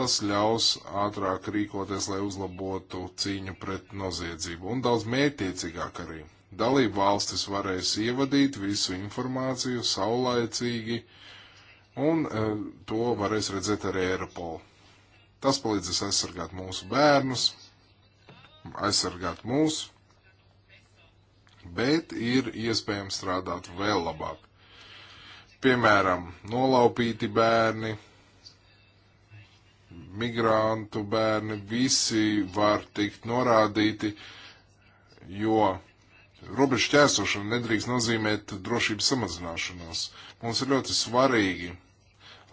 Tas ļaus ātrāk rīkoties, lai uzlabotu cīņu pret noziedzību un daudz mētiecīgāk arī. Dalību valstis varēs ievadīt visu informāciju saulaicīgi, uh, un e, to varēs redzēt arī Eiropol. Tas palīdzēs aizsargāt mūsu bērnus, aizsargāt mūsu, bet ir iespējams strādāt vēl labāk. Piemēram, nolaupīti bērni, migrantu bērni, visi var tikt norādīti, jo robežu ķēsošana nedrīkst nozīmēt drošības samazināšanos. Mums ir ļoti svarīgi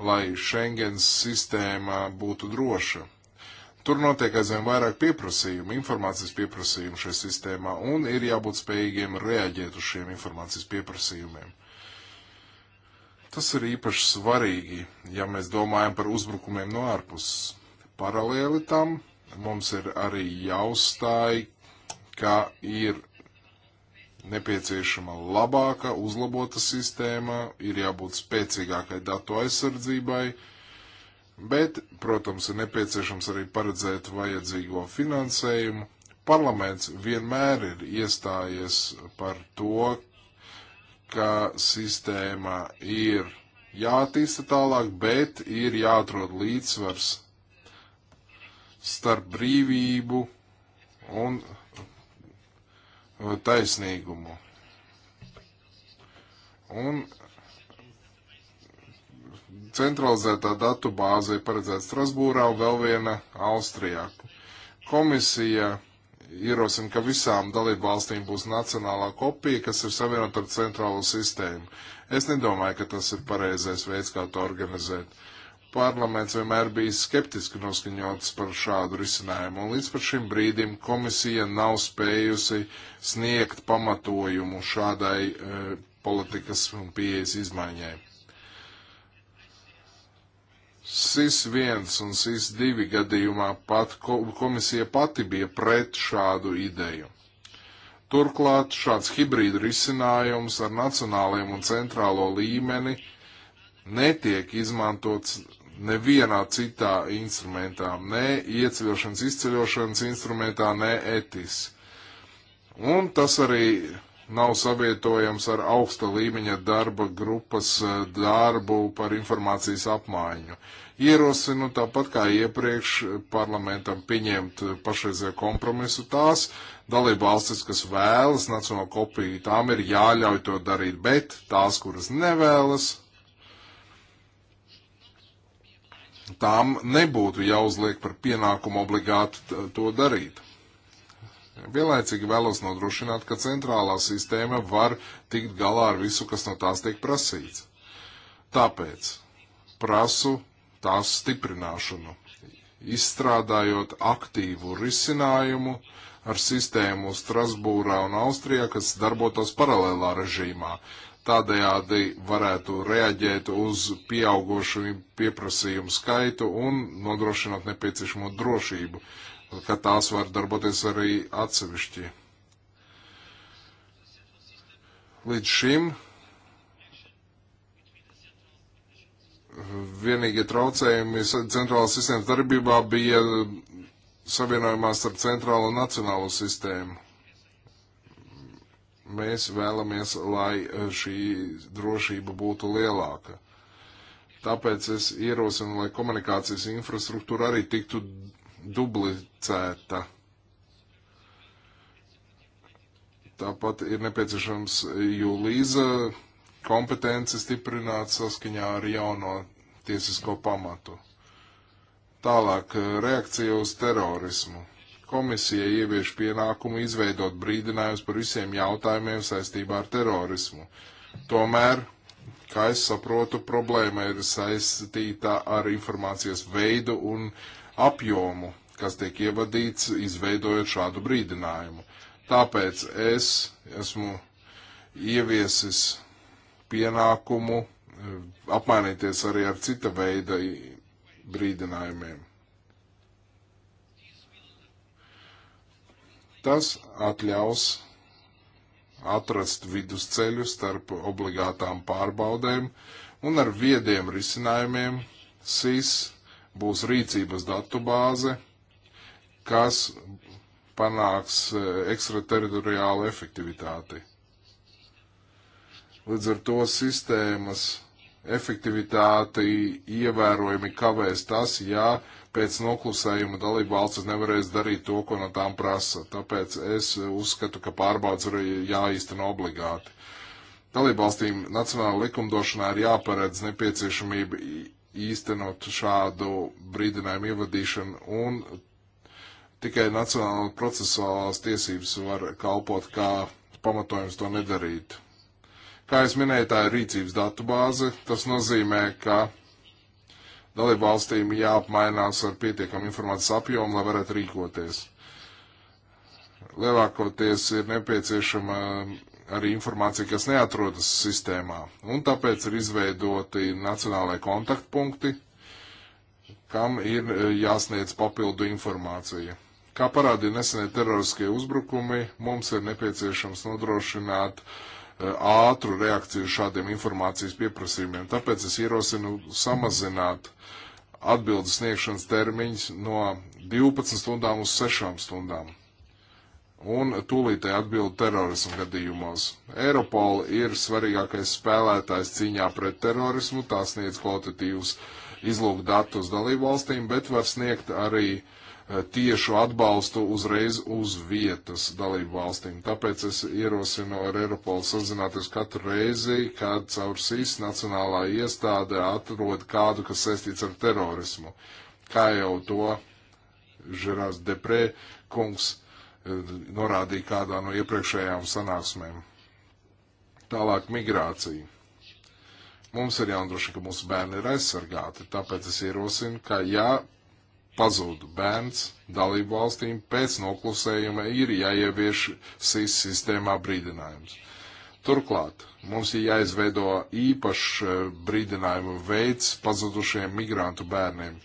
lai Schengens sistēma būtu droša. Tur notiek aizvien vairāk pieprasījumu, informācijas pieprasījumu šajā sistēmā, un ir jābūt spējīgiem reaģēt uz šiem informācijas pieprasījumiem. Tas ir īpaši svarīgi, ja mēs domājam par uzbrukumiem no ārpuses. Paralēli tam mums ir arī jāuzstāj, ka ir nepieciešama labāka, uzlabota sistēma, ir jābūt spēcīgākai datu aizsardzībai, bet, protams, ir nepieciešams arī paredzēt vajadzīgo finansējumu. Parlaments vienmēr ir iestājies par to, ka sistēma ir jātīsta tālāk, bet ir jāatrod līdzsvars starp brīvību un taisnīgumu. Un centralizētā datu bāze ir paredzēta Strasbūrā un vēl viena Austrijā. Komisija ierosina, ka visām dalību valstīm būs nacionālā kopija, kas ir savienota ar centrālo sistēmu. Es nedomāju, ka tas ir pareizais veids, kā to organizēt. Uh, parlaments vienmēr bijis skeptiski noskaņots par šādu risinājumu, un līdz pat šim brīdim komisija nav spējusi sniegt pamatojumu šādai e, politikas un pieejas izmaiņai. SIS 1 un SIS 2 gadījumā pat komisija pati bija pret šādu ideju. Turklāt šāds hibrīda risinājums ar nacionālajiem un centrālo līmeni netiek izmantots nevienā citā instrumentā, ne ieceļošanas, izceļošanas instrumentā, ne etis. Un tas arī nav savietojams ar augsta līmeņa darba grupas eh, darbu par informācijas apmaiņu. Ierosinu tāpat kā iepriekš parlamentam pieņemt pašreizējo kompromisu tās dalību valstis, kas vēlas nacionālo kopiju, tām ir jāļauj to darīt, bet tās, kuras nevēlas, tām nebūtu jāuzliek par pienākumu obligāti to darīt. Vienlaicīgi vēlos nodrošināt, ka centrālā sistēma var tikt galā ar visu, kas no tās tiek prasīts. Tāpēc prasu tās stiprināšanu, izstrādājot aktīvu risinājumu ar sistēmu Strasbūrā un Austrijā, kas darbotos paralēlā režīmā, Tādējādi varētu reaģēt uz pieaugošu pieprasījumu skaitu un nodrošināt nepieciešamo drošību, ka tās var darboties arī atsevišķi. Līdz šim vienīgie traucējumi centrālās sistēmas darbībā bija savienojumās ar centrālo un nacionālo sistēmu Mēs vēlamies, lai eh, šī drošība būtu lielāka. Tāpēc es ierosinu, lai komunikācijas infrastruktūra arī tiktu dublicēta. Tāpat ir nepieciešams jūlīza kompetence stiprināt saskaņā ar jauno tiesisko pamatu. Tālāk eh, reakcija uz terorismu komisija ievieš pienākumu izveidot brīdinājumus par visiem jautājumiem saistībā ar terorismu. Tomēr, kā es saprotu, problēma ir saistīta ar informācijas veidu un apjomu, kas tiek ievadīts, izveidojot šādu brīdinājumu. Tāpēc es esmu ieviesis pienākumu eh, apmainīties arī ar cita veida brīdinājumiem. Tas atļaus atrast vidusceļu starp obligātām pārbaudēm un ar viediem risinājumiem SIS būs rīcības datubāze, kas panāks eh, ekstrateritoriālu efektivitāti. Līdz ar to sistēmas efektivitāti ievērojami kavēs tas, ja pēc noklusējuma dalība valstis nevarēs darīt to, ko no tām prasa. Tāpēc es uzskatu, ka pārbaudas ir jāīsteno obligāti. Dalība valstīm nacionāla likumdošanā ir jāparedz nepieciešamība īstenot šādu brīdinājumu ievadīšanu un tikai nacionāla procesuālās tiesības var kalpot kā pamatojums to nedarīt. Kā es minēju, tā ir rīcības datu bāze. Tas nozīmē, ka Dalību valstīm jāapmainās ar pietiekamu informācijas apjomu, lai varētu rīkoties. Lielākoties ir nepieciešama arī informācija, kas neatrodas sistēmā, un tāpēc ir izveidoti nacionālai kontaktpunkti, kam ir e, jāsniedz papildu informācija. Kā parādīja nesenie teroriskie uzbrukumi, mums ir nepieciešams nodrošināt uh, ātru reakciju šādiem informācijas pieprasījumiem. Tāpēc es ierosinu samazināt atbildes sniegšanas termiņus no 12 stundām uz 6 stundām. Un tūlītēji atbildi terorismu gadījumos. Eiropola ir svarīgākais spēlētājs cīņā pret terorismu, tā sniedz kvalitatīvus izlūk datus dalību valstīm, bet var sniegt arī uh, Eh, tiešu atbalstu uzreiz uz vietas dalību valstīm. Tāpēc es ierosinu ar Eiropolu sazināties katru reizi, kad caur SIS nacionālā iestāde atrod kādu, kas saistīts ar terorismu. Kā jau to Žerārs Deprē kungs eh, norādīja kādā no iepriekšējām sanāksmēm. Tālāk migrācija. Mums ir jānodrošina, ka mūsu bērni ir aizsargāti, tāpēc es ierosinu, ka ja pazūd bērns, dalību valstīm pēc noklusējuma ir jāievieš SIS sistēmā brīdinājums. Turklāt mums ir jāizveido īpašs eh, brīdinājumu veids pazudušiem migrantu bērniem,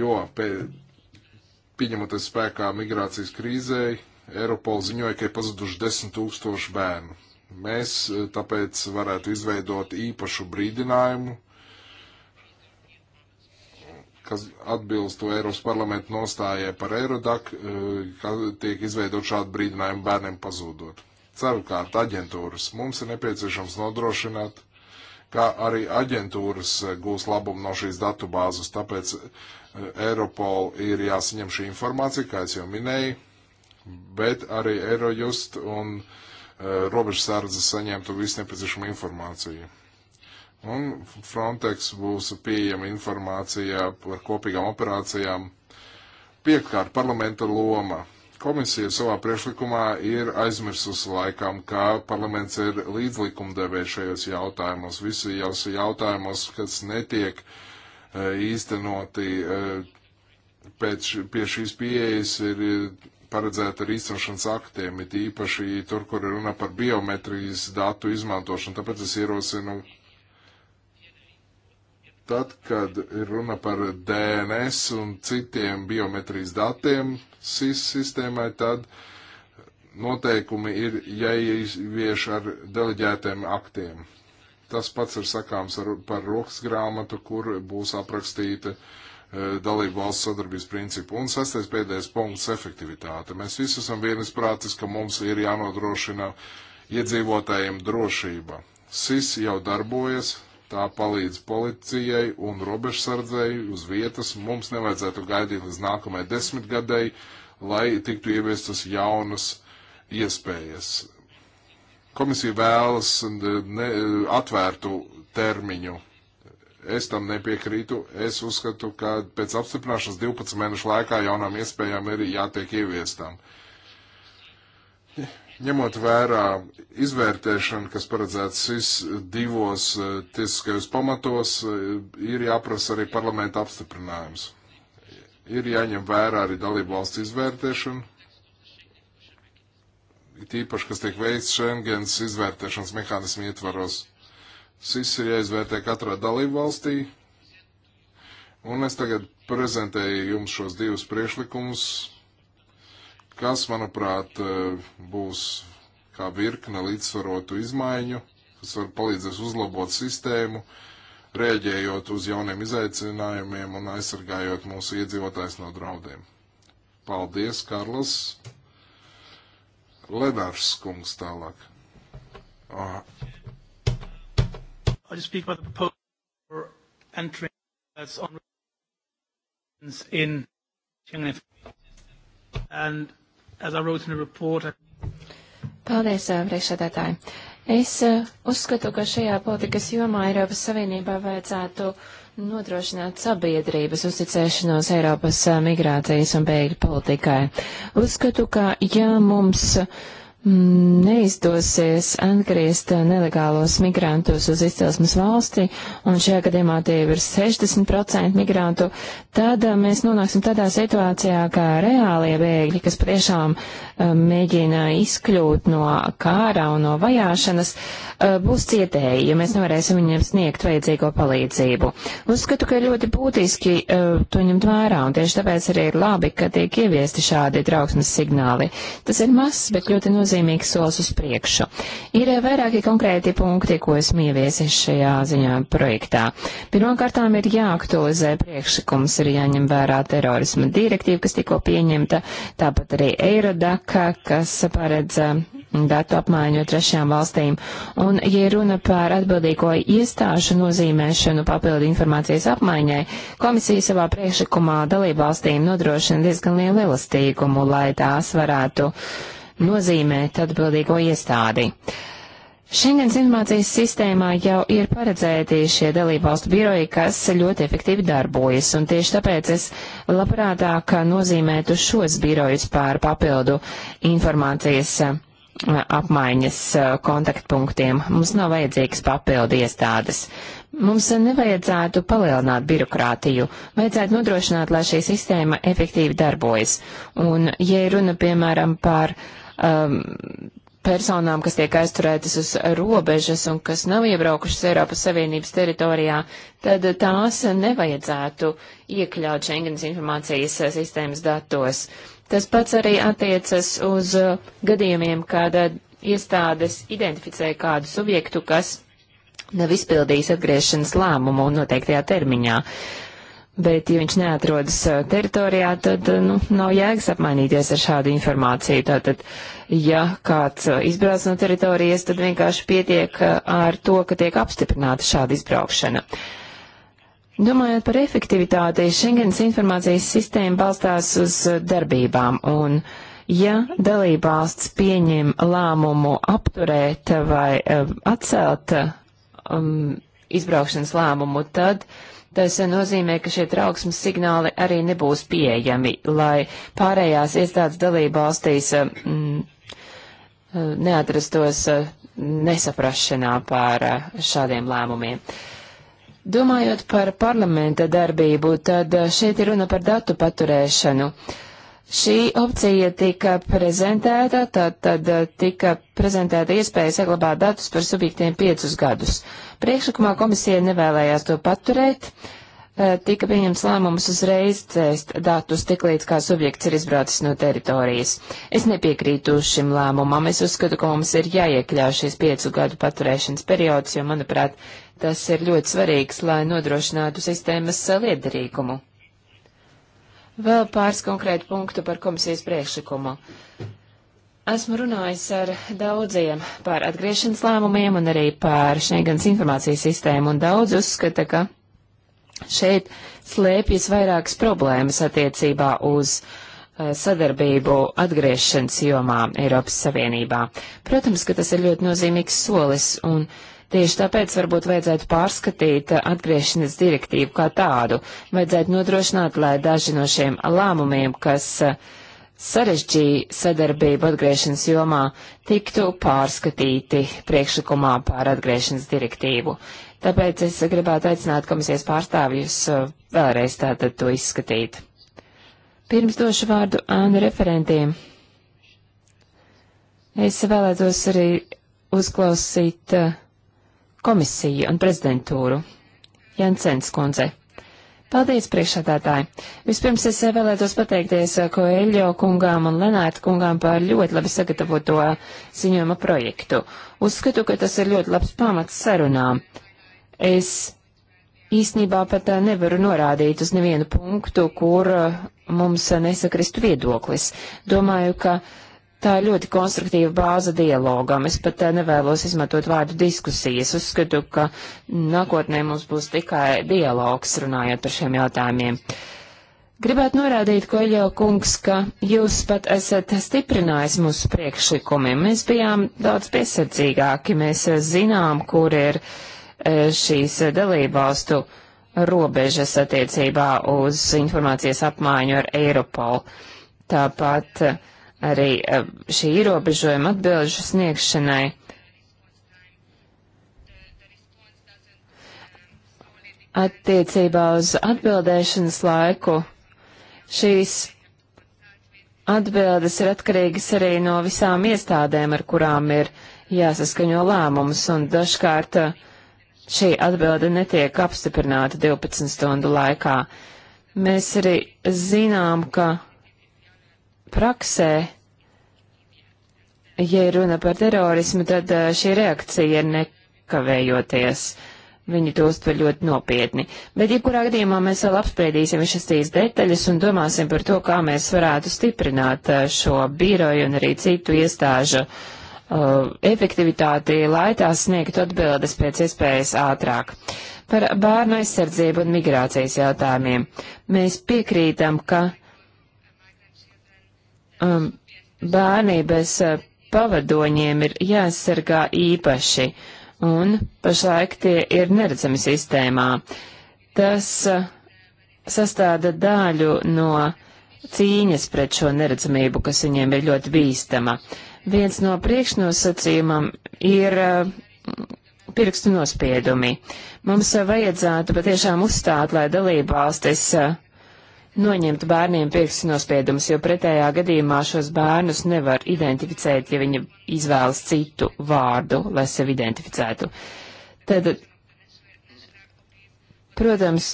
jo pieņemoties spēkā migrācijas krīzei, Eiropola ziņoja, ka ir pazuduši 10 tūkstoši bērnu. Mēs eh, tāpēc varētu izveidot īpašu brīdinājumu kas atbilstu Eiropas parlamenta nostājai par Eirodak, eh, ka tiek izveidot šādu brīdinājumu bērniem pazūdot. Ceturkārt, aģentūras. Mums ir nepieciešams nodrošināt, ka arī aģentūras eh, gūs labumu no šīs datubāzes, tāpēc eh, Eiropol ir jāsaņem šī informācija, kā es jau minēju, bet arī Eirojust un robežsardzes saņemtu visu nepieciešamo informāciju. Un Frontex būs pieejama informācija par kopīgām operācijām. Piekārt, parlamenta loma. Komisija savā priekšlikumā ir aizmirsusi laikam, ka parlaments ir līdzlikumdevējs šajos jautājumos, visos jautājumos, kas netiek e, īstenoti e, pēc, pie šīs pieejas ir e, paredzēta ar īstenošanas aktiem, it īpaši tur, kur ir runa par biometrijas datu izmantošanu. Tāpēc es ierosinu Tad, kad ir runa par DNS un citiem biometrijas datiem SIS sistēmai, tad noteikumi ir jāievieš ar deleģētiem aktiem. Tas pats ir sakāms ar, par rokas grāmatu, kur būs aprakstīta uh, dalību valsts sadarbības principu. Un sastais pēdējais punkts - efektivitāte. Mēs visi esam vienisprātis, ka mums ir jānodrošina iedzīvotājiem drošība. SIS jau darbojas, Tā palīdz policijai un robežsardzēji uz vietas. Mums nevajadzētu gaidīt līdz nākamajai desmitgadēji, lai tiktu ieviestas jaunas iespējas. Komisija vēlas ne, atvērtu termiņu. Es tam nepiekrītu. Es uzskatu, ka pēc apstiprināšanas 12 mēnešu laikā jaunām iespējām ir jātiek ieviestām. Uh, Ņemot vērā izvērtēšanu, kas paredzēts SIS divos eh, tiesiskajos pamatos, eh, ir jāprasa arī parlamenta apstiprinājums. Ir jāņem vērā arī dalību valsts izvērtēšana, tīpaši, kas tiek veikts Schengens izvērtēšanas mehānismu ietvaros. SIS ir jāizvērtē katrā dalību valstī, un es tagad prezentēju jums šos divus priešlikumus kas, manuprāt, eh, būs kā virkne līdzsvarotu izmaiņu, kas var palīdzēs uzlabot sistēmu, rēģējot uz jauniem izaicinājumiem un aizsargājot mūsu iedzīvotājs no draudiem. Paldies, Karls! Lenārs Kungs tālāk. Aha. I just speak about the proposal for entering that's on in Schengen and as I wrote in the report. Paldies, priekšsēdētāji. Es uzskatu, ka šajā politikas jomā Eiropas Savienībā vajadzētu nodrošināt sabiedrības uzticēšanos Eiropas migrācijas un bēgļu politikai. Uzskatu, ka ja mums uh, neizdosies atgriezt nelegālos migrantus uz izcelsmes valsti, un šajā gadījumā tie ir 60% migrantu, tad uh, mēs nonāksim tādā situācijā, ka reālie bēgļi, kas patiešām uh, mēģina izkļūt no kāra un no vajāšanas, uh, būs cietēji, jo mēs nevarēsim viņiem sniegt vajadzīgo palīdzību. Uzskatu, ka ļoti būtiski to ņemt vērā, un tieši tāpēc arī ir labi, ka tiek ieviesti šādi trauksmes signāli. Tas ir mazs, bet ļoti nozīmīgs nozīmīgs solis uz priekšu. Ir vairāki konkrēti punkti, ko esmu ieviesis šajā ziņā projektā. Pirmkārtām ir jāaktualizē priekšlikums, ir jāņem vērā terorisma direktīva, kas tikko pieņemta, tāpat arī Eirodaka, kas paredz um, datu apmaiņu trešajām valstīm. Un, ja runa par atbildīgo iestāžu nozīmēšanu papildu informācijas apmaiņai, komisija savā priekšlikumā dalību valstīm nodrošina diezgan lielu elastīgumu, lai tās varētu uh, nozīmēt atbildīgo iestādi. Šengens informācijas sistēmā jau ir paredzēti šie dalībvalstu biroji, kas ļoti efektīvi darbojas, un tieši tāpēc es labprātāk nozīmētu šos birojus pār papildu informācijas eh, apmaiņas eh, kontaktpunktiem. Mums nav vajadzīgas papildu iestādes. Mums nevajadzētu palielināt birokrātiju, vajadzētu nodrošināt, lai šī sistēma efektīvi darbojas. Un, ja runa, piemēram, par uh, um, personām, kas tiek aizturētas uz robežas un kas nav iebraukušas Eiropas Savienības teritorijā, tad tās nevajadzētu iekļaut Schengens informācijas sistēmas datos. Tas pats arī attiecas uz gadījumiem, kad iestādes identificē kādu subjektu, kas nav izpildījis atgriešanas lēmumu noteiktajā termiņā. Uh, Bet, ja viņš neatrodas teritorijā, tad nu, nav jēgas apmainīties ar šādu informāciju. Tātad, ja kāds izbrauc no teritorijas, tad vienkārši pietiek ar to, ka tiek apstiprināta šāda izbraukšana. Domājot par efektivitāti, Schengens informācijas sistēma balstās uz darbībām, un ja dalībvalsts pieņem lēmumu apturēt vai atcelt um, izbraukšanas lēmumu, tad uh, Tas nozīmē, ka šie trauksmes signāli arī nebūs pieejami, lai pārējās iestādes dalība valstīs eh, mm, eh, neatrastos eh, nesaprašanā par šādiem lēmumiem. Domājot par parlamenta darbību, tad šeit ir runa par datu paturēšanu. Uh, Šī opcija tika prezentēta, tad, tad eh, tika prezentēta iespēja saglabāt datus par subjektiem piecus gadus. Priekšlikumā komisija nevēlējās to paturēt, eh, tika pieņemts lēmums uzreiz cēst datus tiklīdz kā subjekts ir izbraucis no teritorijas. Es nepiekrītu šim lēmumam, es uzskatu, ka mums ir jāiekļauj šis piecu gadu paturēšanas periods, jo, manuprāt, tas ir ļoti svarīgs, lai nodrošinātu sistēmas liederīgumu. Vēl pāris konkrētu punktu par komisijas priekšlikumu. Esmu runājis ar daudziem par atgriešanas lēmumiem un arī par Schengens informācijas sistēmu, un daudz uzskata, ka šeit slēpjas vairākas problēmas attiecībā uz uh, sadarbību atgriešanas jomā Eiropas Savienībā. Protams, ka tas ir ļoti nozīmīgs solis, un uh, Tieši tāpēc varbūt vajadzētu pārskatīt atgriešanas direktīvu kā tādu. Vajadzētu nodrošināt, lai daži no šiem lēmumiem, kas eh, sarežģīja sadarbību atgriešanas jomā, tiktu pārskatīti priekšlikumā pār atgriešanas direktīvu. Tāpēc es gribētu aicināt komisijas pārstāvjus eh, vēlreiz tātad to izskatīt. Pirms došu vārdu ānu referentiem. Es vēlētos arī uzklausīt uh, komisiju un prezidentūru. Jansens kundze. Paldies, priekšsādātāji! Vispirms es vēlētos pateikties Koeļo kungām un Lenārta kungām par ļoti labi sagatavoto ziņojuma projektu. Uzskatu, ka tas ir ļoti labs pamats sarunām. Es īsnībā pat nevaru norādīt uz nevienu punktu, kur mums nesakristu viedoklis. Domāju, ka uh, Tā ir ļoti konstruktīva bāza dialogam. Es pat eh, nevēlos izmantot vārdu diskusijas. Uzskatu, ka nākotnē mums būs tikai dialogs runājot par šiem jautājumiem. Gribētu norādīt, Koļo kungs, ka jūs pat esat stiprinājis mūsu priekšlikumi. Mēs bijām daudz piesardzīgāki. Mēs eh, zinām, kur ir eh, šīs dalībvalstu robežas attiecībā uz informācijas apmaiņu ar Eiropolu. Tāpat uh, arī eh, šī ierobežojuma atbilžu sniegšanai. Attiecībā uz atbildēšanas laiku šīs atbildes ir atkarīgas arī no visām iestādēm, ar kurām ir jāsaskaņo lēmums, un dažkārt eh, šī atbilde netiek apstiprināta 12 stundu laikā. Mēs arī zinām, ka praksē Ja ir runa par terorismu, tad eh, šī reakcija ir nekavējoties. Viņi to uztver ļoti nopietni. Bet, ja kurā gadījumā mēs vēl apspriedīsim visas tīs detaļas un domāsim par to, kā mēs varētu stiprināt eh, šo biroju un arī citu iestāžu uh, efektivitāti, lai tās sniegtu atbildes pēc iespējas ātrāk. Par bērnu aizsardzību un migrācijas jautājumiem. Mēs piekrītam, ka um, bērni bez uh, pavadoņiem ir jāsargā īpaši, un pašlaik tie ir neredzami sistēmā. Tas uh, sastāda daļu no cīņas pret šo neredzamību, kas viņiem ir ļoti bīstama. Viens no priekšnosacījumam ir uh, pirkstu nospiedumi. Mums vajadzētu patiešām uzstāt, lai dalībvalstis uh, noņemt bērniem pirkstu nospiedumus, jo pretējā gadījumā šos bērnus nevar identificēt, ja viņi izvēlas citu vārdu, lai sevi identificētu. Tad, protams,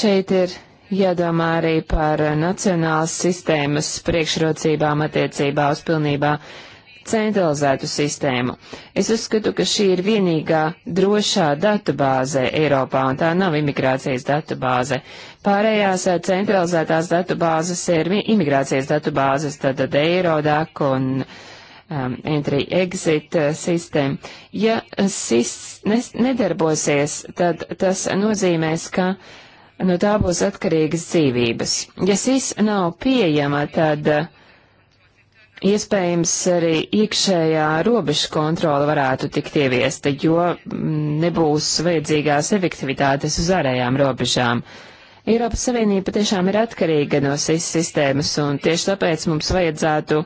šeit ir jādomā arī par nacionālas sistēmas priekšrocībām attiecībā uz pilnībā centralizētu sistēmu. Es uzskatu, ka šī ir vienīgā drošā datubāze Eiropā, un tā nav imigrācijas datubāze. Pārējās eh, centralizētās datubāzes ir imigrācijas datubāzes, tad Eirodak un um, entry-exit uh, sistēma. Ja SIS nes, nedarbosies, tad tas nozīmēs, ka no tā būs atkarīgas dzīvības. Ja SIS nav pieejama, tad uh, Iespējams, arī iekšējā robeža kontrola varētu tikt ieviesta, jo mm, nebūs vajadzīgās efektivitātes uz ārējām robežām. Eiropas Savienība tiešām ir atkarīga no SIS sistēmas, un tieši tāpēc mums vajadzētu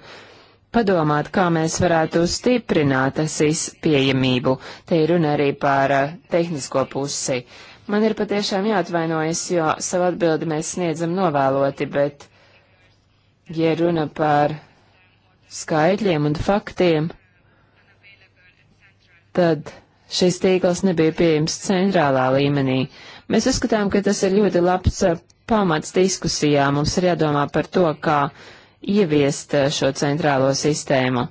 padomāt, kā mēs varētu stiprināt SIS pieejamību. Te ir runa arī par uh, tehnisko pusi. Man ir patiešām jāatvainojas, jo savu atbildi mēs sniedzam novēloti, bet, ja runa par skaitļiem un faktiem, tad šis tīkls nebija pieejams centrālā līmenī. Mēs uzskatām, ka tas ir ļoti labs eh, pamats diskusijā. Mums ir jādomā par to, kā ieviest eh, šo centrālo sistēmu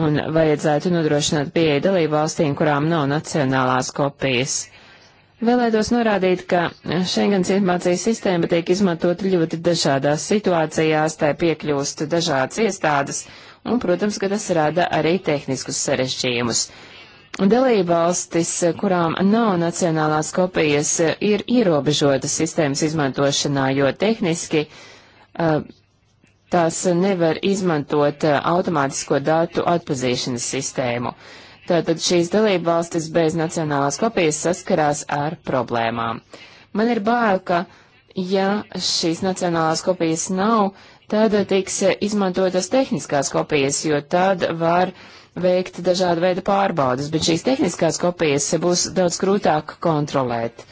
un vajadzētu nodrošināt pieeja dalību valstīm, kurām nav nacionālās kopijas. Vēlētos norādīt, ka Schengens informācijas sistēma tiek izmantota ļoti dažādās situācijās, tai piekļūst dažādas iestādes, un, protams, ka tas rada arī tehniskus sarežģījumus. Dalībvalstis, kurām nav nacionālās kopijas, ir ierobežotas sistēmas izmantošanā, jo tehniski uh, tās nevar izmantot automātisko datu atpazīšanas sistēmu. Tātad šīs dalībvalstis bez nacionālās kopijas saskarās ar problēmām. Man ir bail, ka ja šīs nacionālās kopijas nav, tad tiks izmantotas tehniskās kopijas, jo tad var veikt dažādu veidu pārbaudas, bet šīs tehniskās kopijas būs daudz grūtāk kontrolēt.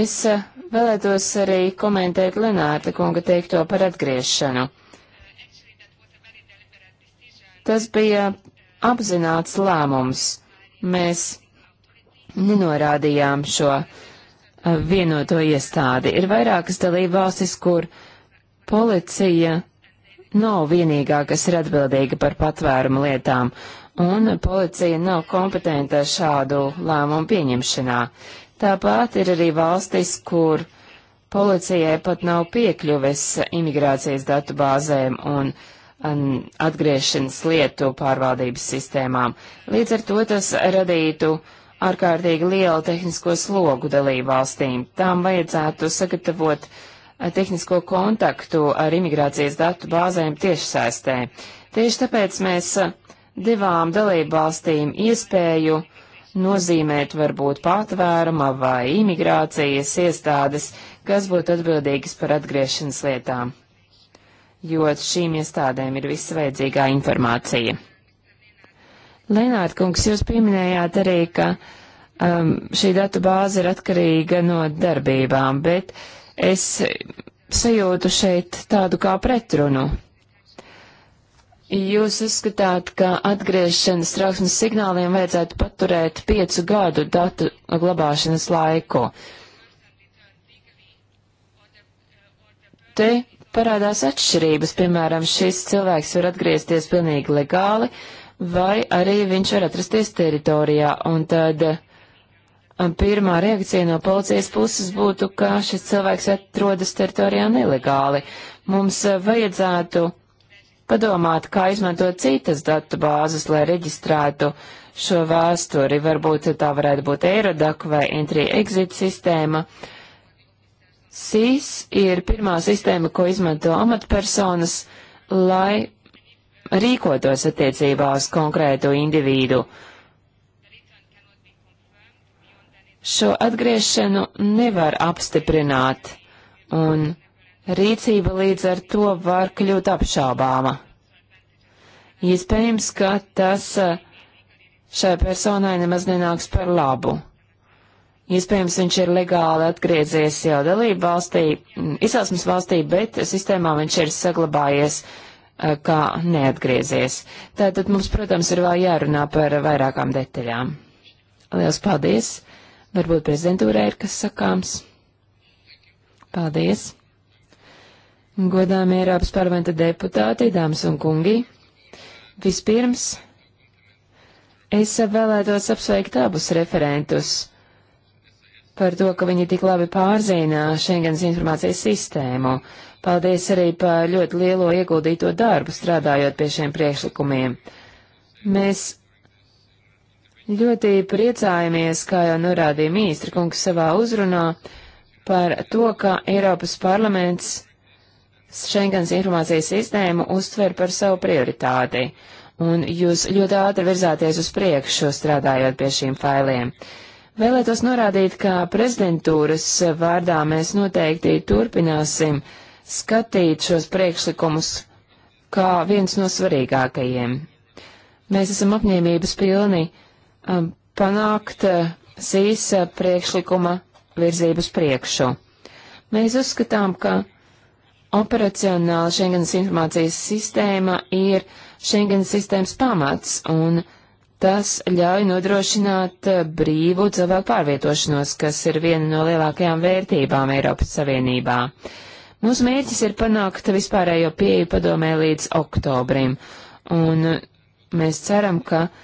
Es eh, vēlētos arī komentēt Lenārta kunga teikto par atgriešanu. Tas bija apzināts lēmums. Mēs nenorādījām šo eh, vienoto iestādi. Ir vairākas dalība valstis, kur uh, Policija nav vienīgā, kas ir atbildīga par patvērumu lietām, un policija nav kompetenta šādu lēmumu pieņemšanā. Tāpat ir arī valstis, kur policijai pat nav piekļuves imigrācijas datu bāzēm un atgriešanas lietu pārvaldības sistēmām. Līdz ar to tas radītu ārkārtīgi lielu tehnisko slogu dalību valstīm. Tām vajadzētu sagatavot uh, tehnisko kontaktu ar imigrācijas datu bāzēm tiešsaistē. Tieši tāpēc mēs devām dalībvalstīm iespēju nozīmēt varbūt patvēruma vai imigrācijas iestādes, kas būtu atbildīgas par atgriešanas lietām, jo šīm iestādēm ir viss vajadzīgā informācija. Lenārd kungs, jūs pieminējāt arī, ka um, šī datu bāze ir atkarīga no darbībām, bet uh, Es sajūtu šeit tādu kā pretrunu. Jūs uzskatāt, ka atgriešanas trauksmes signāliem vajadzētu paturēt piecu gadu datu glabāšanas laiku. Te parādās atšķirības, piemēram, šis cilvēks var atgriezties pilnīgi legāli, vai arī viņš var atrasties teritorijā, un tad pirmā reakcija no policijas puses būtu, ka šis cilvēks atrodas teritorijā nelegāli. Mums eh, vajadzētu padomāt, kā izmantot citas datu bāzes, lai reģistrētu šo vēsturi. Varbūt tā varētu būt Eirodak vai Entry-Exit sistēma. SIS ir pirmā sistēma, ko izmanto amatpersonas, lai rīkotos attiecībā uz konkrētu individu. Uh, Šo atgriešanu nevar apstiprināt, un rīcība līdz ar to var kļūt apšaubāma. Iespējams, ka tas eh, šai personai nemaz nenāks par labu. Iespējams, viņš ir legāli atgriezies jau dalību valstī, mm, izsāsmes valstī, bet sistēmā viņš ir saglabājies eh, kā neatgriezies. Tātad mums, protams, ir vēl jārunā par vairākām detaļām. Lielas paldies! Varbūt prezidentūrē ir kas sakāms. Paldies! Godāmie Eiropas parlamenta deputāti, dāmas un kungi! Vispirms es vēlētos apsveikt abus referentus par to, ka viņi tik labi pārzīnā Schengens informācijas sistēmu. Paldies arī par ļoti lielo ieguldīto darbu strādājot pie šiem priekšlikumiem. Mēs Ļoti priecājamies, kā jau norādīja ministra kungs savā uzrunā, par to, ka Eiropas parlaments Schengens informācijas sistēmu uztver par savu prioritāti, un jūs ļoti ātri virzāties uz priekšu, strādājot pie šīm failiem. Vēlētos norādīt, ka prezidentūras vārdā mēs noteikti turpināsim skatīt šos priekšlikumus kā viens no svarīgākajiem. Mēs esam apņēmības pilni Um, panākt SIS uh, uh, priekšlikuma virzības priekšu. Mēs uzskatām, ka operacionāla Schengenas informācijas sistēma ir Schengenas sistēmas pamats, un tas ļauj nodrošināt uh, brīvu cilvēku pārvietošanos, kas ir viena no lielākajām vērtībām Eiropas Savienībā. Mūsu mērķis ir panākt vispārējo pieeju padomē līdz oktobrim, un mēs ceram, ka uh,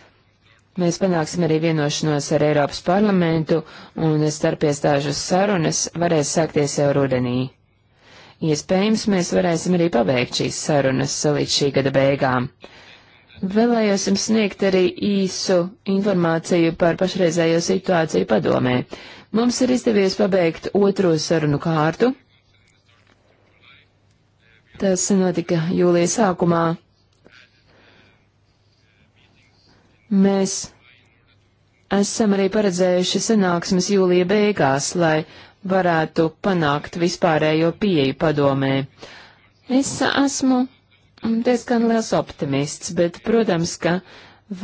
Mēs panāksim arī vienošanos ar Eiropas parlamentu, un starpiestāžu sarunas varēs sākties jau rudenī. Iespējams, mēs varēsim arī pabeigt šīs sarunas līdz šī gada beigām. Vēlējos jums sniegt arī īsu informāciju par pašreizējo situāciju padomē. Mums ir izdevies pabeigt otro sarunu kārtu. Tas notika jūlijas sākumā. Mēs esam arī paredzējuši sanāksmes jūlija beigās, lai varētu panākt vispārējo pieeju padomē. Es esmu diezgan liels optimists, bet, protams, ka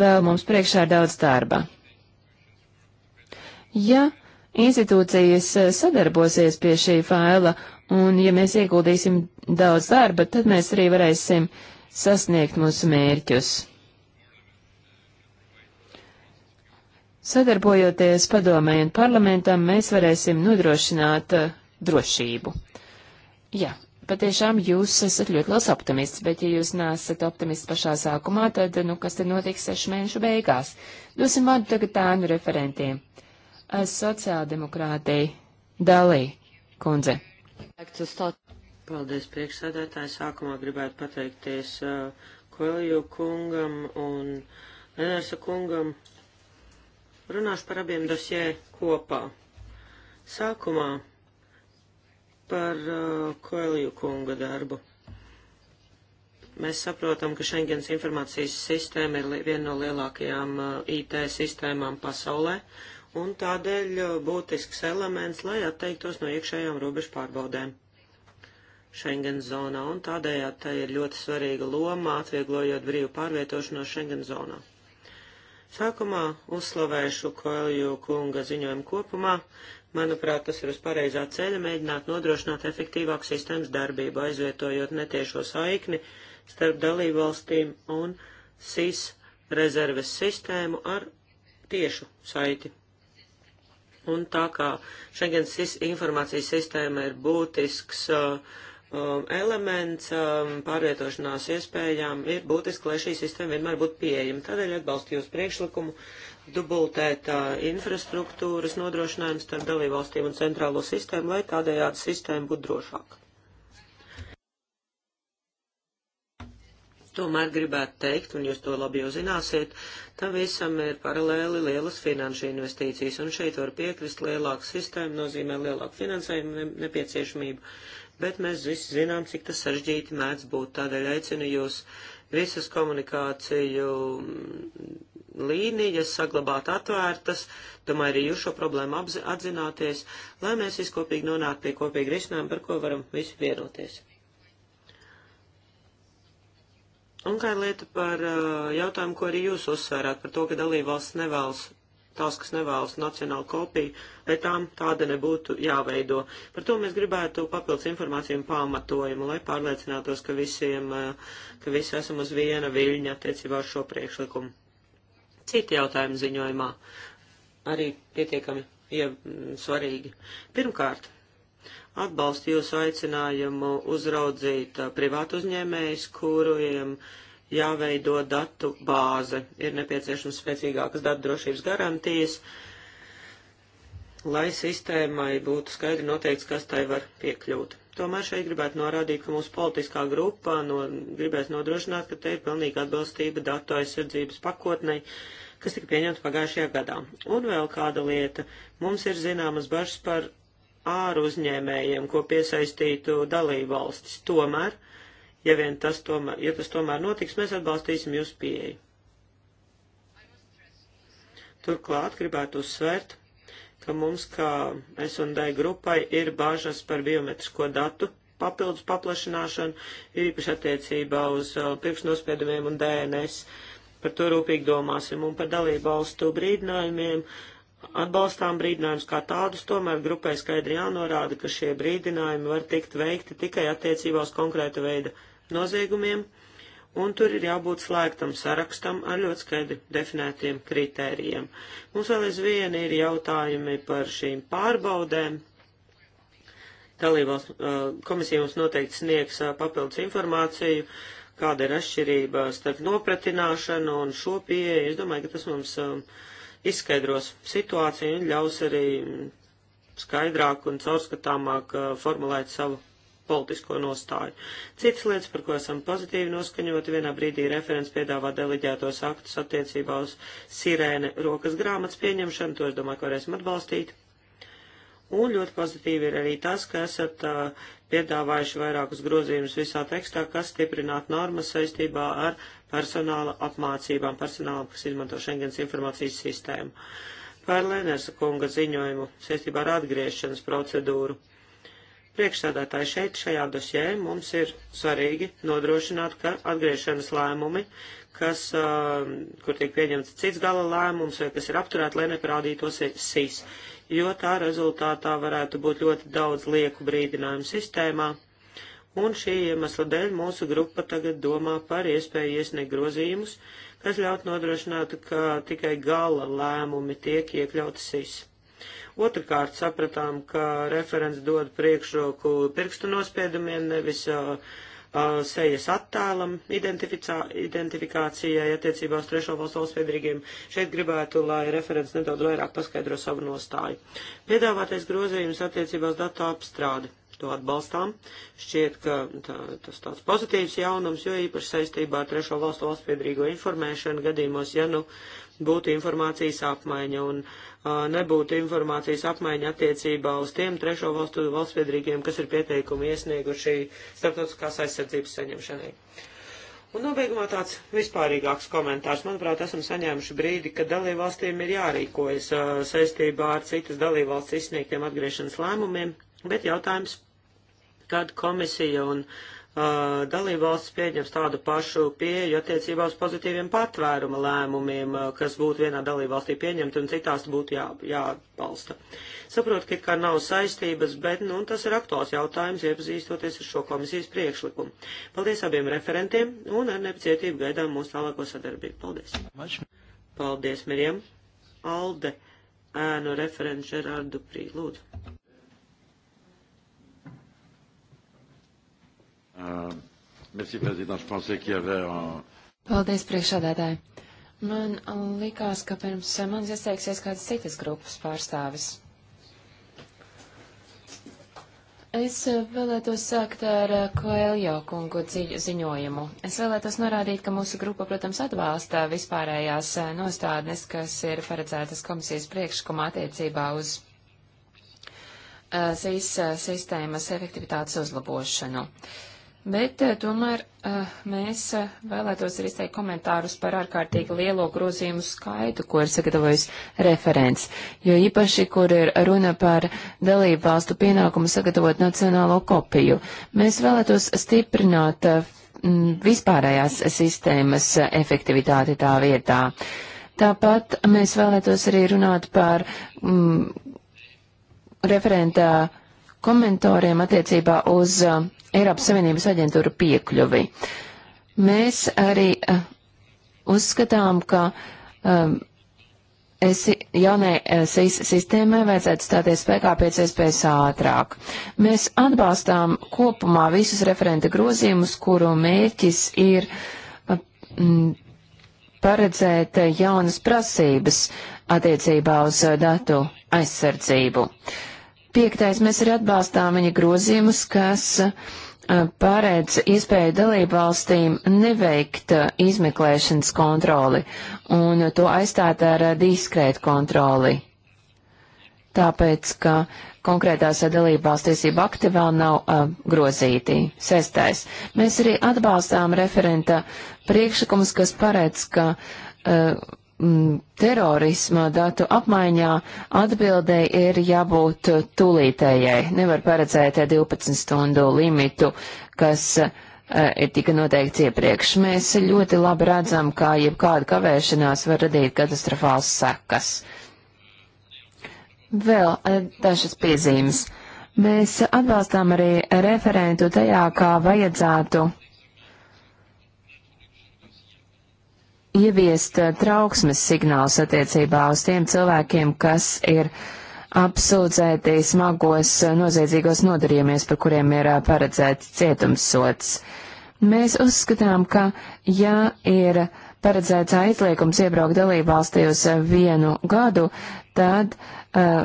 vēl mums priekšā ir daudz darba. Ja institūcijas sadarbosies pie šī faila, un ja mēs ieguldīsim daudz darba, tad mēs arī varēsim sasniegt mūsu mērķus. Sadarbojoties padomē un parlamentam, mēs varēsim nodrošināt uh, drošību. Jā, patiešām jūs esat ļoti liels optimists, bet ja jūs nesat optimists pašā sākumā, tad, nu, kas tad notiks sešu mēnešu beigās? Dosim vārdu tagad tānu referentiem. Sociāldemokrātei Dalī kundze. Paldies, priekšsēdētāji. Sākumā gribētu pateikties uh, eh, Koeliju kungam un Enersa kungam runās par abiem dosjē kopā. Sākumā par uh, Koeliju kunga darbu. Mēs saprotam, ka Schengens informācijas sistēma ir viena no lielākajām uh, IT sistēmām pasaulē, un tādēļ uh, būtisks elements, lai atteiktos no iekšējām robežu pārbaudēm. Schengen zonā, un tādējādi tā ir ļoti svarīga loma, atvieglojot brīvu pārvietošanos no Schengen zonā. Sākumā uzslavēšu Koelju kunga ziņojumu kopumā. Manuprāt, tas ir uz pareizā ceļa mēģināt nodrošināt efektīvāku sistēmas darbību, aizvietojot netiešo saikni starp dalībvalstīm un SIS rezerves sistēmu ar tiešu saiti. Un tā kā Schengens informācijas sistēma ir būtisks uh, um, elements um, pārvietošanās iespējām ir būtiski, lai šī sistēma vienmēr būtu pieejama. Tādēļ atbalstu jūs priekšlikumu dubultēt uh, infrastruktūras nodrošinājumu starp dalībvalstīm un centrālo sistēmu, lai tādējādi sistēma būtu drošāka. Tomēr gribētu teikt, un jūs to labi jau zināsiet, tam visam ir paralēli lielas finanšu investīcijas, un šeit var piekrist lielāka sistēma, nozīmē lielāku finansējumu nepieciešamību. Uh, bet mēs visi zinām, cik tas sarežģīti mēdz būt. Tādēļ aicinu jūs visas komunikāciju līnijas saglabāt atvērtas, domāju, arī jūs šo problēmu atzināties, lai mēs visi kopīgi nonāktu pie kopīga risinājuma, par ko varam visi vienoties. Un kā lieta par uh, jautājumu, ko arī jūs uzsvērāt, par to, ka dalībvalsts nevēlas tās, kas nevēlas nacionālu kopiju, lai tām tāda nebūtu jāveido. Par to mēs gribētu papildus informāciju un pamatojumu, lai pārliecinātos, ka, visiem, eh, ka visi esam uz viena viļņa attiecībā ar šo priekšlikumu. Citi jautājumi ziņojumā arī pietiekami ja, mm, svarīgi. Pirmkārt, atbalstu jūsu aicinājumu uzraudzīt eh, privātu uzņēmējus, kuriem. Ja, jāveido datu bāze, ir nepieciešams spēcīgākas datu drošības garantijas, lai sistēmai būtu skaidri noteikts, kas tai var piekļūt. Tomēr šeit gribētu norādīt, ka mūsu politiskā grupa no, gribēs nodrošināt, ka te ir pilnīga atbilstība datu aizsardzības pakotnei, kas tika pieņemta pagājušajā gadā. Un vēl kāda lieta. Mums ir zināmas bažas par āru uzņēmējiem, ko piesaistītu dalībvalstis. Tomēr ja vien tas tomēr, ja tas tomēr notiks, mēs atbalstīsim jūsu pieeju. Turklāt gribētu uzsvērt, ka mums kā S&D grupai ir bažas par biometrisko datu papildus paplašināšanu, īpaši attiecībā uz uh, pirkšnospiedumiem un DNS. Par to rūpīgi domāsim un par dalību valstu brīdinājumiem. Atbalstām brīdinājumus kā tādus, tomēr grupai skaidri jānorāda, ka šie brīdinājumi var tikt veikti tikai attiecībā uz konkrēta veida noziegumiem, un tur ir jābūt slēgtam sarakstam ar ļoti skaidri definētiem kritērijiem. Mums vēl aizvien ir jautājumi par šīm pārbaudēm. Dalībās uh, komisija mums noteikti sniegs uh, papildus informāciju, kāda ir atšķirība starp nopratināšanu un šo pieeju. Es domāju, ka tas mums um, izskaidros situāciju un ļaus arī mm, skaidrāk un caurskatāmāk uh, formulēt savu politisko nostāju. Citas lietas, par ko esam pozitīvi noskaņoti, vienā brīdī referents piedāvā deleģētos aktus attiecībā uz sirēne rokas grāmatas pieņemšanu, to es domāju, ka varēsim atbalstīt. Un ļoti pozitīvi ir arī tas, ka esat uh, piedāvājuši vairākus grozījumus visā tekstā, kas stiprinātu normas saistībā ar personāla apmācībām, personālam, kas izmanto Schengens informācijas sistēmu. Par Lēnersa kunga ziņojumu saistībā ar atgriešanas procedūru. Uh, Priekšsēdētāji šeit šajā dosjē mums ir svarīgi nodrošināt, ka atgriešanas lēmumi, kas, uh, kur tiek pieņemts cits gala lēmums vai kas ir apturēti, lai neparādītos SIS, jo tā rezultātā varētu būt ļoti daudz lieku brīdinājumu sistēmā. Un šī iemesla dēļ mūsu grupa tagad domā par iespēju iesniegt grozījumus, kas ļaut nodrošināt, ka tikai gala lēmumi tiek iekļauti SIS. Otrakārt sapratām, ka referents dod priekšroku pirkstu nospiedumiem, nevis uh, sejas attēlam identifikācijai attiecībā uz trešo valstu valstspiedrīgiem. Šeit gribētu, lai referents nedaudz vairāk paskaidro savu nostāju. Piedāvātais grozījums attiecībā uz datu apstrādi to atbalstām. Šķiet, ka tā, tas tāds pozitīvs jaunums, jo īpaši saistībā ar trešo valstu valstspiedrīgo informēšanu gadījumos, ja nu būtu informācijas apmaiņa un uh, nebūtu informācijas apmaiņa attiecībā uz tiem trešo valstu valstspiedrīgiem, kas ir pieteikumi iesnieguši starptautiskās aizsardzības saņemšanai. Un nobeigumā tāds vispārīgāks komentārs. Manuprāt, esam saņēmuši brīdi, ka dalībvalstīm ir jārīkojas uh, saistībā ar citas dalībvalsts izsniegtiem atgriešanas lēmumiem, bet jautājums, kad komisija un uh, dalībvalstis pieņems tādu pašu pieeju attiecībā uz pozitīviem patvēruma lēmumiem, kas būtu vienā dalībvalstī pieņemti un citās būtu jā, jāatbalsta. Saprotu, ka kā nav saistības, bet nu, tas ir aktuāls jautājums, iepazīstoties ar šo komisijas priekšlikumu. Paldies abiem referentiem un ar nepacietību gaidām mūsu tālāko sadarbību. Paldies! Maču. Paldies, Miriem! Alde, ēnu referents Žerārdu Prī, lūdzu. Uh, merci, prezidents. Je pensais qu'il y avait un... Paldies, priekšādātāji. Man likās, ka pirms manis iesteiksies kādas citas grupas pārstāvis. Es vēlētos sākt ar Koeljo kungu ziņojumu. Es vēlētos norādīt, ka mūsu grupa, protams, atbalsta vispārējās nostādnes, kas ir paredzētas komisijas priekšlikumā attiecībā uz SIS eh, eh, sistēmas efektivitātes uzlabošanu. Uh, Bet eh, tomēr eh, mēs eh, vēlētos arī izteikt komentārus par ārkārtīgi lielo grozījumu skaitu, ko ir sagatavojis referents, jo īpaši, kur ir runa par dalību valstu pienākumu sagatavot nacionālo kopiju. Mēs vēlētos stiprināt vispārējās sistēmas efektivitāti tā vietā. Tāpat mēs vēlētos arī runāt par mm, referentā komentāriem attiecībā uz uh, Eiropas Savienības aģentūru piekļuvi. Mēs arī uh, uzskatām, ka um, Es jaunai uh, SIS sistēmai vajadzētu stāties spēkā pēc iespējas ātrāk. Mēs atbalstām kopumā visus referenta grozījumus, kuru mērķis ir uh, m, paredzēt jaunas prasības attiecībā uz uh, datu aizsardzību. Uh, Piektais, mēs arī atbalstām viņa grozījumus, kas paredz iespēju dalībvalstīm neveikt izmeklēšanas kontroli un to aizstāt ar diskrētu kontroli. Tāpēc, ka konkrētās dalībās tiesība akti vēl nav uh, grozīti. Sestais. Mēs arī atbalstām referenta priekšlikumus, kas paredz, ka uh, m, mm, terorisma datu apmaiņā atbildēji ir jābūt tūlītējai. Nevar paredzēt 12 stundu limitu, kas uh, ir tika noteikts iepriekš. Mēs ļoti labi redzam, kā jebkāda kavēšanās var radīt katastrofāls sekas. Vēl uh, dažas piezīmes. Mēs atbalstām arī referentu tajā, kā vajadzētu ieviest eh, trauksmes signāls attiecībā uz tiem cilvēkiem, kas ir apsūdzēti smagos eh, noziedzīgos nodarījumies, par kuriem ir eh, paredzēts cietumsots. Mēs uzskatām, ka ja ir paredzēts aizliegums iebraukt dalībvalstī uz vienu gadu, tad uh,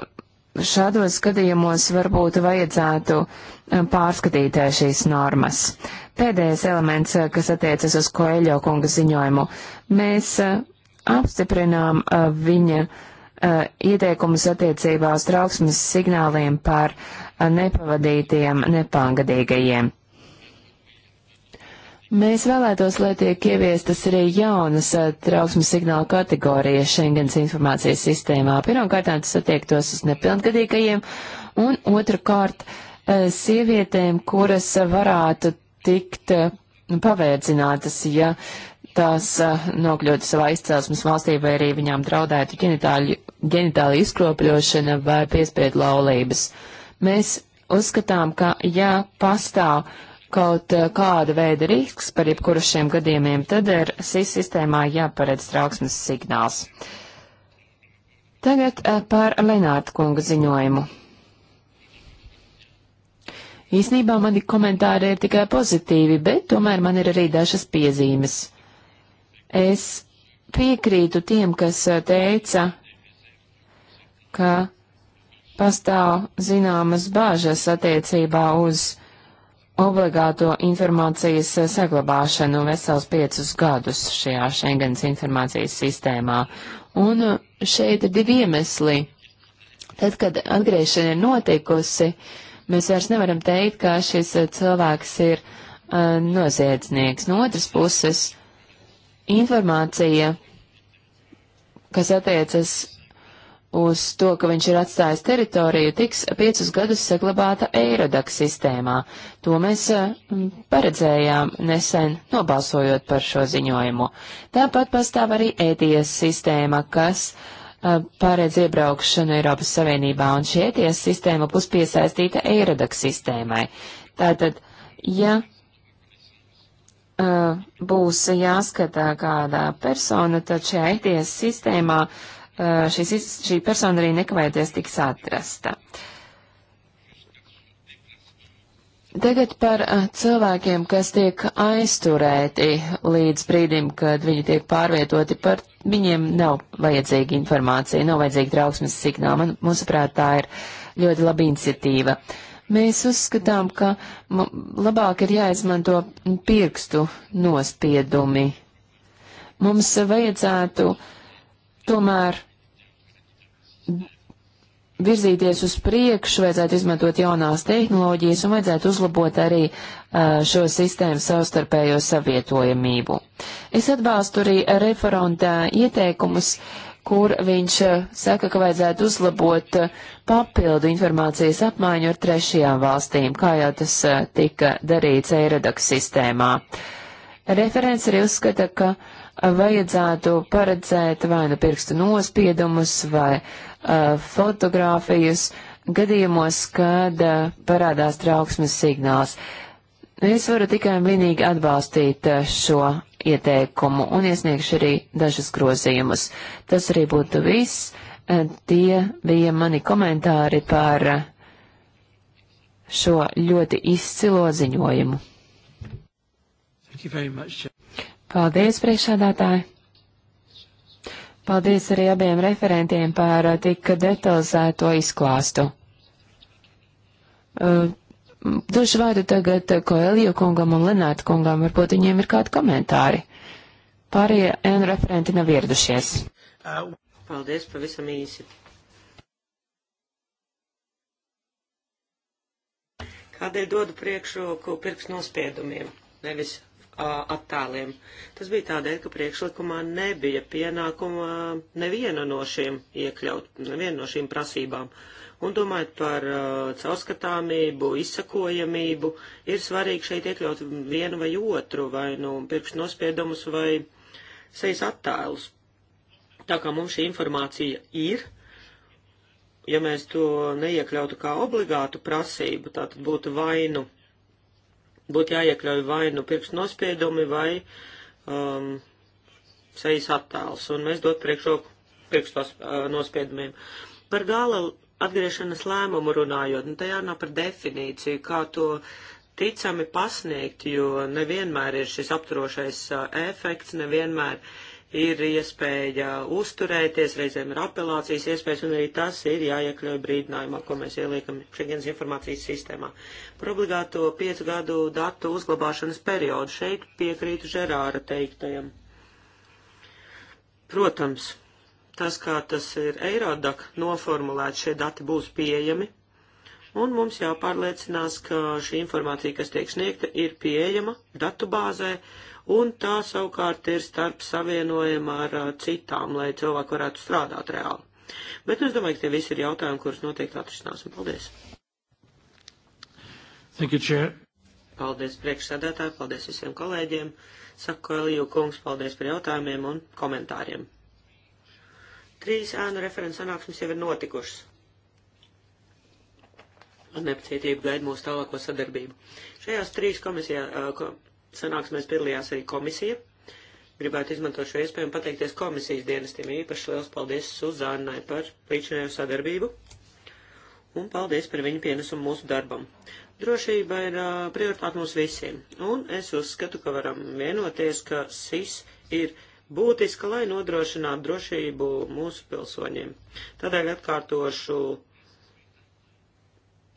šādos gadījumos varbūt vajadzētu eh, pārskatīt eh, šīs normas. Pēdējais elements, eh, kas attiecas uz Koeļo kunga ziņojumu. Mēs apstiprinām viņa ieteikumus attiecībā uz trauksmes signāliem par nepavadītiem, nepangadīgajiem. Mēs vēlētos, lai tiek ieviestas arī jaunas eh, trauksmes signāla kategorijas Schengens informācijas sistēmā. Pirmkārt, tas attiektos uz nepilngadīgajiem, un otrkārt, eh, sievietēm, kuras varētu tikt eh, pavērdzinātas, ja tās nokļūtu savā izcelsmes valstī, vai arī viņām draudētu ģenitāli izkropļošana vai piespiedu laulības. Mēs uzskatām, ka, ja pastāv kaut eh, kāda veida risks par jebkuru šiem gadījumiem, tad ir SIS sistēmā jāparedz trauksmes signāls. Tagad eh, par Lenārta kunga ziņojumu. Īsnībā mani komentāri ir tikai pozitīvi, bet tomēr man ir arī dažas piezīmes. Es piekrītu tiem, kas eh, teica, ka pastāv zināmas bāžas attiecībā uz obligāto informācijas saglabāšanu vesels piecus gadus šajā Schengens informācijas sistēmā. Un šeit ir divi iemesli. Tad, kad atgriešana ir notikusi, mēs vairs nevaram teikt, ka šis cilvēks ir uh, noziedznieks. No otras puses, informācija, kas attiecas uz to, ka viņš ir atstājis teritoriju, tiks piecus gadus saglabāta Eirodak sistēmā. To mēs eh, paredzējām nesen nobalsojot par šo ziņojumu. Tāpat pastāv arī ETS sistēma, kas eh, pārēdz iebraukšanu Eiropas Savienībā, un šī ETS sistēma būs piesaistīta Eirodak sistēmai. Tātad, ja eh, būs jāskatā kādā persona, tad šajā ETS sistēmā uh, Eh, šis, šī persona arī nekavēties tiks atrasta. Tagad par eh, cilvēkiem, kas tiek aizturēti līdz brīdim, kad viņi tiek pārvietoti, par viņiem nav vajadzīga informācija, nav vajadzīga trauksmes signāla. Man, mūsuprāt, tā ir ļoti laba iniciatīva. Mēs uzskatām, ka labāk ir jāizmanto pirkstu nospiedumi. Mums vajadzētu uh, Tomēr virzīties uz priekšu, vajadzētu izmantot jaunās tehnoloģijas un vajadzētu uzlabot arī uh, šo sistēmu savstarpējo savietojamību. Es atbalstu arī referenta ieteikumus, kur viņš uh, saka, ka vajadzētu uzlabot uh, papildu informācijas apmaiņu ar trešajām valstīm, kā jau tas tika darīts Eirodax sistēmā. Referents arī uzskata, ka uh, vajadzētu paredzēt vai nu pirkstu nospiedumus vai uh, fotogrāfijas gadījumos, kad uh, parādās trauksmes signāls. Es varu tikai un vienīgi atbalstīt uh, šo ieteikumu un iesniegšu arī dažas grozījumus. Tas arī būtu viss. Uh, tie bija mani komentāri par uh, šo ļoti izcilo ziņojumu. Thank you very much. Paldies, priekšādātāji! Paldies arī abiem referentiem par tik detalizēto izklāstu. Uh, Došu vārdu tagad Koeliju kungam un Lenētu kungam, varbūt viņiem ir kādi komentāri. Pārējie N referenti nav ieradušies. Paldies, pavisam īsi. Kādēļ dodu priekšroku pirks nospiedumiem, nevis attēliem. Tas bija tādēļ, ka priekšlikumā nebija pienākuma neviena no šiem iekļaut, neviena no šīm prasībām. Un domājot par uh, caurskatāmību, izsakojamību, ir svarīgi šeit iekļaut vienu vai otru, vai nu pirkstu nospiedumus vai sejas attēlus. Tā kā mums šī informācija ir, ja mēs to neiekļautu kā obligātu prasību, tā tad būtu vainu būtu jāiekļauj vai nu pirkstu nospiedumi, vai um, sejas attēls, un mēs dot priekšroku pirkstu uh, nospiedumiem. Par gala atgriešanas lēmumu runājot, nu, te jārunā par definīciju, kā to ticami pasniegt, jo nevienmēr ir šis apturošais uh, efekts, nevienmēr uh, ir iespēja uzturēties, reizēm ir apelācijas iespējas, un arī tas ir jāiekļauj brīdinājumā, ko mēs ieliekam Schengens informācijas sistēmā. Par obligāto piecu gadu datu uzglabāšanas periodu šeit piekrītu Žerāra teiktajam. Protams, tas, kā tas ir Eirodak noformulēts, šie dati būs pieejami un mums jāpārliecinās, ka šī informācija, kas tiek sniegta, ir pieejama datubāzē, un tā savukārt ir starp savienojama ar citām, lai cilvēki varētu strādāt reāli. Bet es domāju, ka tie visi ir jautājumi, kurus noteikti atrisināsim. Paldies! Thank you, Chair. Paldies priekšsēdētāji, paldies visiem kolēģiem. Saku Eliju kungs, paldies par jautājumiem un komentāriem. Trīs ēnu referents sanāksmes jau ir notikušas ar nepacietību gaidu mūsu tālāko sadarbību. Šajās trīs komisijā, sanāksmēs piedalījās arī komisija. Gribētu izmantot šo iespēju un pateikties komisijas dienestiem. Īpaši liels paldies Suzānai par līdzinējo sadarbību un paldies par viņu pienesumu mūsu darbam. Drošība ir uh, prioritāte mums visiem, un es uzskatu, ka varam vienoties, ka SIS ir būtiska, lai nodrošinātu drošību mūsu pilsoņiem. Tādēļ atkārtošu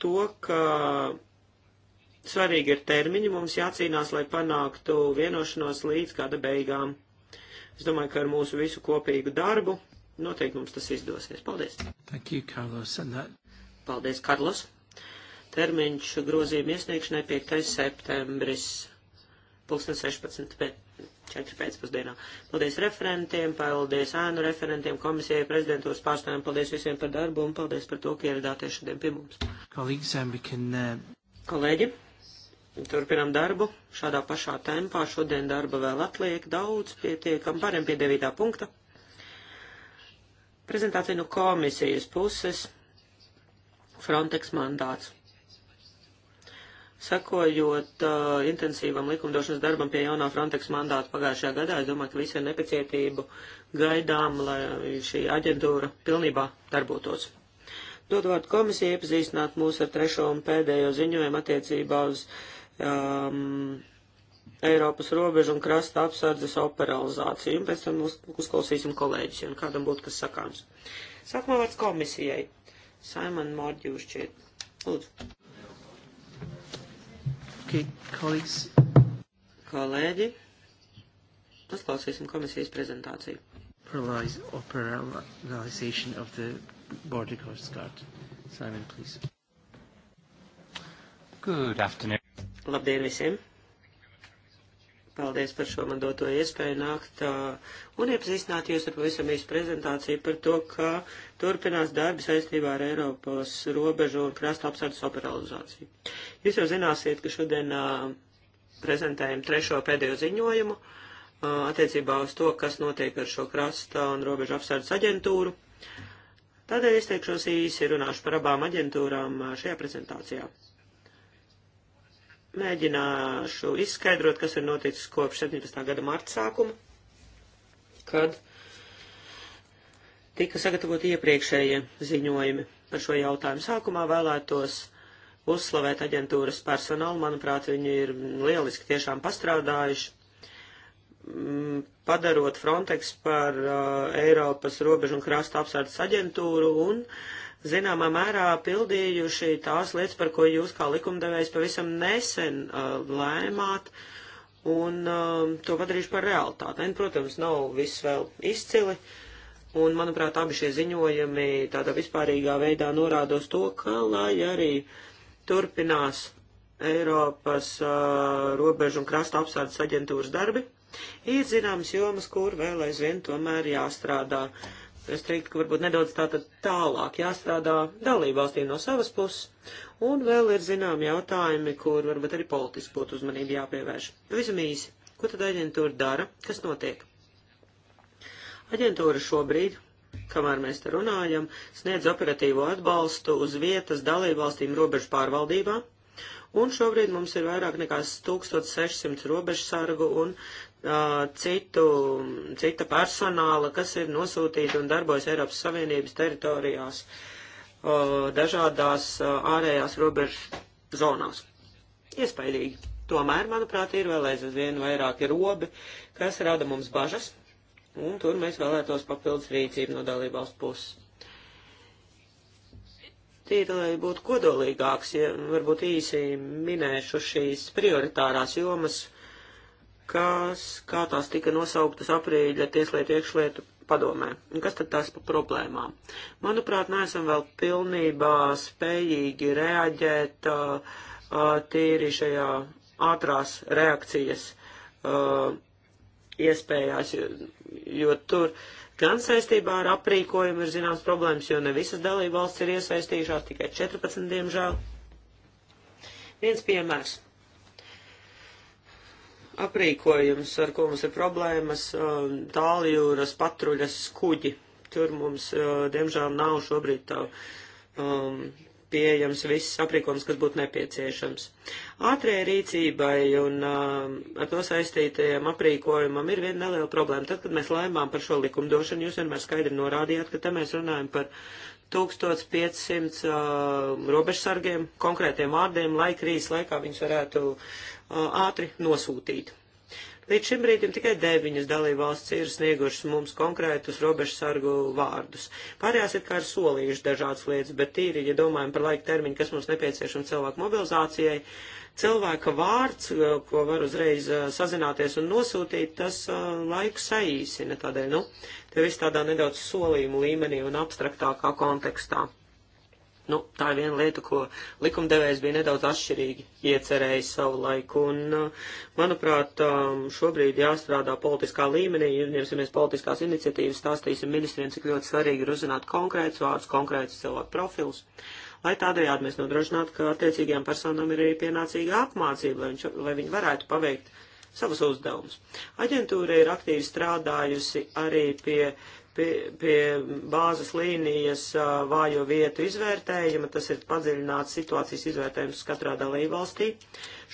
to, ka svarīgi ir termiņi, mums jācīnās, lai panāktu vienošanos līdz gada beigām. Es domāju, ka ar mūsu visu kopīgu darbu noteikti mums tas izdosies. Paldies! Thank you, Carlos, and that... Paldies, Karlos! Termiņš grozījuma iesniegšanai 5. septembris, 2016. Bet... 4 pēcpusdienā. Paldies referentiem, paldies ēnu referentiem, komisijai, prezidentūras pārstāvjiem, paldies visiem par darbu un paldies par to, ka ieradāties šodien pie mums. Uh, Kolēģi, turpinam darbu šādā pašā tempā. Šodien darba vēl atliek daudz, pietiekam pariem pie 9. punkta. Prezentācija no komisijas puses. Frontex mandāts sekojot uh, intensīvam likumdošanas darbam pie jaunā Frontex mandāta pagājušajā gadā, es domāju, ka visi ar nepacietību gaidām, lai šī aģentūra pilnībā darbotos dod vārdu komisiju iepazīstināt mūs ar trešo un pēdējo ziņojumu attiecībā uz um, Eiropas robežu un krasta apsardzes operalizāciju, un pēc tam uzklausīsim kolēģis, ja kādam būtu kas sakāms. Sākumā vārds komisijai. Simon Mordju šķiet. Lūdzu. Okay, colleagues. Kolēģi, uzklausīsim komisijas prezentāciju. Paralysation of the Border Coast Guard. Simon, please. Good afternoon. Labdien visiem! Paldies par šo man doto iespēju nākt uh, un iepazīstināt jūs ar pavisam īsu prezentāciju par to, kā turpinās darbi saistībā ar Eiropas robežu un krasta apsardzes operalizāciju. Jūs jau zināsiet, ka šodien uh, prezentējam trešo pēdējo ziņojumu uh, attiecībā uz to, kas notiek ar šo krasta un robežu apsardzes aģentūru. Uh, Tādēļ izteikšos īsi runāšu par abām aģentūrām šajā prezentācijā. Mēģināšu izskaidrot, kas ir noticis kopš 17. gada marta sākuma, kad tika sagatavoti iepriekšējie ziņojumi par šo jautājumu. Sākumā vēlētos uzslavēt aģentūras personālu. Manuprāt, viņi ir lieliski tiešām pastrādājuši. Mm, padarot Frontex par uh, Eiropas robežu un krasta apsardzes aģentūru un zināmā mērā pildījuši tās lietas, par ko jūs kā likumdevējs pavisam nesen uh, lēmāt un uh, to padarījuši par realitāti. Un, nu, protams, nav viss vēl izcili. Un, manuprāt, abi šie ziņojumi tādā vispārīgā veidā norādos to, ka, lai arī turpinās Eiropas uh, robežu un krasta apsardzes aģentūras darbi, Ir zināmas jomas, kur vēl aizvien tomēr jāstrādā. Es teiktu, ka varbūt nedaudz tātad tālāk jāstrādā dalībvalstīm no savas puses, un vēl ir zinām jautājumi, kur varbūt arī politiski būtu uzmanība jāpievērš. Pavisam īsi, ko tad aģentūra dara, kas notiek? Aģentūra šobrīd kamēr mēs te runājam, sniedz operatīvo atbalstu uz vietas dalībvalstīm robežu pārvaldībā. Un šobrīd mums ir vairāk nekā 1600 robežsargu un citu, cita personāla, kas ir nosūtīta un darbojas Eiropas Savienības teritorijās dažādās ārējās robežas zonās. Iespaidīgi. Tomēr, manuprāt, ir vēl aizvien vairāki robi, kas rada mums bažas, un tur mēs vēlētos papildus rīcību no dalībvalstu puses. Tīri, lai būtu kodolīgāks, ja varbūt īsi minēšu šīs prioritārās jomas, kas, kā tās tika nosauktas aprīļa tieslietu iekšlietu padomē. Un kas tad tās par problēmām? Manuprāt, neesam vēl pilnībā spējīgi reaģēt uh, tīri šajā ātrās reakcijas uh, iespējās, jo, jo tur gan saistībā ar aprīkojumu ir zināms problēmas, jo ne visas dalībvalsts ir iesaistījušās, tikai 14, diemžēl. Viens piemērs aprīkojums, ar ko mums ir problēmas, uh, tāljūras patruļas kuģi. Tur mums, uh, diemžēl, nav šobrīd tā, um, pieejams viss aprīkojums, kas būtu nepieciešams. Ātrie rīcībai un um, ar to saistītajiem aprīkojumam ir viena neliela problēma. Tad, kad mēs lēmām par šo likumdošanu, jūs vienmēr skaidri norādījāt, ka te mēs runājam par 1500 uh, robežsargiem konkrētiem vārdiem, lai krīzes laikā viņus varētu uh, ātri nosūtīt. Līdz šim brīdim tikai deviņas dalībvalsts ir sniegušas mums konkrētus robežsargu vārdus. Pārējās ir kā ir solījuši dažādas lietas, bet tīri, ja domājam par laika termiņu, kas mums nepieciešams cilvēku mobilizācijai, cilvēka vārds, uh, ko var uzreiz uh, sazināties un nosūtīt, tas uh, laiku saīsina. Tādēļ, nu, jo viss tādā nedaudz solījuma līmenī un abstraktākā kontekstā. Nu, tā ir viena lieta, ko likumdevējs bija nedaudz atšķirīgi iecerējis savu laiku, un, uh, manuprāt, um, šobrīd jāstrādā politiskā līmenī, ņemsimies politiskās iniciatīvas, stāstīsim ministriem, cik ļoti svarīgi ir uzzināt konkrētus vārdus, konkrētus cilvēku profilus, lai tādējādi mēs nodrošinātu, ka attiecīgajām personām ir arī pienācīga apmācība, lai, viņš, lai viņi varētu paveikt savus uzdevumus. Aģentūra ir aktīvi strādājusi arī pie pie, pie bāzes līnijas vājo vietu izvērtējuma, tas ir padziļināts situācijas izvērtējums katrā dalībvalstī.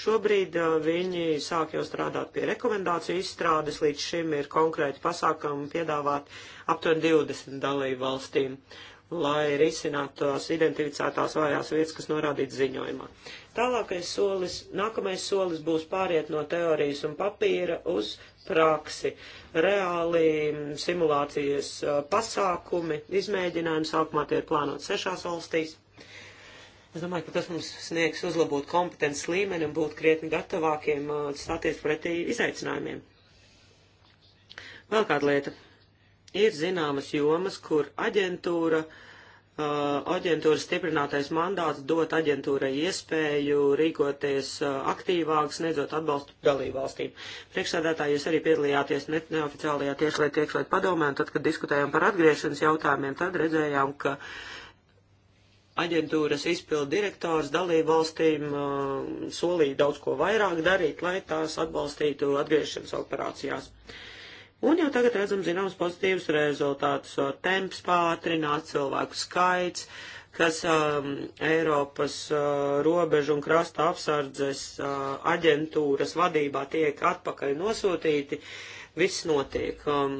Šobrīd viņi sāk jau strādāt pie rekomendāciju izstrādes, līdz šim ir konkrēti pasākumi piedāvāt aptuveni 20 dalībvalstīm. valstīm lai risinātu tās identificētās vājās vietas, kas norādīts ziņojumā. Tālākais solis, nākamais solis būs pāriet no teorijas un papīra uz praksi. Reāli mm, simulācijas pasākumi, izmēģinājumi sākumā tie ir plānot sešās valstīs. Es domāju, ka tas mums sniegs uzlabot kompetences līmeni un būt krietni gatavākiem stāties pretī izaicinājumiem. Vēl kāda lieta Ir zināmas jomas, kur aģentūra, uh, aģentūras stiprinātais mandāts dot aģentūrai iespēju rīkoties uh, aktīvāk, sniedzot atbalstu dalībvalstīm. Priekšsēdētā jūs arī piedalījāties ne, neoficiālajā tieslietu iekšlietu padomē, un tad, kad diskutējām par atgriešanas jautājumiem, tad redzējām, ka aģentūras izpildu direktors dalību valstīm uh, solīja daudz ko vairāk darīt, lai tās atbalstītu atgriešanas operācijās. Uh, Un jau tagad redzam zināms pozitīvus rezultātus. Temps pātrināts, cilvēku skaits, kas um, Eiropas uh, robežu un krasta apsardzes uh, aģentūras vadībā tiek atpakaļ nosūtīti, viss notiek. Um,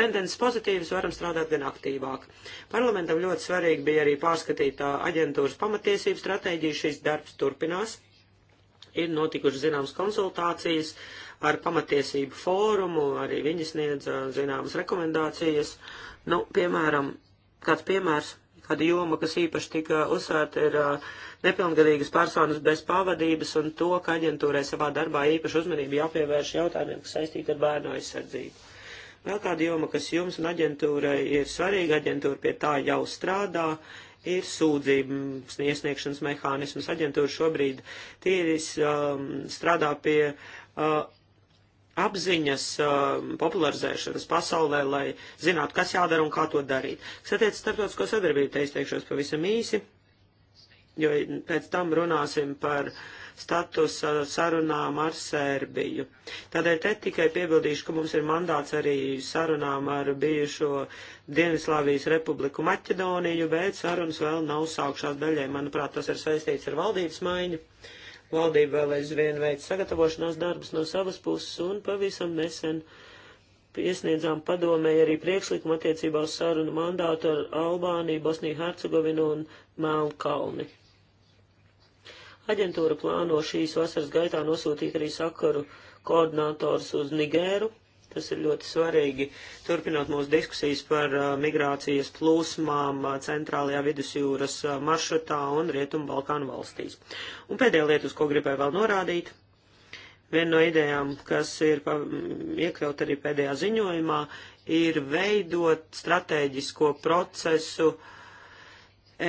Tendences pozitīvas varam strādāt gan aktīvāk. Parlamentam ļoti svarīgi bija arī pārskatītā uh, aģentūras pamatiesību stratēģija. Šis darbs turpinās. Ir notikušas zināmas konsultācijas. Uh, ar pamatiesību fórumu, arī viņi sniedza zināmas rekomendācijas. Nu, piemēram, kāds piemērs, kāda joma, kas īpaši tika uzsvērta, ir uh, nepilngadīgas personas bez pavadības un to, ka aģentūrai savā darbā īpaši uzmanību jāpievērš jautājumiem, kas saistīti ar bērnu aizsardzību. Vēl kāda joma, kas jums un aģentūrai ir svarīga, aģentūra pie tā jau strādā, ir sūdzību sniegšanas mehānisms. Aģentūra šobrīd tīris um, strādā pie uh, apziņas uh, popularizēšanas pasaulē, lai zinātu, kas jādara un kā to darīt. Kas attiec starptautisko sadarbību, te izteikšos pavisam īsi, jo pēc tam runāsim par status uh, sarunām ar Sērbiju. Tādēļ te tikai piebildīšu, ka mums ir mandāts arī sarunām ar bijušo Dienvidslāvijas republiku Maķedoniju, bet sarunas vēl nav sākšās daļai. Manuprāt, tas ir saistīts ar valdības maiņu. Uh, Valdība vēl aizvien veic sagatavošanās darbus no savas puses un pavisam nesen iesniedzām padomēji arī priekšlikumu attiecībā uz sarunu mandātu ar Albāniju, Bosniju, Hercegovinu un Melnkalni. Aģentūra plāno šīs vasaras gaitā nosūtīt arī sakaru koordinātors uz Nigēru, Tas ir ļoti svarīgi. Turpinot mūsu diskusijas par uh, migrācijas plūsmām uh, centrālajā vidusjūras uh, maršrutā un Rietumu Balkānu valstīs. Un pēdējā lieta, uz ko gribēju vēl norādīt, viena no idejām, kas ir mm, iekļaut arī pēdējā ziņojumā, ir veidot strateģisko procesu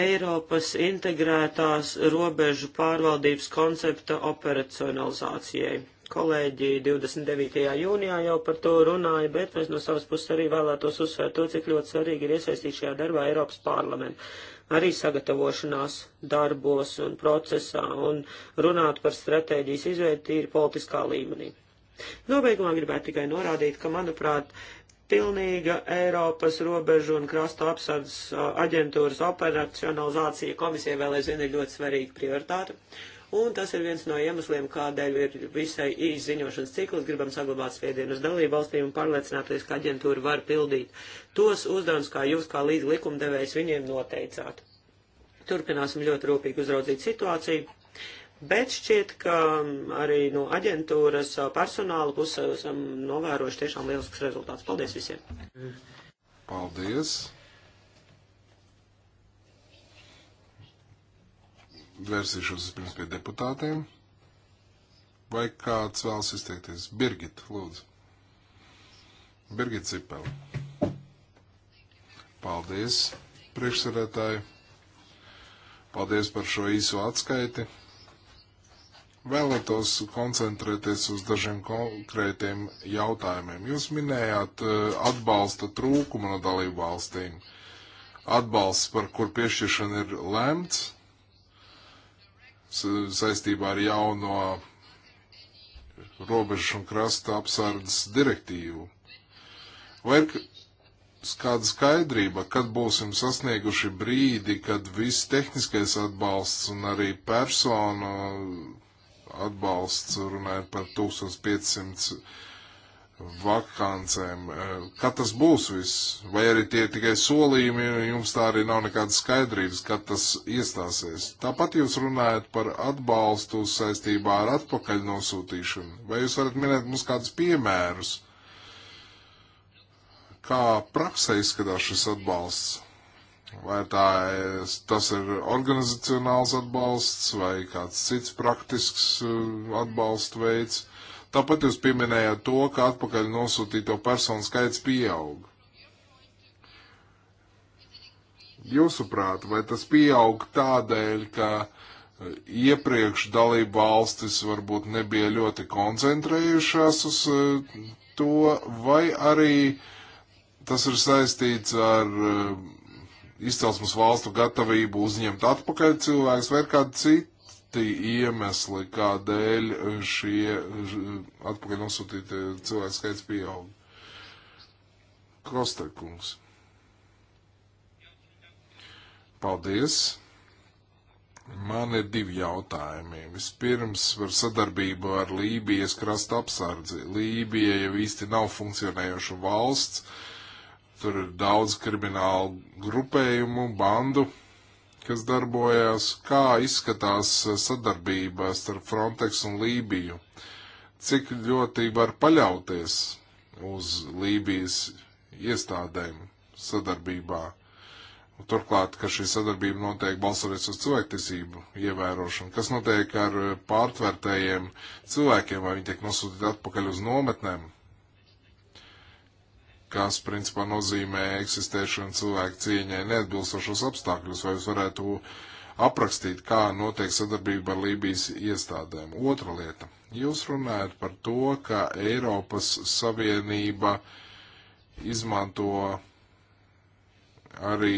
Eiropas integrētās robežu pārvaldības koncepta operacionalizācijai Kolēģi 29. jūnijā jau par to runāja, bet mēs no savas puses arī vēlētos uzsvērt to, cik ļoti svarīgi ir iesaistīt šajā darbā Eiropas parlamentu. Arī sagatavošanās darbos un procesā un runāt par stratēģijas izveidu tīri politiskā līmenī. Nobeigumā gribētu tikai norādīt, ka, manuprāt, pilnīga Eiropas robežu un krasta apsardzes aģentūras operacionalizācija komisija vēl aizvien ir ļoti svarīga prioritāte. Uh, Un tas ir viens no iemesliem, kādēļ ir visai īsts ziņošanas cikls. Gribam saglabāt spiedienu uz dalību valstīm un pārliecināties, ka aģentūra var pildīt tos uzdevumus, kā jūs kā līdz likumdevējs viņiem noteicāt. Turpināsim ļoti rūpīgi uzraudzīt situāciju, Bet šķiet, ka um, arī no aģentūras uh, personāla puses esam novērojuši tiešām lielisks rezultāts. Paldies visiem! Paldies! Vērsīšos pirms pie deputātiem. Vai kāds vēlas izteikties? Birgit, lūdzu. Birgit Cipela. Paldies, priekšsarētāji. Paldies par šo īso atskaiti. Vēlētos koncentrēties uz dažiem konkrētiem jautājumiem. Jūs minējāt eh, atbalsta trūkumu no dalību valstīm. Atbalsts, par kur piešķiršana ir lemts, saistībā ar jauno robežu un krasta apsardzes direktīvu. Vai ir kāda skaidrība, kad būsim sasnieguši brīdi, kad viss tehniskais atbalsts un arī persona atbalsts, runājot par 1500 vakancēm. Eh, kad tas būs viss? Vai arī tie tikai solījumi, jums tā arī nav nekādas skaidrības, kad tas iestāsies? Tāpat jūs runājat par atbalstu saistībā ar atpakaļ nosūtīšanu. Vai jūs varat minēt mums kādus piemērus? Kā praksē izskatās šis atbalsts? Vai tā, tas ir organizacionāls atbalsts vai kāds cits praktisks eh, atbalsta veids? Tāpat jūs pieminējāt to, ka atpakaļ nosūtīto personu skaits pieaug. Jūsuprāt, vai tas pieaug tādēļ, ka e, iepriekš dalība valstis varbūt nebija ļoti koncentrējušās uz e, to, vai arī tas ir saistīts ar e, izcelsmes valstu gatavību uzņemt atpakaļ cilvēkus vai kādu citu? citi iemesli, kādēļ šie atpakaļ nosūtītie cilvēki skaits pieaug. Kosterkungs. Paldies! Man ir divi jautājumi. Vispirms par sadarbību ar Lībijas krasta apsardzi. Lībija jau īsti nav funkcionējoša valsts. Tur ir daudz kriminālu grupējumu, bandu kas darbojās, kā izskatās sadarbība starp Frontex un Lībiju, cik ļoti var paļauties uz Lībijas iestādēm sadarbībā. Turklāt, ka šī sadarbība notiek balsoties uz cilvēktiesību ievērošanu. Kas notiek ar pārtvērtējiem cilvēkiem, vai viņi tiek nosūtīti atpakaļ uz nometnēm? kas principā nozīmē eksistēšanu cilvēku cieņai neatbilstošos apstākļus, vai jūs varētu aprakstīt, kā notiek sadarbība ar Lībijas iestādēm. Otra lieta. Jūs runājat par to, ka Eiropas Savienība izmanto arī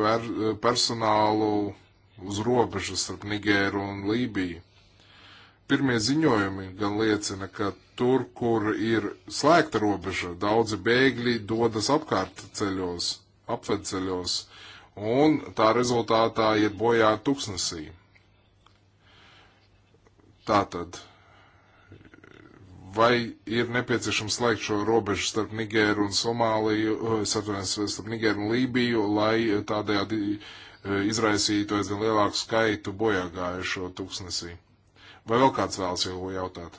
per, personālu uz robežas starp Nigēru un Lībiju pirmie ziņojumi gan liecina, ka tur, kur ir slēgta robeža, daudzi bēgļi dodas apkārt ceļos, apvedceļos, un tā rezultātā iet bojā tuksnesī. Tātad, vai ir nepieciešams slēgt šo robežu starp Nigēru un Somāliju, satunies, eh, starp Nigēru un Lībiju, lai tādējādi eh, izraisītu aizvien lielāku skaitu bojā gājušo tuksnesī? Vai vēl kāds vēlas jau jautāt?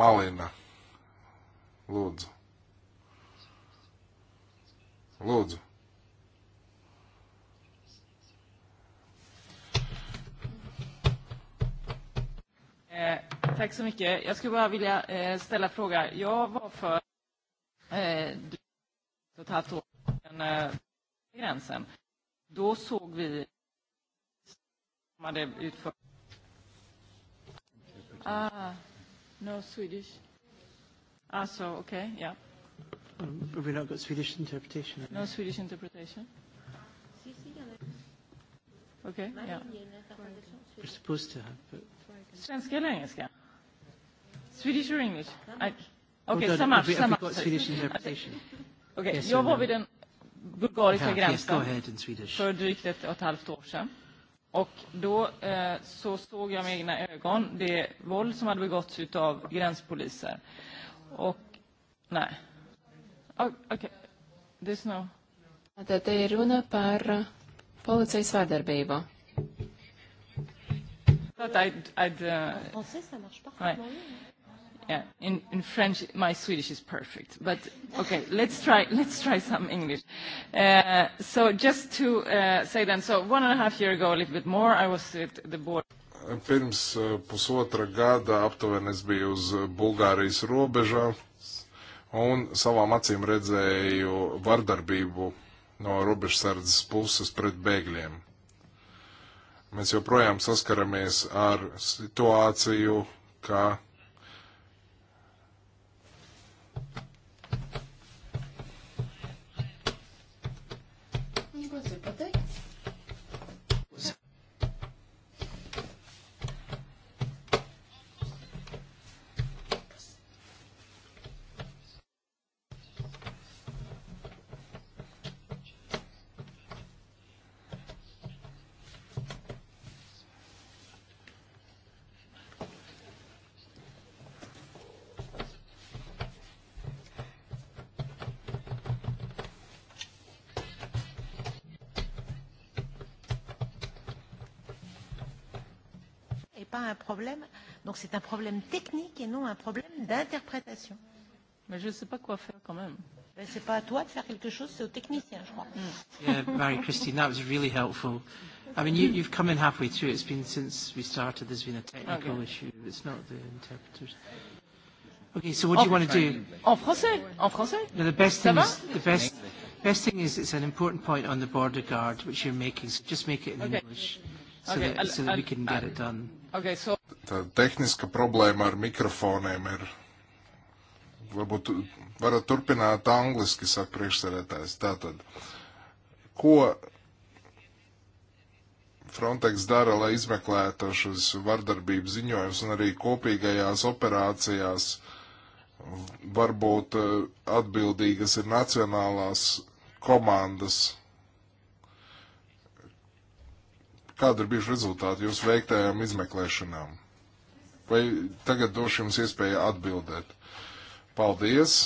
Malina. Lūdzu. Lūdzu. Eh, tack så mycket. Jag skulle bara vilja eh, ställa en fråga. Jag var för eh, ett och ett halvt år sedan eh, gränsen. Eh, Då såg vi hade utfört. Ah, no Swedish. Ah, so okay, yeah. Um, we not got Swedish interpretation. No Swedish interpretation. Okay, yeah. We're supposed to have. But... Svenska eller engelska? Swedish or English? I... Okay, well, so much, so much. Swedish interpretation. Okay, yes, jag var vid en bulgariska gränsen för drygt ett och ett halvt år sedan. Och då eh, så såg jag med egna ögon det våld som hade begåtts av gränspoliser. Och nej. Okej. Okay. This no. Tātad te ir runa par eh, policijas vārdarbību. But I'd, I'd, uh, en français, ça marche parfaitement. Ouais. Yeah, in, in French, my Swedish is perfect, but okay, let's try, let's try some English. Uh, so just to uh, say then, so one and a half year ago, a little bit more, I was at the board. Pirms uh, pusotra gada aptuveni es biju uz Bulgārijas robežā un savām acīm redzēju vardarbību no robežsardzes puses pret bēgļiem. Mēs joprojām saskaramies ar situāciju, ka pas un problème. Donc c'est un problème technique et non un problème d'interprétation. Mais je ne sais pas quoi faire quand même. Ben, c'est pas à toi de faire quelque chose, c'est au technicien, je crois. Hmm. Yeah, Mary Christine, that was really helpful. I mean, you, you've come in halfway through. It's been since we started. There's been a technical okay. issue. It's not the interpreters. Okay, so what do you want to do? En français, en français. No, the best thing is the best. Best thing is it's an important point on the border guard which you're making. So just make it in okay. English. Okay so, okay, that, so that we can get it done. Okay, so... Tā tehniska problēma ar mikrofoniem ir. Varbūt varat turpināt angliski, saka priekšsēdētājs. Tātad, ko Frontex dara, lai izmeklētu šos vardarbības ziņojumus un arī kopīgajās operācijās varbūt eh, atbildīgas ir nacionālās komandas Kāda ir bijuši rezultāti jūsu veiktajām izmeklēšanām? Vai tagad došu jums iespēju atbildēt? Paldies!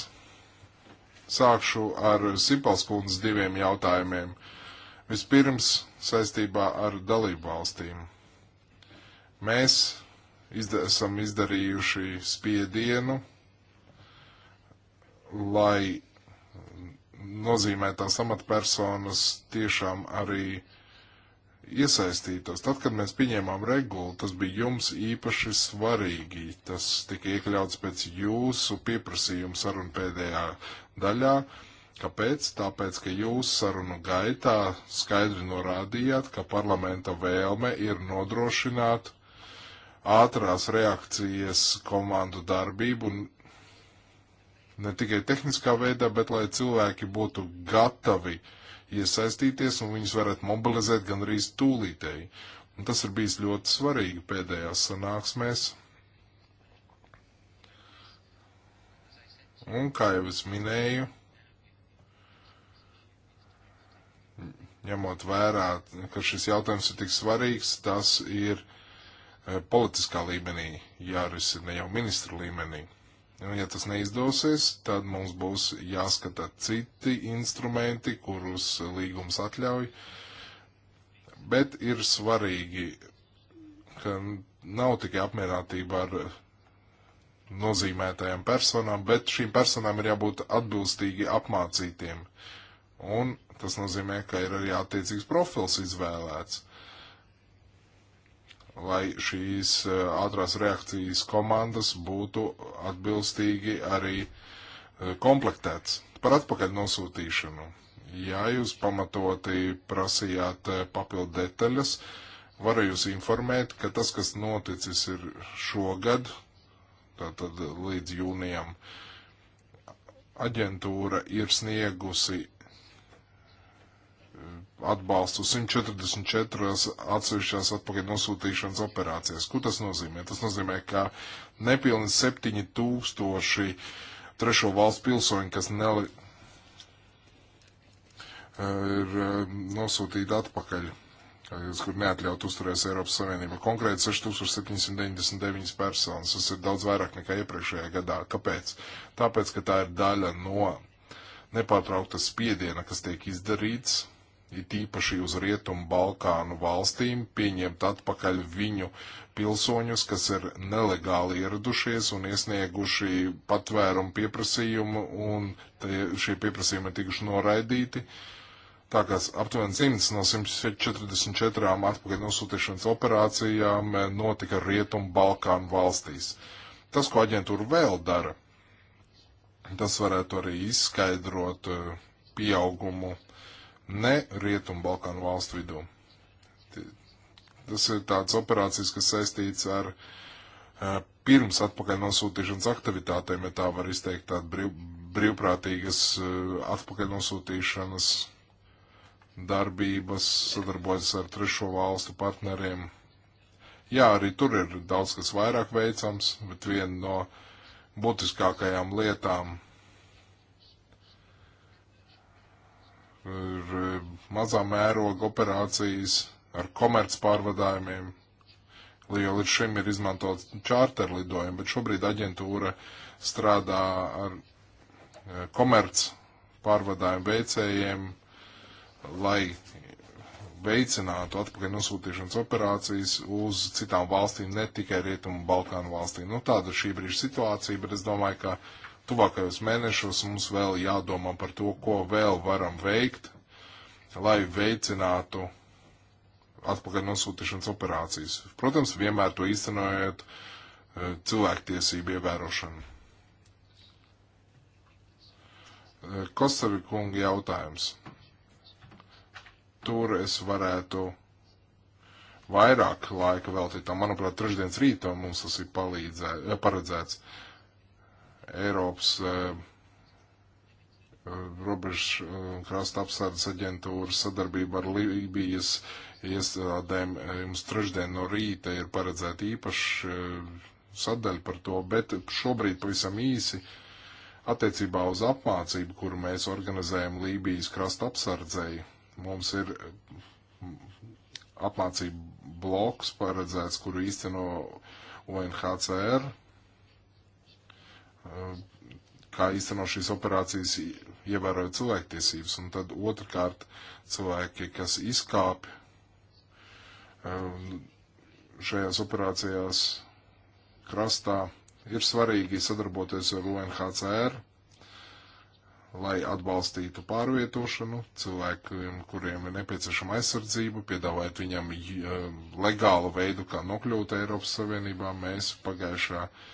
Sākšu ar Sipalskundas diviem jautājumiem. Vispirms saistībā ar dalību valstīm. Mēs izda esam izdarījuši spiedienu, lai nozīmētās amatpersonas tiešām arī uh, iesaistītos. Tad, kad mēs pieņēmām regulu, tas bija jums īpaši svarīgi. Tas tika iekļauts pēc jūsu pieprasījuma sarunu pēdējā daļā. Kāpēc? Tāpēc, ka jūs sarunu gaitā skaidri norādījāt, ka parlamenta vēlme ir nodrošināt ātrās reakcijas komandu darbību ne tikai tehniskā veidā, bet lai cilvēki būtu gatavi uh, iesaistīties un viņus varat mobilizēt gan arī tūlītēji. Un tas ir bijis ļoti svarīgi pēdējās sanāksmēs. Un kā jau es minēju, ņemot vērā, ka šis jautājums ir tik svarīgs, tas ir eh, politiskā līmenī jārisina jau ministra līmenī. Nu, ja tas neizdosies, tad mums būs jāskata citi instrumenti, kurus līgums atļauj. Bet ir svarīgi, ka nav tikai apmierinātība ar nozīmētajām personām, bet šīm personām ir jābūt atbilstīgi apmācītiem. Un tas nozīmē, ka ir arī attiecīgs profils izvēlēts lai šīs eh, ātrās reakcijas komandas būtu atbilstīgi arī eh, komplektēts. Par atpakaļ nosūtīšanu. Ja jūs pamatoti prasījāt eh, papildu detaļas, varu jūs informēt, ka tas, kas noticis ir šogad, tātad līdz jūnijam, aģentūra ir sniegusi atbalstu 144 atsevišķās atpakaļ nosūtīšanas operācijās. Ko tas nozīmē? Tas nozīmē, ka nepilni 7000 trešo valstu pilsoņi, kas neli, ir eh, nosūtīti atpakaļ, kur neatļaut uzturēs Eiropas Savienība. Konkrēti 6799 personas. Tas ir daudz vairāk nekā iepriekšējā gadā. Kāpēc? Tāpēc, ka tā ir daļa no nepārtraukta spiediena, kas tiek izdarīts it īpaši uz Rietumu Balkānu valstīm, pieņemt atpakaļ viņu pilsoņus, kas ir nelegāli ieradušies un iesnieguši patvērumu pieprasījumu, un te, šie pieprasījumi ir tikuši noraidīti. Tā kā aptuveni 100 no 144 atpakaļ nosūtīšanas operācijām eh, notika Rietumu Balkānu valstīs. Tas, ko aģentūra vēl dara, tas varētu arī izskaidrot eh, pieaugumu ne Rietumu Balkānu valstu vidū. Tas ir tāds operācijas, kas saistīts ar uh, pirms atpakaļ nosūtīšanas aktivitātēm, ja tā var izteikt tādu brīv, brīvprātīgas uh, atpakaļ nosūtīšanas darbības, sadarbojas ar trešo valstu partneriem. Jā, arī tur ir daudz kas vairāk veicams, bet viena no būtiskākajām lietām ir e, mazā mēroga operācijas ar komerc pārvadājumiem, jo līdz šim ir izmantots čārter lidojumi, bet šobrīd aģentūra strādā ar e, komerc pārvadājumu veicējiem, lai veicinātu atpakaļ nosūtīšanas operācijas uz citām valstīm, ne tikai Rietumu Balkānu valstīm. Nu, tāda šī brīža situācija, bet es domāju, ka tuvākajos mēnešos mums vēl jādomā par to, ko vēl varam veikt, lai veicinātu atpakaļ nosūtīšanas operācijas. Protams, vienmēr to īstenojot eh, cilvēktiesību ievērošanu. Eh, Kostari kungi jautājums. Tur es varētu vairāk laika veltīt. Manuprāt, trešdienas rītā mums tas ir palīdzē, eh, paredzēts. Uh, Eiropas eh, eh, robežu eh, krasta apsardzes aģentūras sadarbība ar Lībijas iestādēm. Jums trešdien no rīta ir paredzēta īpaša sadaļa par to, bet šobrīd pavisam īsi attiecībā uz apmācību, kuru mēs organizējam Lībijas krasta apsardzēji. Mums ir apmācību bloks paredzēts, kuru īsteno UNHCR kā īstenot šīs operācijas, ievērojot cilvēktiesības. Un tad otrkārt cilvēki, kas izkāpj um, šajās operācijās krastā, ir svarīgi sadarboties ar UNHCR, lai atbalstītu pārvietošanu cilvēkiem, kuriem ir nepieciešama aizsardzība, piedāvājot viņam um, legālu veidu, kā nokļūt Eiropas Savienībā. Mēs pagājušā uh,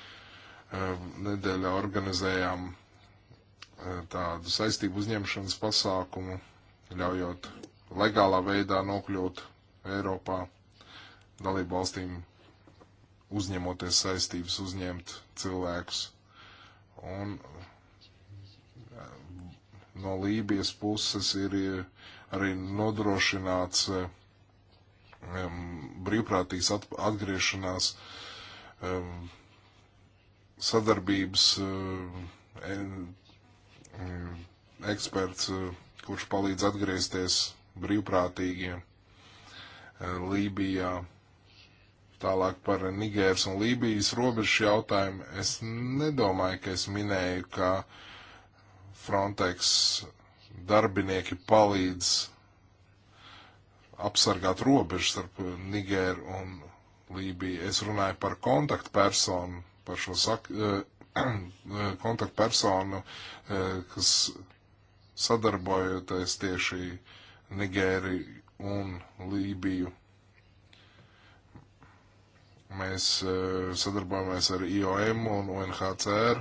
Ehm, nedēļā organizējām e, tādu saistību uzņemšanas pasākumu, ļaujot legālā veidā nokļūt Eiropā dalību valstīm uzņemoties saistības uzņemt cilvēkus. Un e, no Lībijas puses ir e, arī nodrošināts um, brīvprātīgs atgriešanās um, sadarbības eh, eh, eksperts, eh, kurš palīdz atgriezties brīvprātīgiem Lībijā. Tālāk par Nigēras un Lībijas robežu jautājumu. Es nedomāju, ka es minēju, ka Frontex darbinieki palīdz apsargāt robežu starp Nigēru un Lībiju. Es runāju par kontaktpersonu par šo sak, eh, eh, kontaktpersonu, eh, kas sadarbojoties tieši Nigēriju un Lībiju. Mēs sadarbojamies ar IOM un UNHCR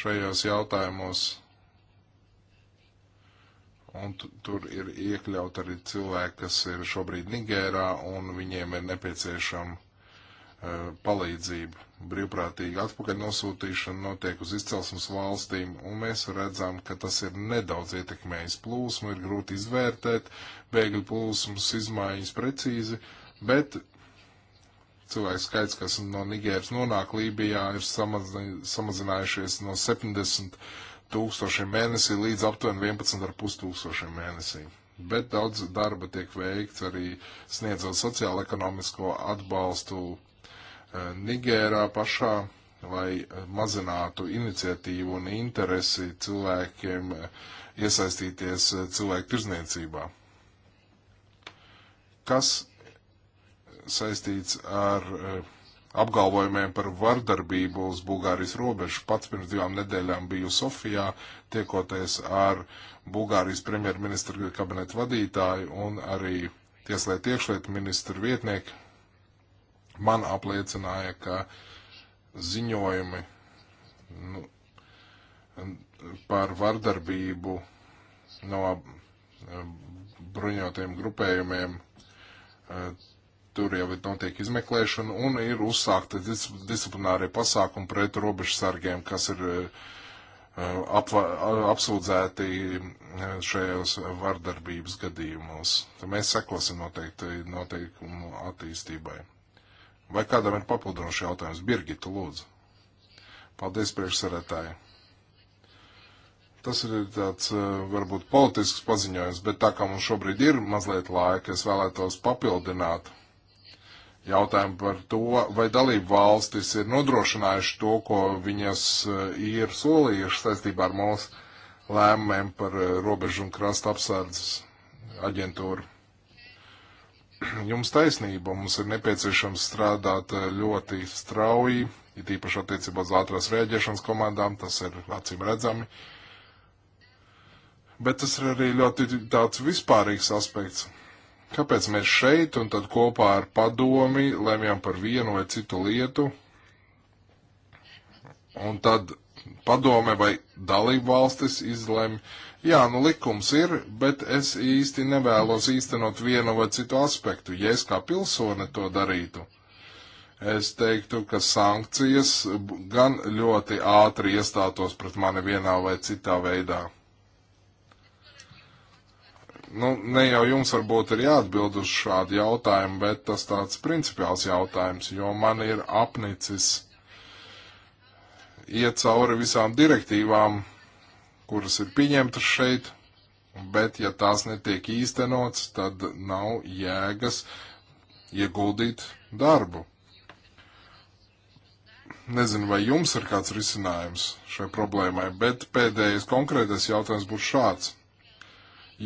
šajos jautājumos, un tur ir iekļaut arī cilvēki, kas ir šobrīd Nigērā, un viņiem ir nepieciešama palīdzība brīvprātīga atpakaļ nosūtīšana notiek uz izcelsmes valstīm, un mēs redzam, ka tas ir nedaudz ietekmējis plūsmu, ir grūti izvērtēt bēgļu plūsmas izmaiņas precīzi, bet cilvēku skaits, kas no Nigēras nonāk Lībijā, ir samazinājušies no 70 tūkstošiem mēnesī līdz aptuveni 11,5 tūkstošiem mēnesī. Bet daudz darba tiek veikts arī sniedzot sociālo ekonomisko atbalstu Nigērā pašā, lai mazinātu iniciatīvu un interesi cilvēkiem iesaistīties cilvēku tirzniecībā. Kas saistīts ar eh, apgalvojumiem par vardarbību uz Bulgārijas robežu. Pats pirms divām nedēļām biju Sofijā, tiekoties ar Bulgārijas premjerministru kabinetu vadītāju un arī tieslietu iekšlietu ministru vietnieku man apliecināja, ka ziņojumi nu, par vardarbību no eh, bruņotiem grupējumiem, eh, tur jau ir notiek izmeklēšana un ir uzsākta dis disciplinārie pasākumi pret robežsargiem, kas ir eh, apva, apsūdzēti šajos vardarbības gadījumos. Tad mēs sekosim noteikti noteikumu attīstībai. Vai kādam ir papildinošs jautājums? Birgita, lūdzu. Paldies, priekšsarētāji. Tas ir tāds eh, varbūt politisks paziņojums, bet tā kā mums šobrīd ir mazliet laika, es vēlētos papildināt jautājumu par to, vai dalību valstis ir nodrošinājuši to, ko viņas eh, ir solījuši saistībā ar mūsu lēmumiem par eh, robežu un krasta apsardzes aģentūru. jums taisnība. Mums ir nepieciešams strādāt eh, ļoti strauji, it īpaši attiecībā uz ātrās rēģēšanas komandām, tas ir acīm redzami. Bet tas ir arī ļoti tāds vispārīgs aspekts. Kāpēc mēs šeit un tad kopā ar padomi lemjam par vienu vai citu lietu? Un tad padome vai dalību valstis izlemj, uh, Jā, nu likums ir, bet es īsti nevēlos īstenot vienu vai citu aspektu. Ja es kā pilsone to darītu, es teiktu, ka sankcijas gan ļoti ātri iestātos pret mani vienā vai citā veidā. Nu, ne jau jums varbūt ir jāatbild uz šādu jautājumu, bet tas tāds principiāls jautājums, jo man ir apnicis iet cauri visām direktīvām, kuras ir pieņemtas šeit, bet ja tās netiek īstenots, tad nav jēgas ieguldīt darbu. Nezinu, vai jums ir kāds risinājums šai problēmai, bet pēdējais konkrētais jautājums būs šāds.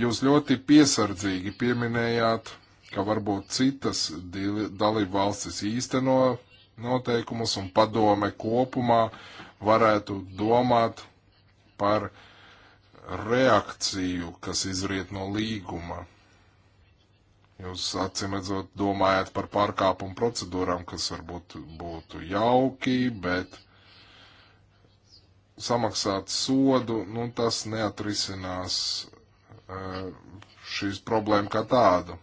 Jūs ļoti piesardzīgi pieminējāt, ka varbūt citas dalību valstis īsteno noteikumus un padome kopumā varētu domāt par uh, reakciju, kas izriet no līguma. Jūs acīm redzot domājat par pārkāpumu procedūrām, kas varbūt būtu jauki, bet samaksāt sodu, nu tas neatrisinās e, šīs problēma kā tādu.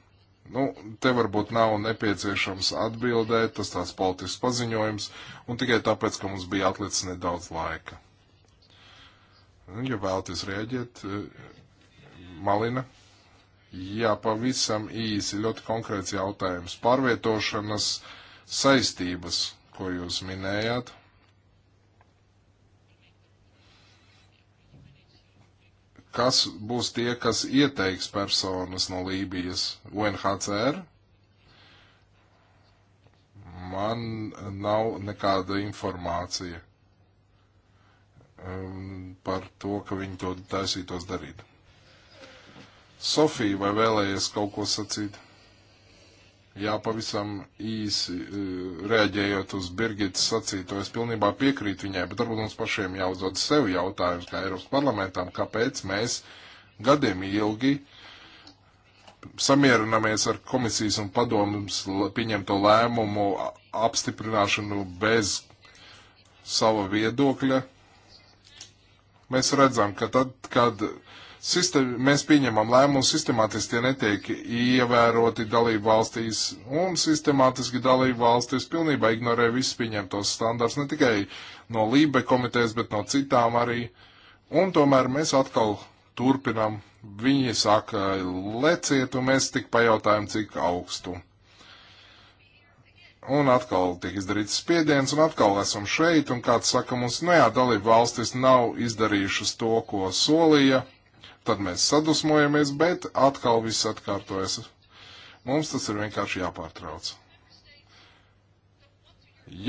Nu, te varbūt nav nepieciešams atbildēt, tas tāds politisks paziņojums, un tikai tāpēc, ka mums bija atlicis nedaudz laika. Ja vēlaties rēģēt, eh, Malina. Jā, pavisam īsi, ļoti konkrēts jautājums. Pārvietošanas saistības, ko jūs minējāt. Kas būs tie, kas ieteiks personas no Lībijas? UNHCR? Man nav nekāda informācija. Um, par to, ka viņi to taisītos darīt. Sofija, vai vēlējies kaut ko sacīt? Jā, pavisam īsi uh, reaģējot uz Birgitas sacīto, es pilnībā piekrītu viņai, bet varbūt mums pašiem jāuzdod sev jautājums, kā Eiropas parlamentam, kāpēc mēs gadiem ilgi samierinamies ar komisijas un padomus pieņemto lēmumu apstiprināšanu bez sava viedokļa, Mēs redzam, ka tad, kad sistem, mēs pieņemam lēmumus, sistemātiski tie netiek ievēroti dalību valstīs, un sistemātiski dalību valstīs pilnībā ignorē visus pieņemtos standarts, ne tikai no Lībe komitejas, bet no citām arī. Un tomēr mēs atkal turpinam. Viņi saka, leciet, un mēs tik pajautājam, cik augstu. Un atkal tiek izdarīts spiediens, un atkal esam šeit, un kāds saka mums, nu jā, dalība valstis nav izdarījušas to, ko solīja, tad mēs sadusmojamies, bet atkal viss atkārtojas. Mums tas ir vienkārši jāpārtrauc.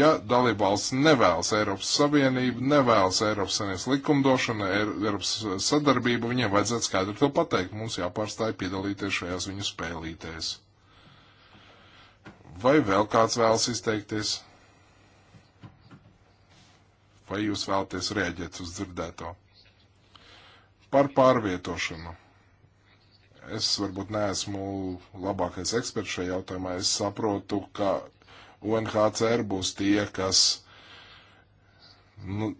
Ja dalība valsts nevēlas Eiropas Savienību, nevēlas Eiropas Savienības likumdošanu, Eiropas sadarbību, viņiem vajadzētu skaidri to pateikt. Mums jāpārstāj piedalīties šajās viņu spēlītēs. Vai vēl kāds vēlas izteikties? Vai jūs vēlaties rēģēt uz dzirdēto? Par pārvietošanu. Es varbūt neesmu labākais eksperts šajā jautājumā. Es saprotu, ka UNHCR būs tie, kas nu,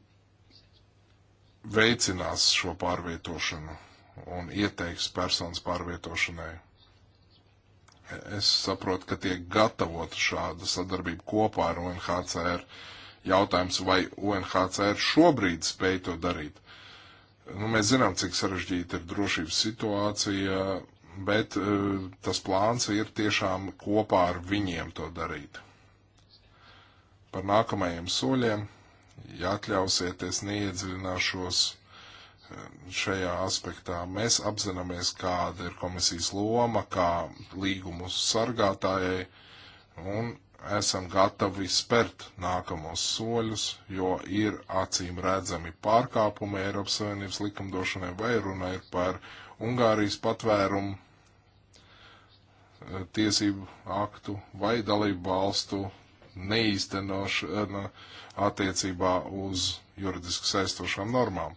veicinās šo pārvietošanu un ieteiks personas pārvietošanai. Es saprotu, ka tiek gatavota šāda sadarbība kopā ar UNHCR. Jautājums, vai UNHCR šobrīd spēj to darīt? Nu, mēs zinām, cik sarežģīta ir drošības situācija, bet e, tas plāns ir tiešām kopā ar viņiem to darīt. Par nākamajiem soļiem, ja atļausieties, neiedziļināšos šajā aspektā. Mēs apzināmies, kāda ir komisijas loma, kā līgumu sargātājai, un esam gatavi spērt nākamos soļus, jo ir acīm redzami pārkāpumi Eiropas Savienības likumdošanai, vai runa ir par Ungārijas patvērumu eh, tiesību aktu vai dalību valstu neīstenošana attiecībā uz juridiski saistošām normām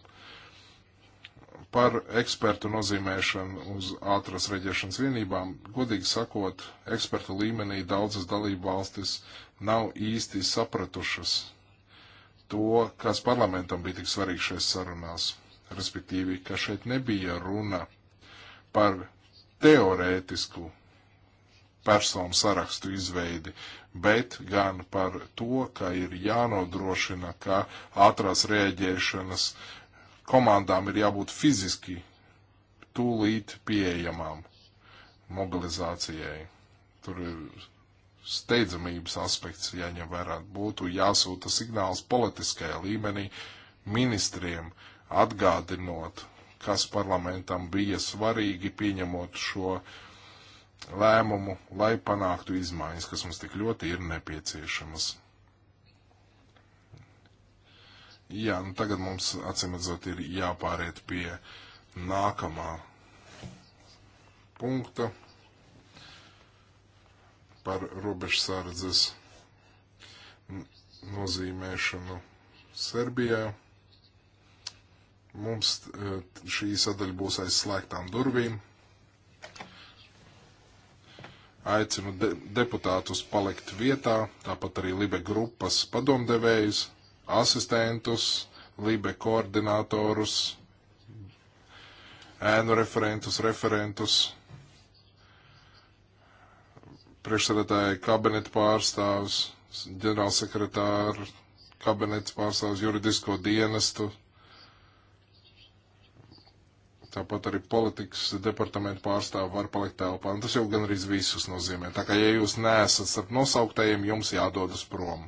par ekspertu nozīmēšanu uz ātras reģēšanas vienībām. Godīgi sakot, ekspertu līmenī daudzas dalību valstis nav īsti sapratušas to, kas parlamentam bija tik svarīgs šajās sarunās. Respektīvi, ka šeit nebija runa par teorētisku personu sarakstu izveidi, bet gan par to, ka ir jānodrošina, ka ātrās rēģēšanas uh, komandām ir jābūt fiziski tūlīt pieejamām mobilizācijai. Tur ir steidzamības aspekts jāņem vērā. Būtu jāsūta signāls politiskajā līmenī ministriem atgādinot, kas parlamentam bija svarīgi pieņemot šo lēmumu, lai panāktu izmaiņas, kas mums tik ļoti ir nepieciešamas. Jā, nu tagad mums acīmredzot ir jāpāriet pie nākamā punkta par robežsardzes nozīmēšanu Serbijā. Mums e, šī sadaļa būs aiz slēgtām durvīm. Aicinu de deputātus palikt vietā, tāpat arī Libe grupas padomdevējus asistentus, libe koordinatorus, ēnu referentus, referentus, priekšsēdētāja kabineta pārstāvs, ģenerālsekretāra kabinets pārstāvs, juridisko dienestu, tāpat arī politikas departamentu pārstāvi var palikt telpā. Un tas jau gan arī visus nozīmē. Tā kā, ja jūs neesat starp nosauktajiem, jums jādodas prom.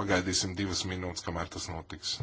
Pagaidīsim divas minūtes, kamēr tas notiks.